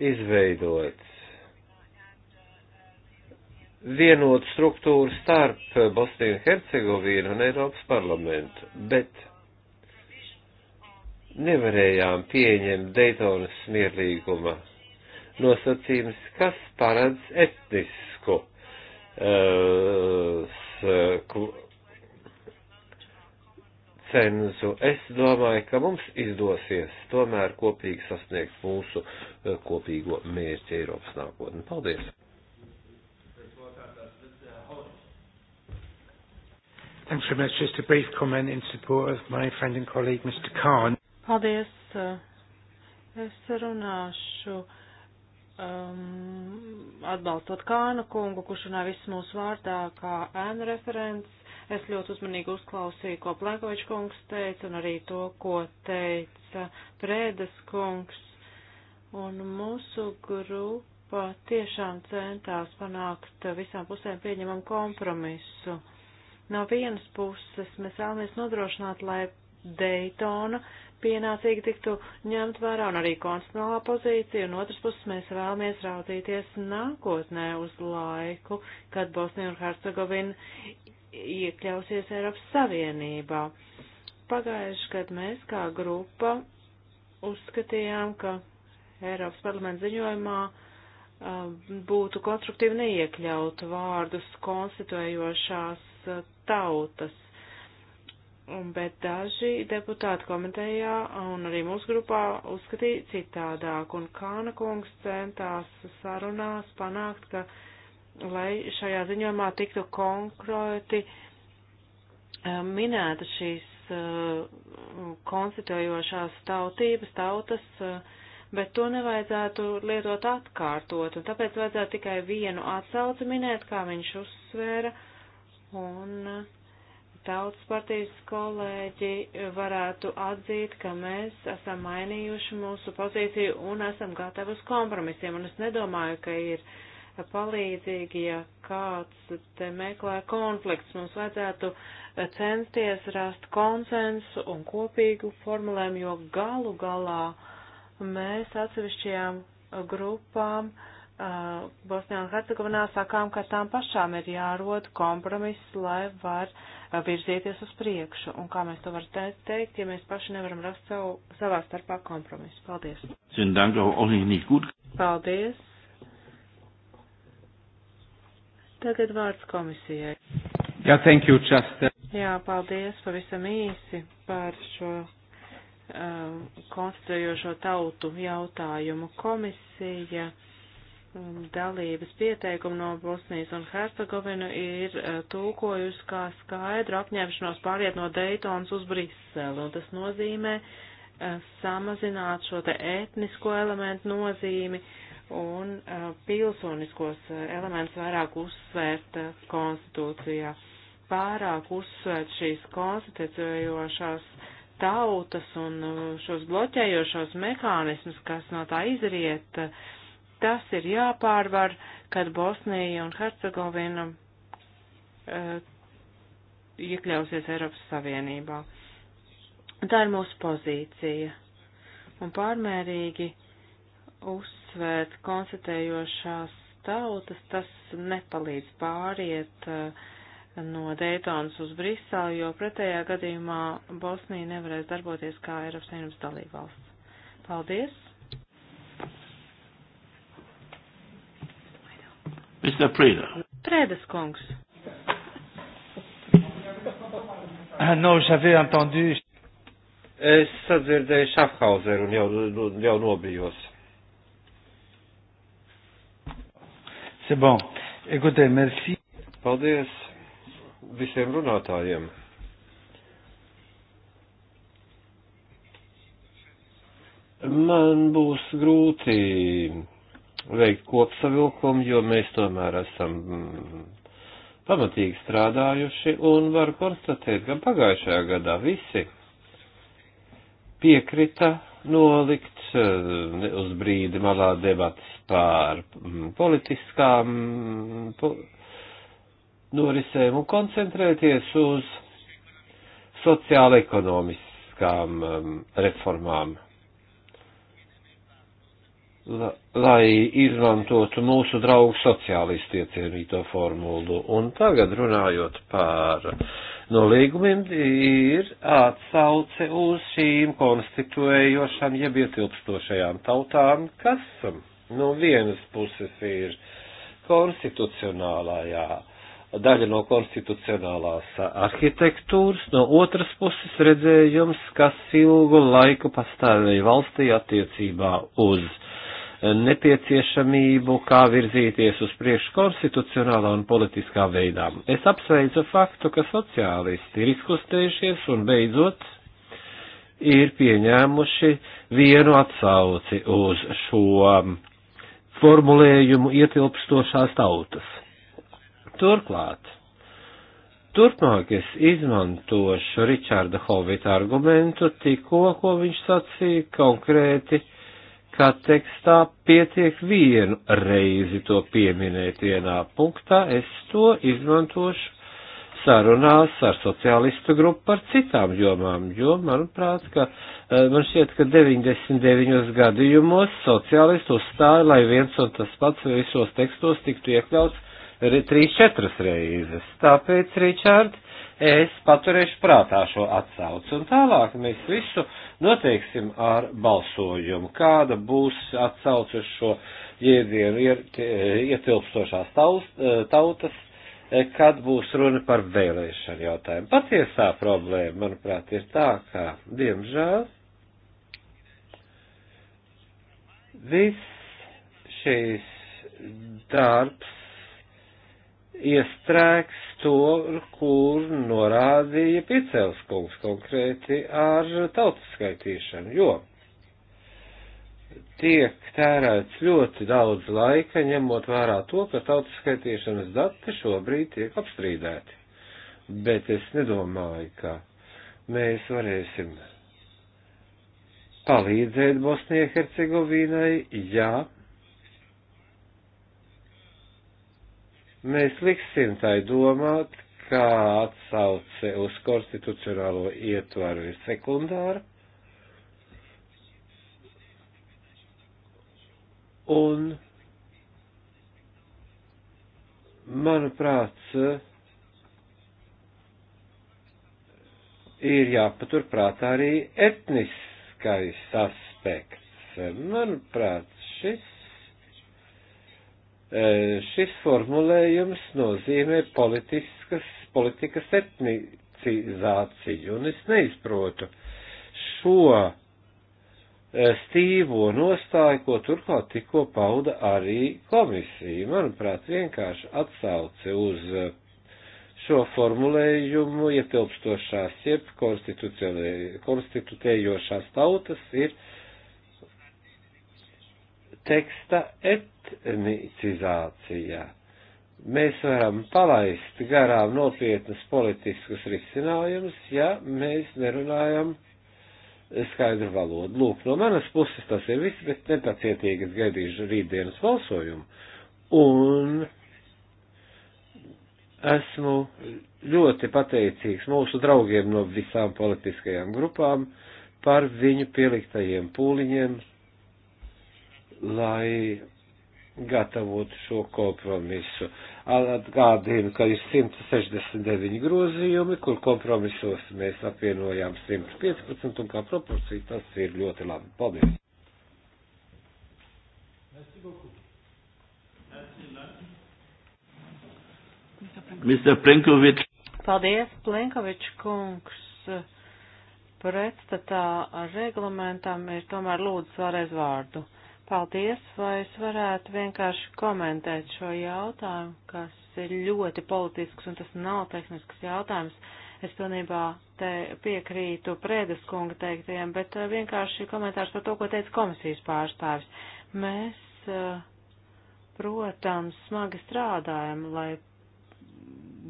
izveidot vienotu struktūru starp Bosniju un Hercegovīnu un Eiropas parlamentu, bet nevarējām pieņemt Daytonas smierlīguma nosacījums, kas paredz etnisku uh, eh, cenzu. Es domāju, ka mums izdosies tomēr kopīgi sasniegt mūsu eh, kopīgo mērķi Eiropas nākotni. Paldies! Thanks very much. Just a brief comment in support of my friend and colleague, Mr. Khan. Paldies. Eh, es runāšu um, atbalstot Kāna kungu, kurš runā visu mūsu vārdā kā ēnu referents. Es ļoti uzmanīgi uzklausīju, ko Plenkovičs kungs teica un arī to, ko teica Prēdas kungs. Un mūsu grupa tiešām centās panākt visām pusēm pieņemam kompromisu. No vienas puses mēs vēlamies nodrošināt, lai Daytona uh, pienācīgi tiktu ņemt vērā un arī konstitucionālā pozīcija, un otrs puses mēs vēlamies raudzīties nākotnē uz laiku, kad Bosnija un Hercegovina iekļausies Eiropas Savienībā. Pagājuši, kad mēs kā grupa uzskatījām, ka Eiropas parlamenta ziņojumā um, būtu konstruktīvi neiekļaut vārdus konstituējošās uh, tautas bet daži deputāti komitējā un arī mūsu grupā uzskatīja citādāk, un Kāna kungs centās sarunās panākt, ka, lai šajā ziņojumā tiktu konkrēti eh, minēta šīs eh, konstituējošās tautības, tautas, eh, bet to nevajadzētu lietot atkārtot, un tāpēc vajadzētu tikai vienu atsauci minēt, kā viņš uzsvēra, un uh, tautas partijas kolēģi varētu atzīt, ka mēs esam mainījuši mūsu pozīciju un esam gatavi uz kompromisiem. Un es nedomāju, ka ir palīdzīgi, ja kāds te meklē konflikts. Mums vajadzētu censties rast konsensu un kopīgu formulēm, jo galu galā mēs atsevišķajām grupām uh, uh, Bosnijā un Hercegovinā sakām, ka tām pašām ir jārod kompromiss, lai var uh, virzieties uz priekšu. Un kā mēs to varam te teikt, ja mēs paši nevaram rast savu, savā starpā kompromisu? Paldies. Paldies. Tagad vārds komisijai. Jā, thank you, Chester. Uh, Jā, paldies pavisam īsi par šo um, konstatējošo tautu jautājumu. Komisija uh, dalības pieteikumu no Bosnijas un Hercegovinu ir e, tūkojusi kā skaidru apņemšanos pāriet no Daytonas uz Briseli, un tas nozīmē e, samazināt šo te etnisko elementu nozīmi un e, pilsoniskos elementus vairāk uzsvērt konstitūcijā. Pārāk uzsvērt šīs konstituējošās tautas un šos bloķējošos mehānismus, kas no tā izriet, uh, tas ir jāpārvar, kad Bosnija un Hercegovina uh, iekļausies Eiropas Savienībā. Tā ir mūsu pozīcija. Un pārmērīgi uzsvērt konstatējošās tautas, tas nepalīdz pāriet uh, no Daytonas uz Briselu, jo pretējā gadījumā Bosnija nevarēs darboties kā Eiropas Savienības dalībvalsts. Paldies! Mr. Preda. Prēdas kungs. Ah, non, j'avais entendu. Es sadzirdēju Schaffhauseru un jau, nu, jau nobijos. C'est bon. Écoutez, merci. Paldies visiem runātājiem. Man būs grūti veikt kopsavilkumu, jo mēs tomēr esam mm, pamatīgi strādājuši un var konstatēt, ka pagājušajā gadā visi piekrita nolikt eh, uz brīdi malā debatas pār mm, politiskām mm, norisēm un koncentrēties uz sociāla ekonomiskām reformām lai izmantotu mūsu draugu sociālistu iecienīto formulu. Un tagad runājot par no līgumiem, ir atsauce uz šīm konstituējošām, jeb ietilpstošajām tautām, kas no vienas puses ir konstitucionālajā daļa no konstitucionālās arhitektūras, no otras puses redzējums, kas ilgu laiku pastāvēja valstī attiecībā uz nepieciešamību, kā virzīties uz priekšu konstitucionālā un politiskā veidā. Es apsveicu faktu, ka sociālisti ir izkustējušies un beidzot ir pieņēmuši vienu atsauci uz šo formulējumu ietilpstošās tautas. Turklāt, turpmāk es izmantošu Ričarda Hovita argumentu tikko, ko viņš sacīja konkrēti ka tekstā pietiek vienu reizi to pieminēt vienā punktā, es to izmantošu sarunās ar sociālistu grupu par citām jomām, jo, manuprāt, ka eh, man šķiet, ka 99 gadījumos sociālistu uzstāja, lai viens un tas pats visos tekstos tiktu iekļauts 3-4 reizes. Tāpēc, Ričārd, es paturēšu prātā šo atsaucu. Un tālāk mēs visu noteiksim ar balsojumu, kāda būs atsauce uz šo jēdzienu ietilpstošās e, tautas, e, kad būs runa par vēlēšanu jautājumu. Patiesā problēma, manuprāt, ir tā, ka, diemžēl, viss šīs darbs iestrēgs tur, kur norādīja Picels kungs konkrēti ar tautas skaitīšanu, jo tiek tērēts ļoti daudz laika, ņemot vērā to, ka tautas skaitīšanas dati šobrīd tiek apstrīdēti. Bet es nedomāju, ka mēs varēsim palīdzēt Bosnijai Hercegovīnai, ja Mēs liksim tai domāt, kā atsauce uz konstitucionālo ietvaru ir sekundāra. Un, manuprāt, ir jāpaturprāt arī etniskais aspekts. Manuprāt, šis E, šis formulējums nozīmē politiskas, politikas etnicizāciju, un es neizprotu šo e, stīvo nostāju, ko turklāt tikko pauda arī komisija. Manuprāt, vienkārši atsauce uz e, šo formulējumu ietilpstošās jeb konstitutējošās tautas ir teksta et etnicizācija. Mēs varam palaist garām nopietnus politiskus risinājumus, ja mēs nerunājam skaidru valodu. Lūk, no manas puses tas ir viss, bet nepacietīgi es gaidīšu rītdienas balsojumu. Un esmu ļoti pateicīgs mūsu draugiem no visām politiskajām grupām par viņu pieliktajiem pūliņiem, lai gatavot šo kompromisu. Atgādinu, ka ir 169 grozījumi, kur kompromisos mēs apvienojām 115 un kā proporcija tas ir ļoti labi. Paldies! Mr. Plenkovič. Paldies, Plenkovič kungs. Pretstatā reglamentam ir tomēr lūdzu vēlreiz vārdu. Paldies, vai es varētu vienkārši komentēt šo jautājumu, kas ir ļoti politisks un tas nav tehnisks jautājums. Es pilnībā te piekrītu prēdes kunga teiktajiem, bet eh, vienkārši komentārs par to, ko teica komisijas pārstāvis. Mēs, eh, protams, smagi strādājam, lai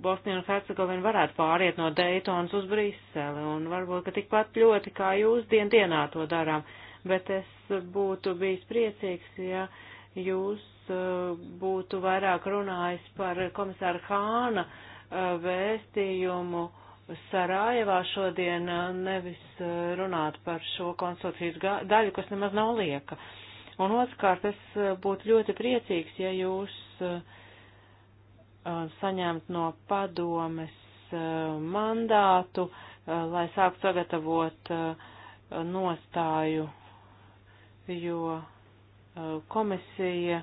Bosnija un Hercegovina varētu pāriet no Daytonas uz Briseli, un varbūt, ka tikpat ļoti kā jūs dien dienā to darām bet es būtu bijis priecīgs, ja jūs uh, būtu vairāk runājis par komisāra Hāna uh, vēstījumu Sarajevā šodien, uh, nevis runāt par šo konsultācijas daļu, kas nemaz nav lieka. Un otrkārt, es būtu ļoti priecīgs, ja jūs saņemt no padomes mandātu, lai sāktu sagatavot nostāju jo uh, komisija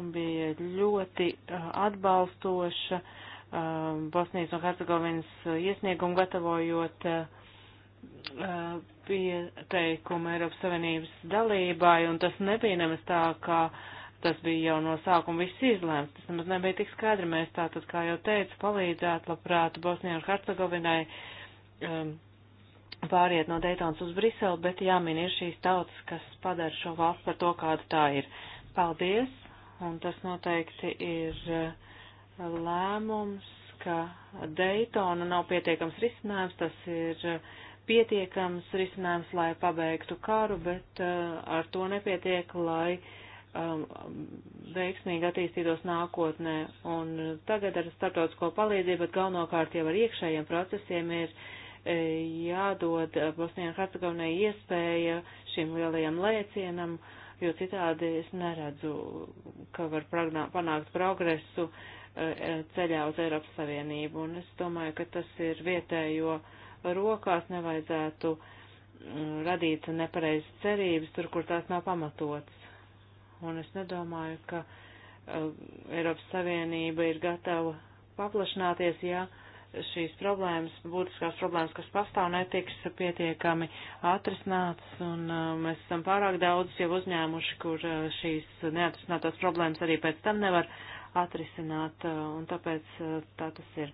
bija ļoti uh, atbalstoša uh, Bosnijas un Hercegovinas iesniegumu gatavojot pieteikumu Eiropas Savienības dalībai, un tas nebija nemaz tā, ka tas bija jau no sākuma viss izlēmts. Tas nemaz nebija tik skaidri. Mēs tātad, kā jau teicu, palīdzētu labprāt Bosnijai un Hercegovinai um, pāriet no Daytonas uz Briselu, bet jāmin ir šīs tautas, kas padara šo valsts par to, kāda tā ir. Paldies, un tas noteikti ir eh, lēmums, ka Daytona nav pietiekams risinājums, tas ir eh, pietiekams risinājums, lai pabeigtu karu, bet eh, ar to nepietiek, lai um, veiksmīgi attīstītos nākotnē. Un tagad ar starptautisko palīdzību, bet galvenokārt jau ar iekšējiem procesiem ir E, jādod Bosnijā un Hercegovinai iespēja šim lielajam lēcienam, jo citādi es neredzu, ka var panākt progresu e, e, ceļā uz Eiropas Savienību. Un es domāju, ka tas ir vietējo rokās, nevajadzētu mm, radīt nepareizas cerības tur, kur tās nav pamatotas. Un es nedomāju, ka Eiropas Savienība ir gatava paplašināties, ja. Uh, šīs problēmas, būtiskās problēmas, kas pastāv, netiks pietiekami atrisināts, un uh, mēs esam pārāk daudz jau uzņēmuši, kur uh, šīs neatrisinātās problēmas arī pēc tam nevar atrisināt, uh, un tāpēc tā tas ir.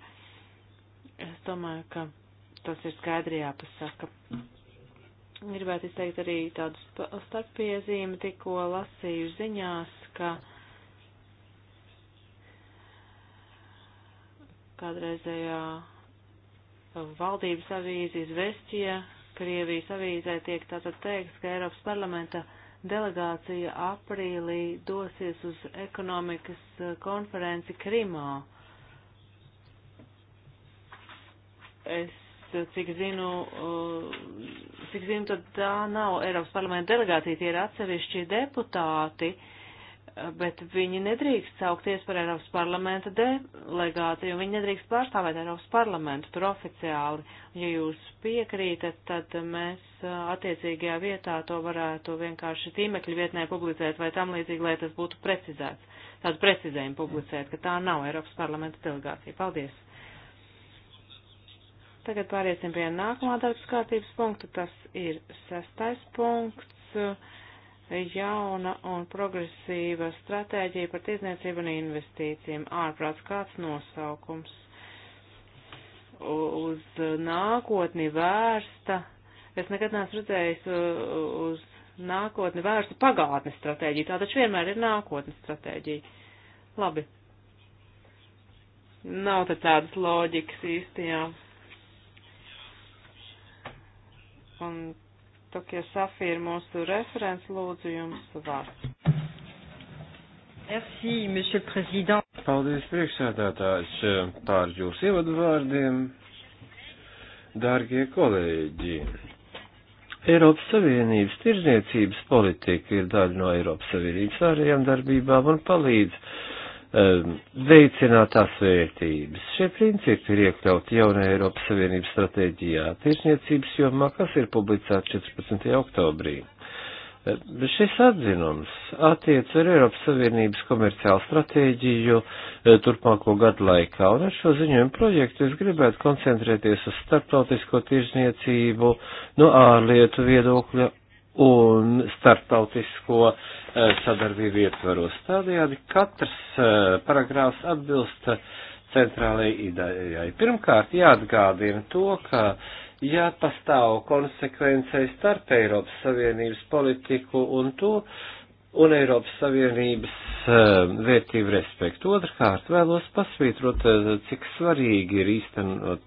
Es domāju, ka tas ir skaidri jāpasaka. Gribētu izteikt arī tādu starppiezīmi, tikko lasīju ziņās, ka kādreizējā valdības avīze Izvestie, Krievijas avīzē tiek tātad teikts, ka Eiropas parlamenta delegācija aprīlī dosies uz ekonomikas e, konferenci Krimā. Es, e, cik zinu, e, cik zinu, tad tā nav Eiropas parlamenta delegācija, tie ir atsevišķi deputāti, uh, bet viņi nedrīkst saukties par Eiropas parlamenta delegāciju, viņi nedrīkst pārstāvēt Eiropas parlamentu tur oficiāli. Ja jūs piekrītat, tad mēs attiecīgajā vietā to varētu vienkārši tīmekļa vietnē publicēt vai tam līdzīgi, lai tas būtu precizēts. Tādu precizējumu publicēt, ka tā nav Eiropas parlamenta delegācija. Paldies! Tagad pāriesim pie nākamā darbas kārtības punkta. Tas ir sestais punkts. Uh, jauna un progresīva stratēģija par tirdzniecību un investīcijām. Ārprāts kāds nosaukums uz nākotni vērsta. Es nekad neesmu redzējis uz nākotni vērstu pagātnes stratēģiju. Tā taču vienmēr ir nākotnes stratēģija. Labi. Nav te tādas loģikas īsti, jā. Un Tokio Safī ir mūsu referents, lūdzu jums vārds. Merci, monsieur le président. Paldies, priekšsēdētājs, pār jūsu ievadu vārdiem. Dārgie kolēģi, Eiropas Savienības tirzniecības politika ir daļa no Eiropas Savienības ārējām darbībām un palīdz Um, veicināt tās vērtības. Šie principi ir iekļauti jaunajā Eiropas Savienības stratēģijā tirsniecības jomā, kas ir publicēts 14. oktobrī. Um, šis atzinums attiec ar Eiropas Savienības komerciālu stratēģiju uh, turpmāko gadu laikā, un ar šo ziņojumu projektu es gribētu koncentrēties uz starptautisko tirzniecību no ārlietu viedokļa un starptautisko eh, sadarbību ietvaros. Tādējādi katrs eh, paragrāfs atbilst centrālajai idejai. Pirmkārt, jāatgādina to, ka jāpastāv konsekvencei starp Eiropas Savienības politiku un to, uh, un Eiropas Savienības eh, vērtību respektu. Otrkārt, vēlos pasvītrot, eh, cik svarīgi ir īstenot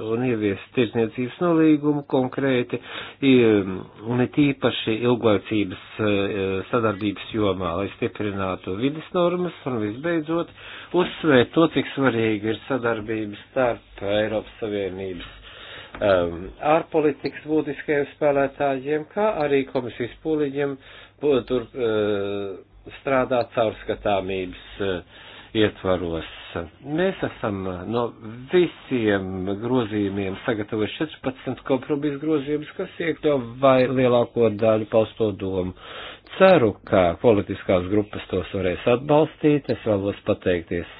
un ieviest tirsniecības nolīgumu konkrēti un it īpaši ilglaicības eh, sadarbības jomā, lai stiprinātu vidas normas un visbeidzot uzsvērt to, cik svarīgi ir sadarbības starp Eiropas Savienības um, ārpolitikas būtiskajiem spēlētājiem, kā arī komisijas pūliņiem uh, tur eh, strādāt caurskatāmības eh, ietvaros. Mēs esam eh, no visiem grozījumiem sagatavojuši 14 kompromisu grozījumus, kas iekļauj vai lielāko daļu pausto domu. Ceru, ka politiskās grupas tos varēs atbalstīt. Es vēlos pateikties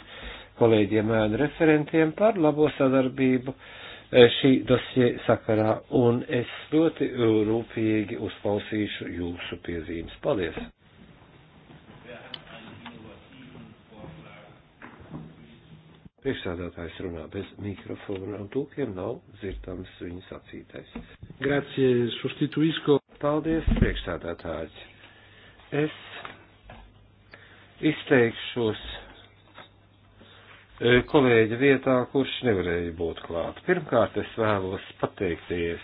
kolēģiem un referentiem par labo sadarbību. Uh, Eh, šī dosie sakarā, un es ļoti rūpīgi uzklausīšu jūsu piezīmes. Paldies! Priekšsādātājs runā bez mikrofona, un tūkiem nav dzirdams viņas acītais. Grazie, sustituisko. Paldies, priekšsādātājs. Es izteikšos. Eh, kolēģa vietā, kurš nevarēja būt klāt. Pirmkārt, es vēlos pateikties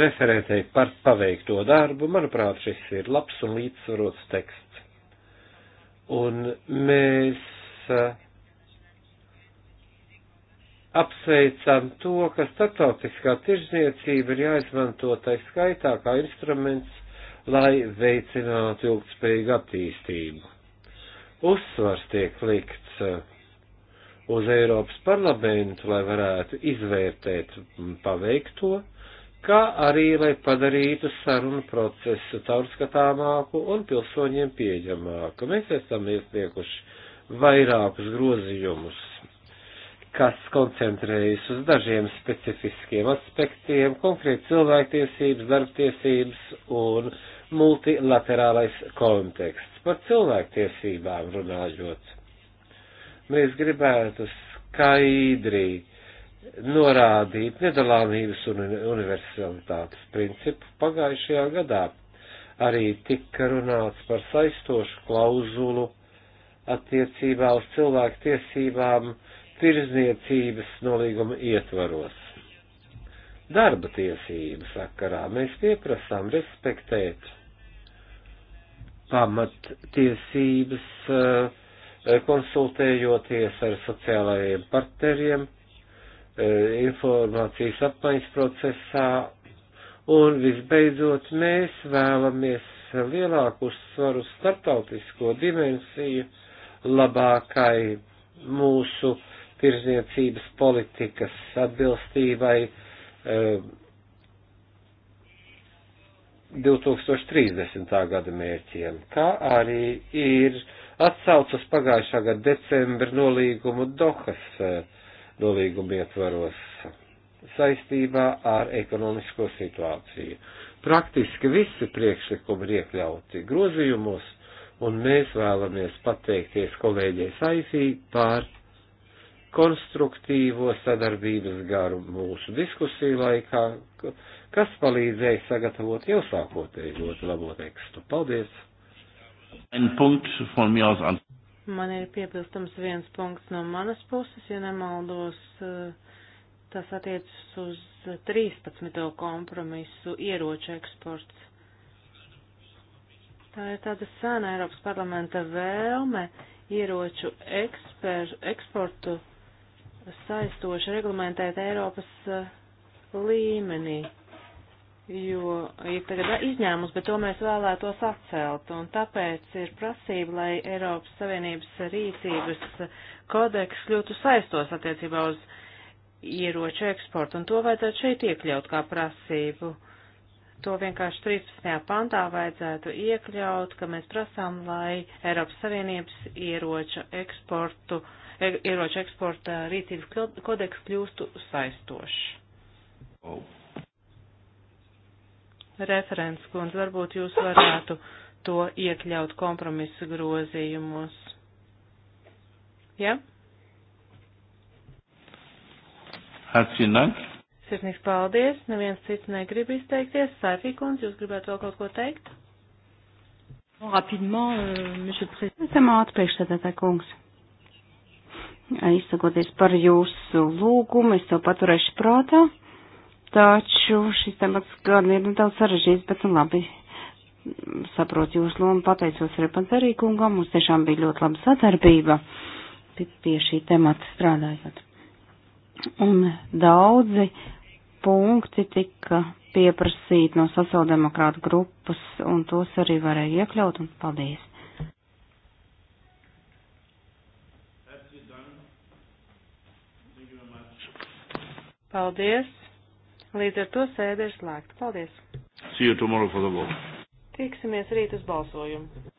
referētei par paveikto darbu. Manuprāt, šis ir labs un līdzsvarots teksts. Un mēs eh, apsveicam to, ka starptautiskā tirzniecība ir jāizmanto tai skaitā kā instruments lai veicinātu ilgspējīgu attīstību. Uzsvars tiek likts uh, uz Eiropas parlamentu, lai varētu izvērtēt paveikto, kā arī lai padarītu sarunu procesu caurskatāmāku un pilsoņiem pieejamāku. Mēs esam iesnieguši vairākus grozījumus kas koncentrējas uz dažiem specifiskiem aspektiem, konkrēti cilvēktiesības, darbtiesības un multilaterālais konteksts. Par cilvēktiesībām runājot, mēs gribētu skaidri norādīt nedalāmības un universalitātes principu pagājušajā gadā. Arī tika runāts par saistošu klauzulu attiecībā uz cilvēku tiesībām, uh, tirzniecības nolīguma ietvaros. Darba tiesību sakarā mēs pieprasām respektēt pamattiesības, eh, konsultējoties ar sociālajiem partneriem, eh, informācijas apmaiņas procesā, un visbeidzot mēs vēlamies lielāku uzsvaru starptautisko dimensiju labākai mūsu uh, tirzniecības politikas atbilstībai 2030. Eh, gada mērķiem, kā arī ir atsauc uz pagājušā gada decembra nolīgumu Dohas eh, nolīgumu ietvaros saistībā ar ekonomisko situāciju. Praktiski visi priekšlikumi ir iekļauti grozījumos, un mēs vēlamies pateikties kolēģei Saifī par konstruktīvo sadarbības garu mūsu diskusiju laikā, kas palīdzēja sagatavot jau sākotēji ļoti labo tekstu. Paldies! Man ir piebilstams viens punkts no manas puses, ja nemaldos, eh, tas attiecas uz 13. kompromisu ieroču eksports. Tā ir tāda sena Eiropas parlamenta vēlme ieroču eksper, eksportu saistoši reglamentēt Eiropas eh, līmenī, jo ir tagad izņēmums, bet to mēs vēlētos atcelt, un tāpēc ir prasība, lai Eiropas Savienības rīcības eh, kodeks kļūtu saistos attiecībā uz ieroču eksportu, un to vajadzētu šeit iekļaut kā prasību. To vienkārši 13. pantā vajadzētu iekļaut, ka mēs prasām, lai Eiropas Savienības ieroča eksportu uh, ieroču eksporta rīcības kodeks kļūstu saistošs. Oh. Referents kundze, varbūt jūs varētu to iekļaut kompromisa grozījumos. Ja? Herzlichen Dank. Sirsnīgs paldies. Neviens cits negrib izteikties. Sārfī kundze, jūs gribētu vēl kaut ko teikt? Rapidement, euh, monsieur le président. Samāt priekšsēdētāj kungs izsakoties par jūsu lūgumu, es to paturēšu prātā, taču šis temats gan ir nedaudz sarežģīts, bet nu labi, saprotu jūsu lomu, pateicos Repanzerī kungam, mums tiešām bija ļoti laba sadarbība pie šī temata strādājot. Un daudzi punkti tika pieprasīti no sociāldemokrāta grupas, un tos arī varēja iekļaut, un paldies! Paldies! Līdz ar to sēde ir slēgta. Paldies! See you tomorrow for the vote. Tiksimies rīt uz balsojumu.